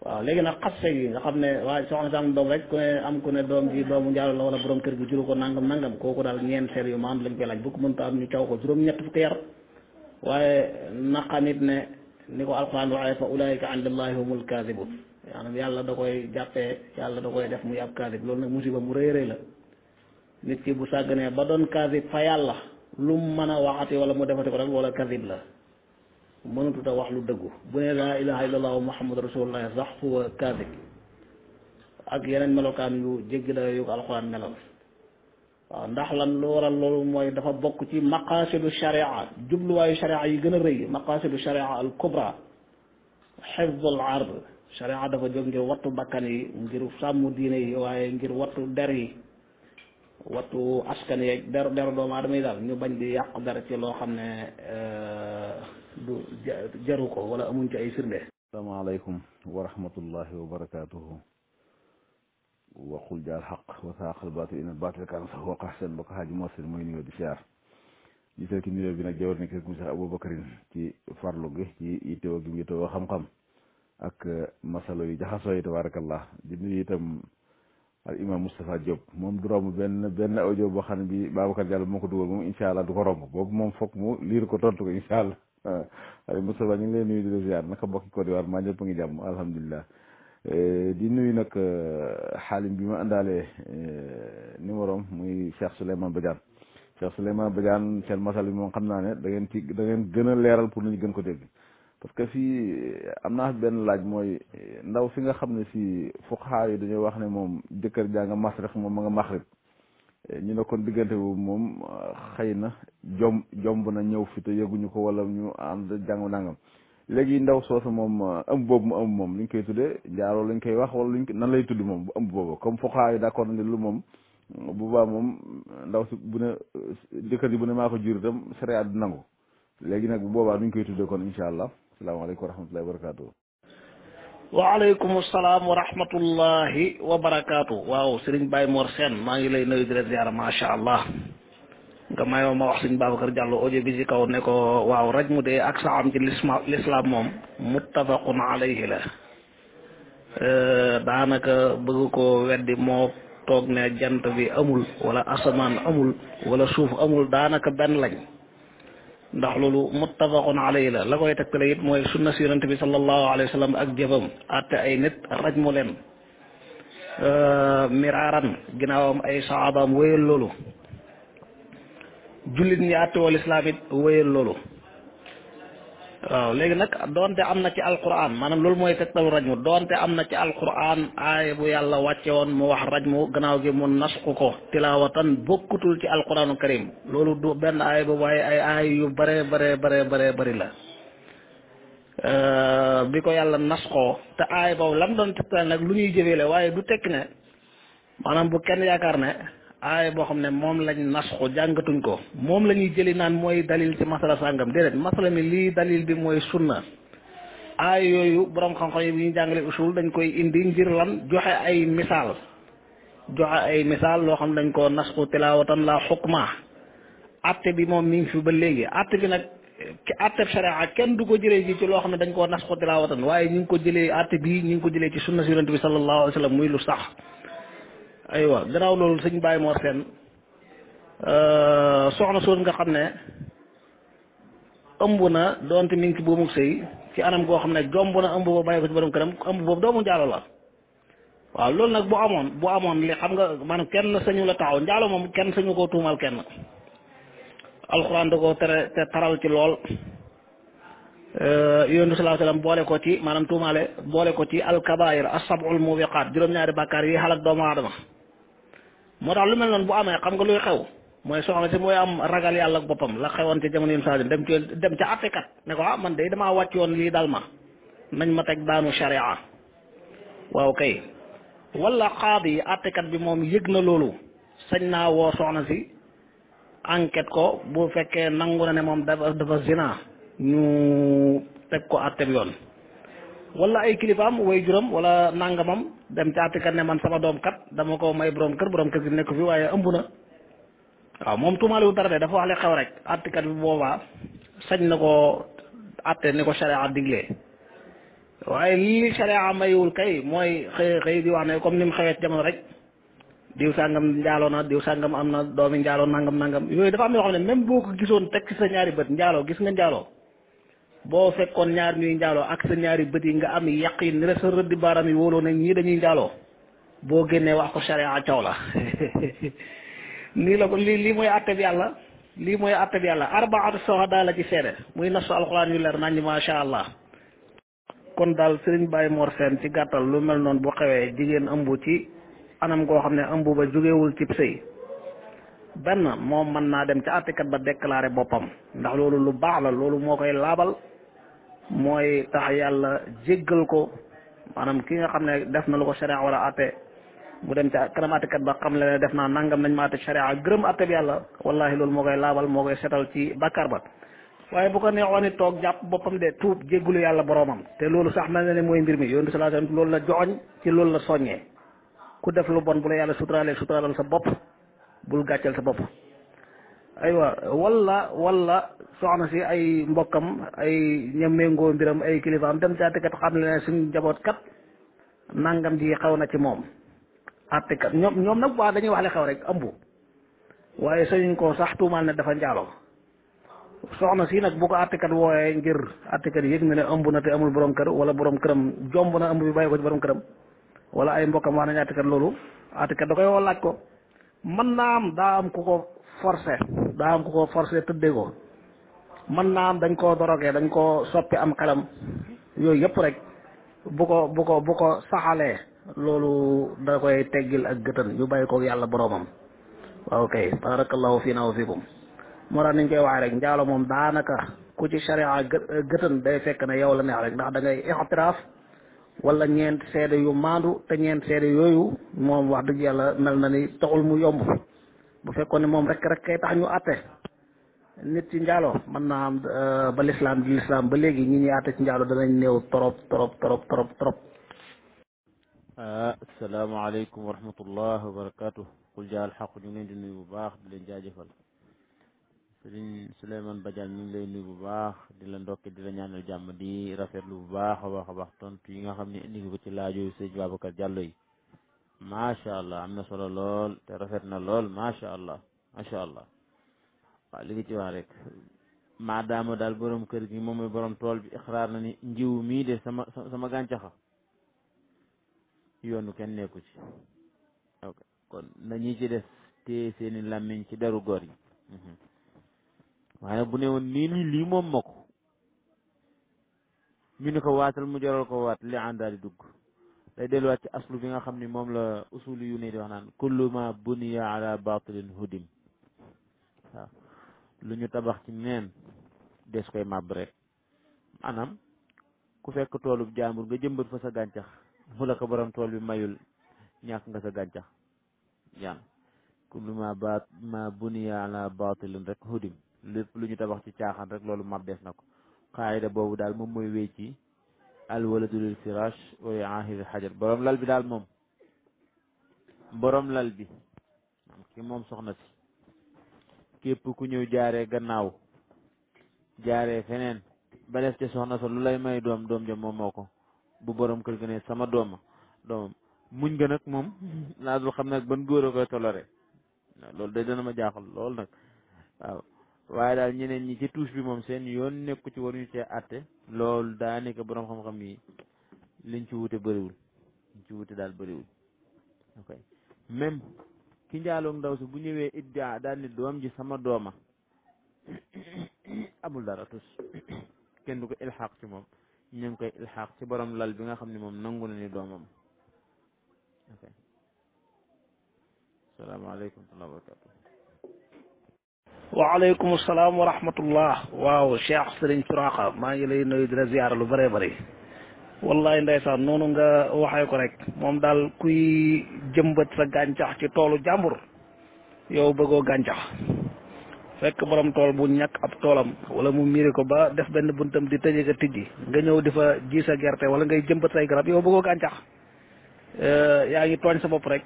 waaw léegi nag xaste yi nga xam ne waaye soxna si am doom rek ku ne am ku ne doom ji doomu njaaloo la wala borom kër gi juru ko nangam nangam kooku daal ñeent seel yu lañ koy laaj bu am ñu caw ko waaye naqamit ne ni ko alquran waxee fa ulaayika indallahi humul kaadibun maanaam yàlla da koy jàppee yàlla da koy def muy ab kaadib loolu nag musiba mu rëy rëy la nit ki bu sàgganee ba doon kaadib fa yàlla lu mën a waxati wala mu defati ko rek wala kaadib la mënatut wax lu dëggu bu ne laa ilaha illallah muhammad rasulullah sax huwa kaadib ak yeneen melokaan yu jéggi la yu ko alquran melal waaw ndax lan lu waral mooy dafa bokk ci maqaasidu sharia jubluwaayu sharia yi gën a rëy maqaasidu sharia al kubra xifdul ard sharia dafa jóg ngir wattu bakkan yi ngir sàmm diine yi waaye ngir wattu der yi wattu askan yeeg der der doomu aadama daal ñu bañ di yàq dara ci loo xam ne euh, du jaru ko wala amuñ ci ay firnde asalaamaaleykum wa rahmatullahi wa barakaatuhu waxul jaar xaq wasaaxal baatil inal baatil kaana zahuuqa seen bokk xaaj Mor Sène mooy nuyoo di siyaar ñu nag jawar ni ki Cheikh ci farlu gi ci yittewoo gi mu yittewoo xam-xam ak euh, masalo yu jaxasoo yi tabaarakallah di nuyu itam al imam Moustapha Diop moom du romb benn benn audio boo xam ne bi Babacar Diallo moo ko dugal moom incha allah du ko romb boobu moom foog mu liir ko tontu ko incha allah al Moustapha ñu ngi lay nuyu di la ziar naka mbokki Côte d'Ivoire maa ñëpp ngi jàmm alhamdulilah Eh, di nuyu nag eh, xaalim bi ma àndaalee eh, numéro am muy Cheikh Souleymane Badiane Cheikh Souleymane Badiane seen masal bi moom xam naa ne dangeen ngeen ci da ngeen gën a leeral pour ñu gën ko dégg parce que fii am naa benn laaj mooy ndaw fi nga xam ne si fuqahaa yi dañoo wax ne moom jëkkër jaa nga masrix moom ma nga maxrib ñu ne kon diggante boobu moom xëy na jom jomb na ñëw fi te ko wala ñu ànd jàng nangam léegi ndaw soosu moom uh, ëmb boobu mu ëmb moom li ñu koy tuddee njaaroo lañ koy wax wala luñ ko nan lay tudd moom bu ëmb boobu comme foxaa yi d'accord na lu moom uh, bu boobaa moom uh, ndaw si bu ne jëkkër ji bu ne maa ko jur itam du nangu léegi nag bu boobaa nuñ koy tuddee kon incha allah salaamaaleykum wa rahmatullahi wa barakaatu. waaleykum salaam wa rahmatullahi wa barakaatu. maa ngi lay nuyu di la ziar allah. nga mayoo ma wax suñ Babacar Diallo audio bi ci kaw ne ko waaw raj mu dee ak saxam ci lislaam moom muttafaqun alayhi la euh, daanaka bëgg ko weddi moo toog ne jant bi amul wala asamaan amul wala suuf amul daanaka benn lañ ndax loolu muttafaqun alayhi la la koy tegtale it mooy sunna si yonent bi sallallahu alayhi wa ak jëfam atte ay nit raj leen euh, miraaran ginnaawam ay saxaabaam wéyal loolu jullit ñi àttewoo lislaam it wéyal loolu waaw léegi nag doonte am na ci alquran maanaam loolu mooy tegtalu rajmu doonte am na ci alquran aaya bu yàlla wàcce woon mu wax rajmu gannaaw gi mu nasku ko tilaawatan bokkutul ci alquranu karim loolu du benn aaya boobu waaye ay aaya yu bare bare bare bare bëri la euh, bi ko yàlla naskoo te aaya boobu lam doon tegtal nag lu ñuy jëfee waaye du tekki ne maanaam bu kenn yaakaar ne aaya boo xam ne moom lañ nasxu jàngatuñ ko moom la ñuy jëli naan mooy dalil ci masala sàngam déedéet masala mi lii dalil bi mooy sunna aaya yooyu borom xam-xam yi bi ñu jàngale usul dañ koy indi ngir lan joxe ay misaal joxe ay misaal loo xam ne dañ ko nasxu tilaawatan la xukma atte bi moom mi ngi fi ba léegi atte bi nag ci atteb sharia kenn du ko jëlee ji ci loo xam ne dañ koo nasxu tilaawatan waaye ñu ngi ko jëlee atte bi ñu ngi ko jëlee ci sunna s yonent bi lu sax aywa gannaaw loolu sëñ Baye Mor Sène euh, soxna soos nga xam ne ëmb na doonte mi ngi ci buumug sëy ci anam goo xam ne jomb na ëmb ba bàyyi ko ëmb boobu doomu njaalo la waaw loolu nag bu amoon bu amoon li xam nga maanaam kenn sañu la taxaw njaalo moom kenn sañu koo tuumal kenn alxuraan da koo tere te taral ci lool euh, yonent bi sallallahu alayhi boole ko ci maanaam tuumaale boole ko ci alkabaayir asabul mubiqaat juróom-ñaari bàkkaar yi xalak doomu aadama moo tax lu mel noonu bu amee xam nga luy xew mooy soxna si mooy am ragal yàlla ak boppam la xewoon ci jamono yim salim dem ci dem ca àttekat ne ko ah man de damaa wàcc yoon lii daal ma nañ ma teg daanu sharia waaw kay wala xaadi àttekat bi moom yëg na loolu sañ naa woo soxna si enquête ko bu fekkee nangu na ne moom dafa dafa zina ñu teg ko àtteem yoon wala ay kilifaam way juram wala nangamam dem ci àttekat ne man sama doom kat dama ko may boroom kër boroom kër gi nekk fi waaye ëmb na waaw moom tuumaale wu dara de dafa wax le xew rek àttekat bi boobaa sañ na ko àtte ni ko sharia diglee waaye am sharia mayiwul kay mooy xëy xëy di wax ne comme ni mu xewee jamono rek diw sàngam njaaloo diw sàngam am na doomi njaaloo nangam nangam yooyu dafa am yoo xam ne même boo ko gisoon teg ci sa ñaari bët njaaloo gis nga njaaloo boo fekkoon ñaar ñuy njaaloo ak sa ñaari bët yi nga am yaqin ni la sa rëdd baaram yi wóoloo ne ñii dañuy njaaloo boo génnee wax ko sharia coow la nii la ko lii lii mooy àtte bi yàlla lii mooy àtte bi yàlla soo soxada la ci seede muy nasu alxuraan yu leer nañ macha allah kon daal sëriñ Baye Mor Sène ci gàttal lu mel noonu bu xewee jigéen ëmb ci anam goo xam ne ëmb ba jógewul ci sëy benn moom mën naa dem ca àttekat ba déclaré boppam mooy tax yàlla jéggal ko maanaam ki nga xam ne def na lu ko sharia wala atte mu dem ca kanam attekat ba xam le ne def naa nangam nañ ma atte sharia gërëm atte bi yàlla wallahi loolu moo koy laabal moo koy setal ci bakkar ba waaye bu ko neexoon ni toog jàpp boppam de tuub jéggalu yàlla boroomam te loolu sax mel na ne mooy mbir mi yonent bi sa alayhi wasallam loolu la joxoñ ci loolu la soññee ku def lu bon bu la yàlla suturaalee suturaalal sa bopp bul gàcceel sa bopp aywa wala wala soxna si ay mbokkam ay ñam méngoo mbiram ay kilifaam dem ci àttekat xam ne suñu njaboot kat nangam ji xaw na ci moom àttekat ñoom ñoom nag waa dañuy wax li xaw rek ëmbu waaye sañuñ ko sax tuumaal ne dafa njaaloo soxna si nag bu ko àttekat wooyee ngir àttekat yëg na ne ëmb na te amul borom kër wala borom këram jomb na ëmb bi bàyyi ko ci borom këram wala ay mbokkam wax nañu àttekat loolu àttekat da koy woo laaj ko mën naa force daa am ku ko force tëddee ko man naa am dañ koo dorogee dañ koo soppi am xelam yooyu yëpp rek bu ko bu ko bu ko saxalee loolu da koy teggil ak gëtën ñu bay ko yàlla boroomam waaw kay barakallahu fiina wa fikum moo tax niñ koy waxee rek njaalo moom daanaka ku ci sharia gëtën day fekk na yow la neex rek ndax da ngay ixtiraaf walla ñeent seede yu maandu te ñeent seede yooyu moom wax dëgg yàlla mel na ni taxul mu yomb bu fekkoon ne moom rek rek kay tax ñu ate nit ci njaaloo mën naa am euh, ba lislaam di lislaam ba léegi ñi ñuy àtte ci njaaloo danañ néew trop trop trop trop trop ah, asalaamaaleykum wa rahmatullah wa barakaatu xul jaal xaq ñu ngi di nuyu bu baax di leen jaajëfal sëriñ Souleymane Badiane ñu ngi lay nuyu bu baax di la ndokke di la ñaanal jàmm di rafetlu bu baax a baax a baax tontu yi nga xam ne indi nga ko ci laajo sëriñ Babacar Diallo yi macha allah am na solo lool te rafet na lool macha allah macha allah waa li nga ci wax rek maadaama daal borom kër gi moom mooy borom tool bi ixraar na ni njiw mii de sama sama gàncaxa yoonu kenn nekku ci ok kon nañu ci def te seeni làmmiñ ci deru góor yi mhm. waaye bu ne woon nii nii lii moom ma ko ñu ne ko waatal mu jaral ko waat li di dugg day delluwaat ci aslu bi nga xam ni moom la usuli yu ne di wax naan kullu ma buniya ala batilin hudim waaw lu ñu tabax ci neen des koy rek anam ku fekk toolub jàmbur nga jëmbat fa sa gàncax mu la ko borom tool bi mayul ñàkk nga sa gàncax jaan kullu ma baat ma buniya ala batilin lépp lu ñu tabax ci caaxaan rek loolu màbbees na ko xaayida boobu daal moom mooy wéy yi al waladu lil firaash wa yuaahidu lal bi daal moom boroom lal bi ki moom soxna si képp ku ñëw jaaree gannaaw jaaree feneen ba def ca soxna sa lu lay may doom doom ja moom moo ko bu borom kër ga ne sama dooma doomam muñ nga nag moom naa dul xam nag ban góor a koy tolore loolu day dana ma jaaxal lool nag waaw waaye daal ñeneen ñi ci touche bi moom seen yoon nekku ci waruñu cee àtte loolu daa nekk boroom xam-xam yi liñ ci wute bëriwul liñ ci wute daal bëriwul ok ki njaaloog ndaw si bu ñëwee iddia daal ni doom ji sama dooma amul dara tus kenn du ko ilxaq ci moom ñu ngi koy ilxaq ci borom lal bi nga xam ni moom nangu na ni doomam ok la wa rahmatulah waa waaleykum salaam wa rahmatullah waaw Cheikh Sëriñ Turaqa maa ngi lay nuyu di la ziyaara lu bëree bëri wallahi ndeysaan noonu nga waxee ko rek moom daal kuy jëmbat sa gàncax ci toolu jàmbur yow bëggoo gàncax fekk borom tool bu ñàkk ab toolam wala mu miiri ko ba def benn buntam di tëjee ka tijji nga ñëw di fa ji sa gerte wala ngay jëmbat say garab yow bëggoo gàncax eh, yaa ngi tooñ sa bopp rek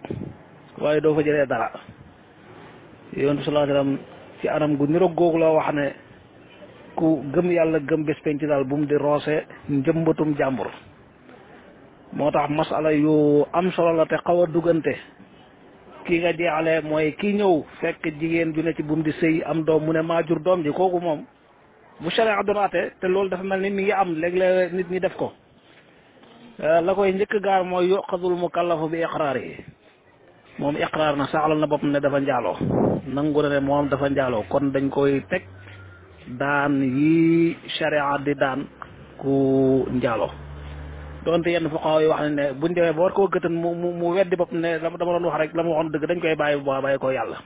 waaye doo fa jëlee dara yonent bi sallallahu alayhi ci anam gu niroog googu la wax ne ku gëm yàlla gëm bés penc daal bu mu di roose njëmbatum jàmbur moo tax masala yu am solo la te xaw a duggante kii nga jeexale mooy kii ñëw fekk jigéen ju ne ci bu mu di sëy am doom mu ne maa jur doom ji kooku moom bu sharia doon ate te loolu dafa mel ni mi ngi am léeg-léeg nit ñi def ko euh, la koy njëkk gaar mooy yuqadul mukallafu bi iqraar yi moom iqraar na saxalal na bopp ne dafa njaaloo nangu na ne moom dafa njaaloo kon dañ koy teg daan yi sharia di daan ku njaaloo donte yenn fuqahaa yi wax ne ne buñ demee ba war koo gëtan mu mu weddi bopp ne dama doon wax rek la ma waxoon dëgg dañ koy bàyyi bu bàyyi ko yàlla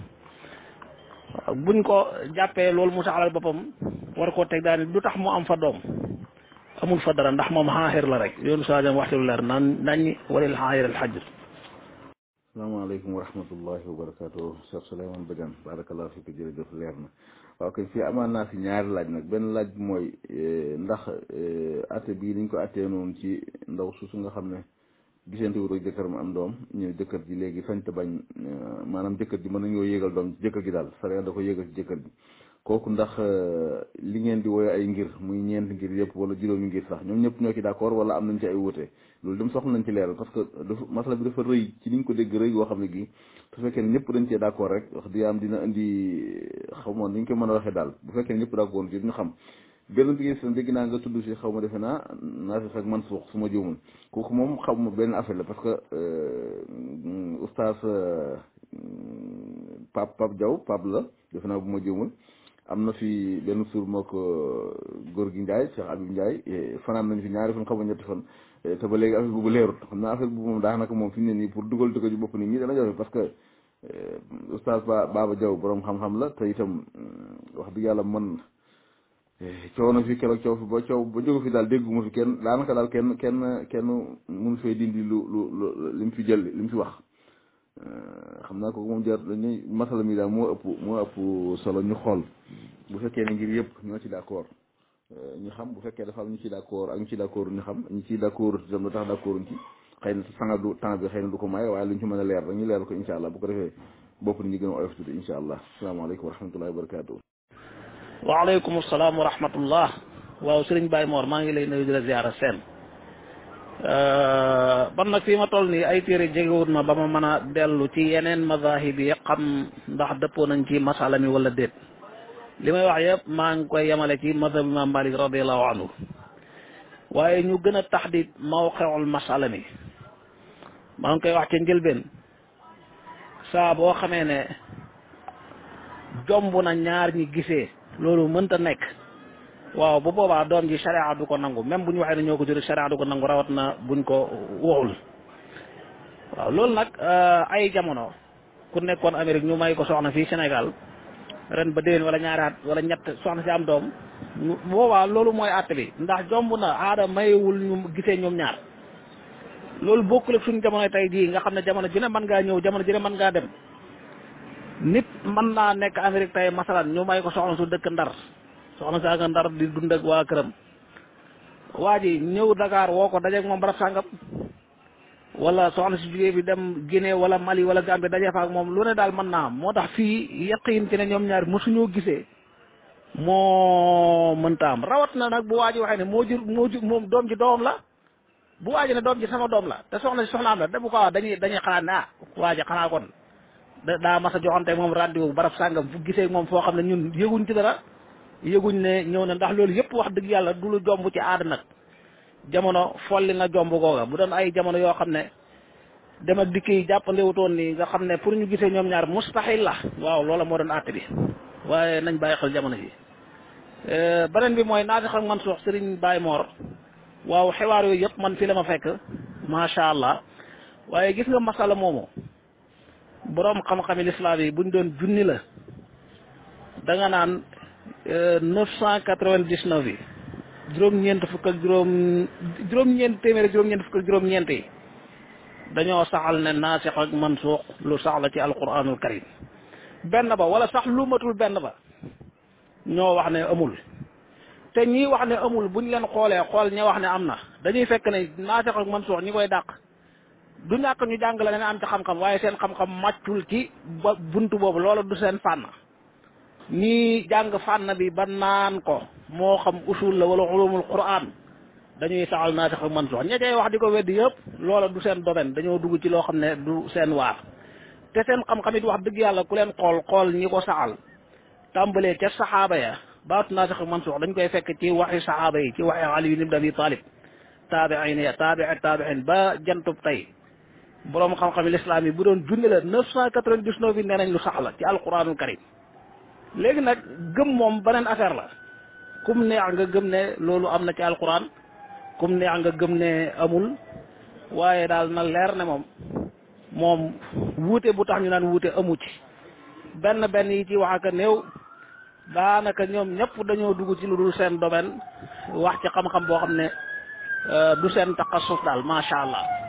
buñ ko jàppee loolu mu saxalal boppam war koo teg daan lu tax mu am fa doom amul fa dara ndax moom xaaxir la rek yoonu saa jam waxtu leer naan nañ walil xaaxir al xajr salaamaaleykum wa rahmatullahi wa barakaatu Cheikh Souleymane Badiane barakallahu fi ko jërëjëf leer na waaw kay fii amaan naa fi ñaari laaj nag benn laaj bi mooy eh, ndax eh, atte bii dañ ko attee noonu ci ndaw susu nga xam ne gisante wut ak jëkkër mu am doom ñëw jëkkër ji léegi sañ te bañ eh, maanaam jëkkër ji mën nañoo yéegal doom ci jëkkër ji daal sare da ko yéegal ci jëkkër ji kooku ndax li ngeen di woyo ay ngir muy ñeent ngir yëpp wala juróomi ngir sax ñoom ñëpp ñoo ci d'accord wala am nañ ci ay wuute loolu dem soxla nañ ci leeral parce que dafa masala bi dafa rëy ci niñ ko dégg rëy goo xam ne gii su fekkee ñëpp dañ cee d'accord rek wax di am dina indi xamoon ni ñu koy mën a waxee daal bu fekkee ñëpp d'accord ci ñu xam benn bi dégg naa nga tudd si xaw ma defe naa naafis ak mansuux su ma juumul kooku moom xaw ma benn affaire la parce que euh, oustaz euh, Pape Pape jaw Pape la defe naa bu ma juumul am na fi benn suur moo euh, góor gi Ndiaye Cheikh Abib Ndiaye fanaan nañ fi ñaari fan xaw ma ñetti fan te ba léegi affaire bu leerut xam naa affaire boobu moom daanaka moom fi mu ne nii pour dugal dëkk ju bopp nit ñi dana jafe parce que euh, oustaz ba Baba Diaw borom xam-xam la te itam euh, wax dëgg yàlla man eh, coow na fi keroog coow fi ba coow ba jóge fi daal dégguma fi kenn daanaka daal kenn kenn kenn mun fee dindi lu lu lu lim fi jël lim fi wax. Euh, xam naa kooku moom jar dañuy masala mi daal moo ëpp moo ëpp solo ñu xool bu fekkee ne ngir yëpp ñoo ci d'accord. ñu xam bu fekkee dafa am ñu ci d'accord ak ñu ci d'accord ñu xam ñu ci d'accord itam lu tax d'accord ci xëy na sanga du temps bi xëy na du ko maye waaye lu ñu ci mën a leer dañu leer ko incha allah bu ko defee bopp ni ñu gën a oyof tuuti incha allah asalaamaaleykum wa rahmatullahi wa barakaatu waaleykum salaam wa rahmatullah waaw sëriñ Baye Mor maa ngi lay nuyu di la ziara seen euh, ban nag fii ma toll nii ay téere jegewut ma ba ma mën a dellu ci yeneen mazahib yi xam ndax dëppoo nañ ci masala mi wala déet li may wax yëpp maa ngi koy yemale ci mazhab imam malik radiallahu anhu waaye ñu gën a taxdid mawqiul masala mi maa ngi koy wax ca njëlbeen saa boo xamee ne jomb na ñaar ñi gisee loolu mënta nekk waaw bu boobaa doom ji sharia du ko nangu même bu ñu waxee ne ñoo ko juri sharia du ko nangu rawat na buñ ko waxul waaw loolu nag euh, ay jamono ku nekkoon Amérique ñu may ko soxna fii senegal ren ba déwén wala ñaaraat wala ñett soxna si am doom boobaa loolu mooy àtte bi ndax jomb na aada mayewul ñu gisee ñoom ñaar loolu bokkul ak suñu jamono tey jii nga xam ne jamono ji ne man ngaa ñëw jamono ju ne mën ngaa dem nit mën naa nekk Amérique tey masalan ñu may ko soxna su dëkk ndar soxna saa nga ndar di dund ak waa këram waa ji ñëw dakaar woo ko dajeeg moom barab sàngam wala soxna si jugee bi dem génne wala Mali wala Gambie daje fa moom lu ne daal man naa am moo tax fii yaqin ci ne ñoom ñaari ñaar mosuñoo gisee moo mënta am rawat na nag bu waa ji waxee ne moo jur moo jur moom doom ji doom la bu waa ne doom ji sama doom la te soxna si soxnaam la da bu ko wax dañuy dañuy xalaat ne ah waa ji xanaa kon daa mas a joxante moom rendez-vous barab sàngam fu gisee moom foo xam ne ñun yëguñ ci dara yëguñ ne ñëw na ndax loolu yëpp wax dëgg yàlla du lu ci aada jamono folli na jomb googa bu doon ay jamono yoo xam ne dem ak dikk yi jàppandiwutoon nii nga xam ne pour ñu gisee ñoom ñaar mustaxil la waaw loola moo doon àtte bi waaye nañ bàyyi xel jamono ji euh, beneen bi mooy naati xam man suux sëriñ bàyyi moor waaw xiwaar yooyu yëpp man fii la ma fekk macha allah waaye gis nga masala moomu boroom xam-xami lislaam yi buñ doon junni la danga naan euh, neuf cent quatre-vingt-dix-neuf yi juróom-ñeent fukk ak juróom juróom-ñeent téeméer ak juróom-ñeent fukk ak juróom-ñeent yi dañoo saxal ne naasix ak mansuux lu sax la ci alquranul karim benn ba wala sax lu matul benn ba ñoo wax ne amul te ñi wax ne amul buñ leen xoolee xool ña wax ne am na dañuy fekk ne naasix ak mansuux ñi koy dàq du ñàkk ñu jàngale ne am ci xam-xam waaye seen xam-xam màccul ci ba buntu boobu loola du seen fànna ñii jàng fànn bi ba naan ko moo xam usul la wala ulumul quran dañuy saxal naasix ak mansuux ña cay wax di ko weddi yëpp loola du seen domaine dañoo dugg ci loo xam ne du seen waar te seen xam-xam it wax dëgg yàlla ku leen xool xool ñi ko saxal tàmbalee ca saxaaba ya baatu naasix ak mansuux dañ koy fekk ci waxi saxaaba yi ci waxi Ali ibn Abi Talib taabiin ya taabii taabiin ba jantub tey boroom xam-xam yi lislaam yi bu doon junne la neuf cent quatre-vingt-dix-neuf yi nee nañ lu sax la ci alquranul léegi nag gëm moom beneen affaire la kum neex nga gëm ne loolu am na ci alxuraan kum neex nga gëm ne amul waaye daal na leer ne moom moom wuute bu tax ñu naan wuute amu ci benn benn yi ci wax ak néew daanaka ñoom ñëpp dañoo dugg ci lu dul seen domaine wax ci xam-xam boo xam ne euh, du seen taqasus daal macha allah.